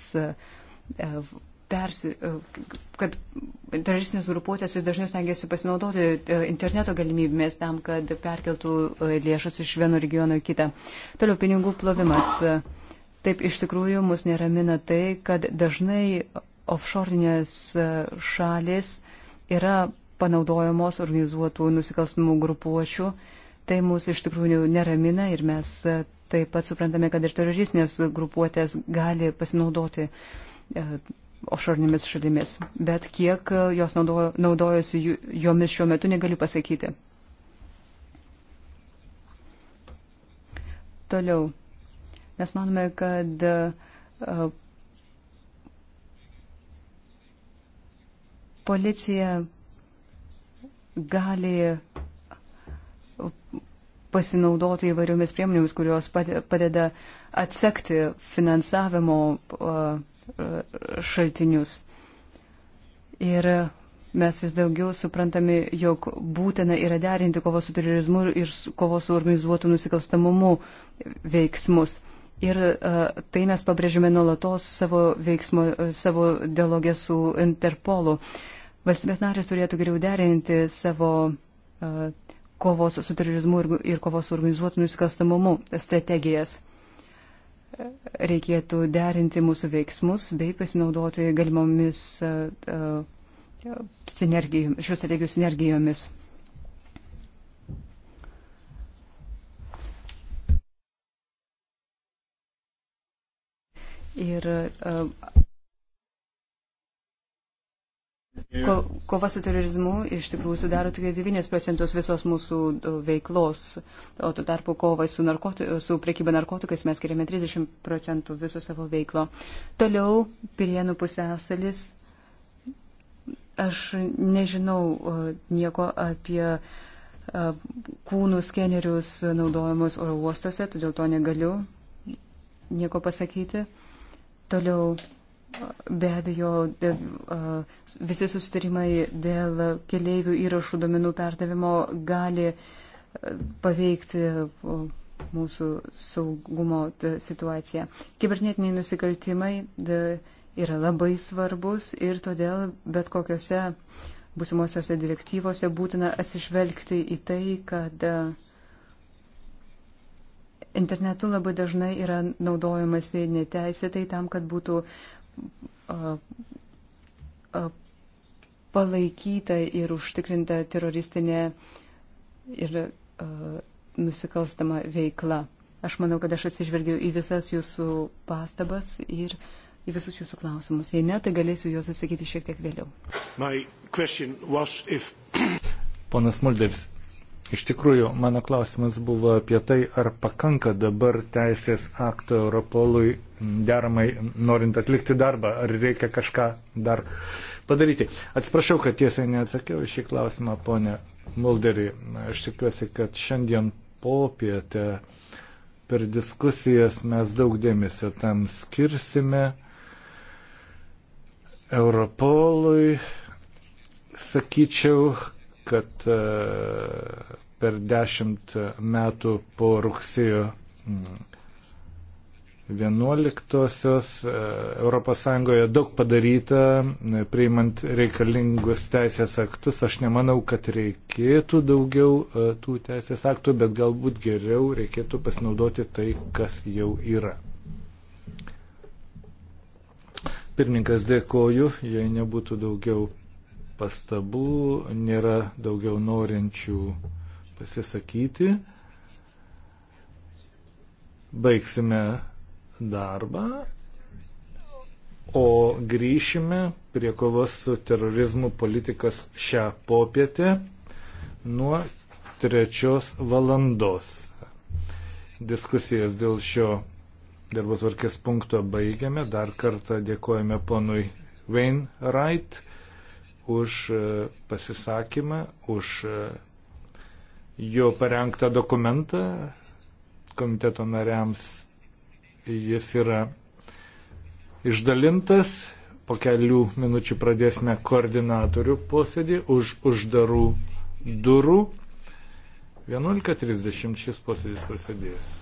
persi, e, kad teroristinės grupuotės vis dažniau stengiasi pasinaudoti e, interneto galimybėmis tam, kad perkeltų e, lėšas iš vieno regiono į kitą. Toliau pinigų plovimas. Taip iš tikrųjų mus neramina tai, kad dažnai offshore'inės šalis yra panaudojamos organizuotų nusikalstamų grupuočių. Tai mūsų iš tikrųjų neramina ir mes taip pat suprantame, kad ir teroristinės grupuotės gali pasinaudoti ošornėmis šalimis, bet kiek e, jos naudojo, naudojasi jomis šiuo metu negaliu pasakyti. Toliau. Mes manome, kad uh, policija gali pasinaudoti įvairiomis priemonėmis, kurios padeda atsekti finansavimo uh, šaltinius. Ir mes vis daugiau suprantame, jog būtina yra derinti kovos su terorizmu ir kovos su organizuotu nusikalstamumu veiksmus. Ir e, tai mes pabrėžime nuolatos savo, veiksmo, e, savo dialogę su Interpolu. Valstybės narės turėtų geriau derinti savo e, kovos su terorizmu ir kovos su organizuotu nusikalstamumu strategijas reikėtų derinti mūsų veiksmus bei pasinaudoti galimomis e, e, sinergijomis, šios strategijos sinergijomis. Ir e, Ko, kova su terorizmu iš tikrųjų sudaro tik 9 procentus visos mūsų veiklos, o tuo tarpu kovai su, narkoti, su priekyba narkotikais mes skiriame 30 procentų viso savo veiklo. Toliau Pirienų pusėsalis. Aš nežinau nieko apie kūnų skenerius naudojamus oro uostuose, todėl to negaliu nieko pasakyti. Toliau Be abejo, visi sustarimai dėl keliaivių įrašų domenų perdavimo gali paveikti mūsų saugumo situaciją. Kibernetiniai nusikaltimai yra labai svarbus ir todėl bet kokiuose būsimosiuose direktyvose būtina atsižvelgti į tai, kad internetu labai dažnai yra naudojamasi neteisėtai tam, kad būtų uh, palaikyta ir užtikrinta teroristinė ir nusikalstama veikla. Aš manau, kad aš atsižvelgiau į visas jūsų pastabas ir į visus jūsų klausimus. Jei ne, tai galėsiu juos atsakyti šiek tiek vėliau. If... Ponas Mulderis, Iš tikrųjų, mano klausimas buvo apie tai, ar pakanka dabar teisės akto Europolui deramai, norint atlikti darbą, ar reikia kažką dar padaryti. Atsiprašau, kad tiesiai neatsakiau šį klausimą, ponė Mulderį. Aš tikiuosi, kad šiandien popietę per diskusijas mes daug dėmesio tam skirsime. Europolui, sakyčiau, kad e, per dešimt metų po rugsėjo 11-osios ES daug padaryta, priimant reikalingus teisės aktus. Aš nemanau, kad reikėtų daugiau e, tų teisės aktų, bet galbūt geriau reikėtų pasinaudoti tai, kas jau yra. Pirmininkas dėkoju, jei nebūtų daugiau pastabų, nėra daugiau norinčių pasisakyti. Baigsime darbą, o grįšime prie kovos su terorizmu politikas šią popietę nuo trečios valandos. Diskusijas dėl šio darbo tvarkės punkto baigiame. Dar kartą dėkojame ponui Wainwright už e, pasisakymą, už e, jo parengtą dokumentą. Komiteto nariams jis yra išdalintas. Po kelių minučių pradėsime koordinatorių posėdį už uždarų durų. 11.30 šis posėdis prasidės.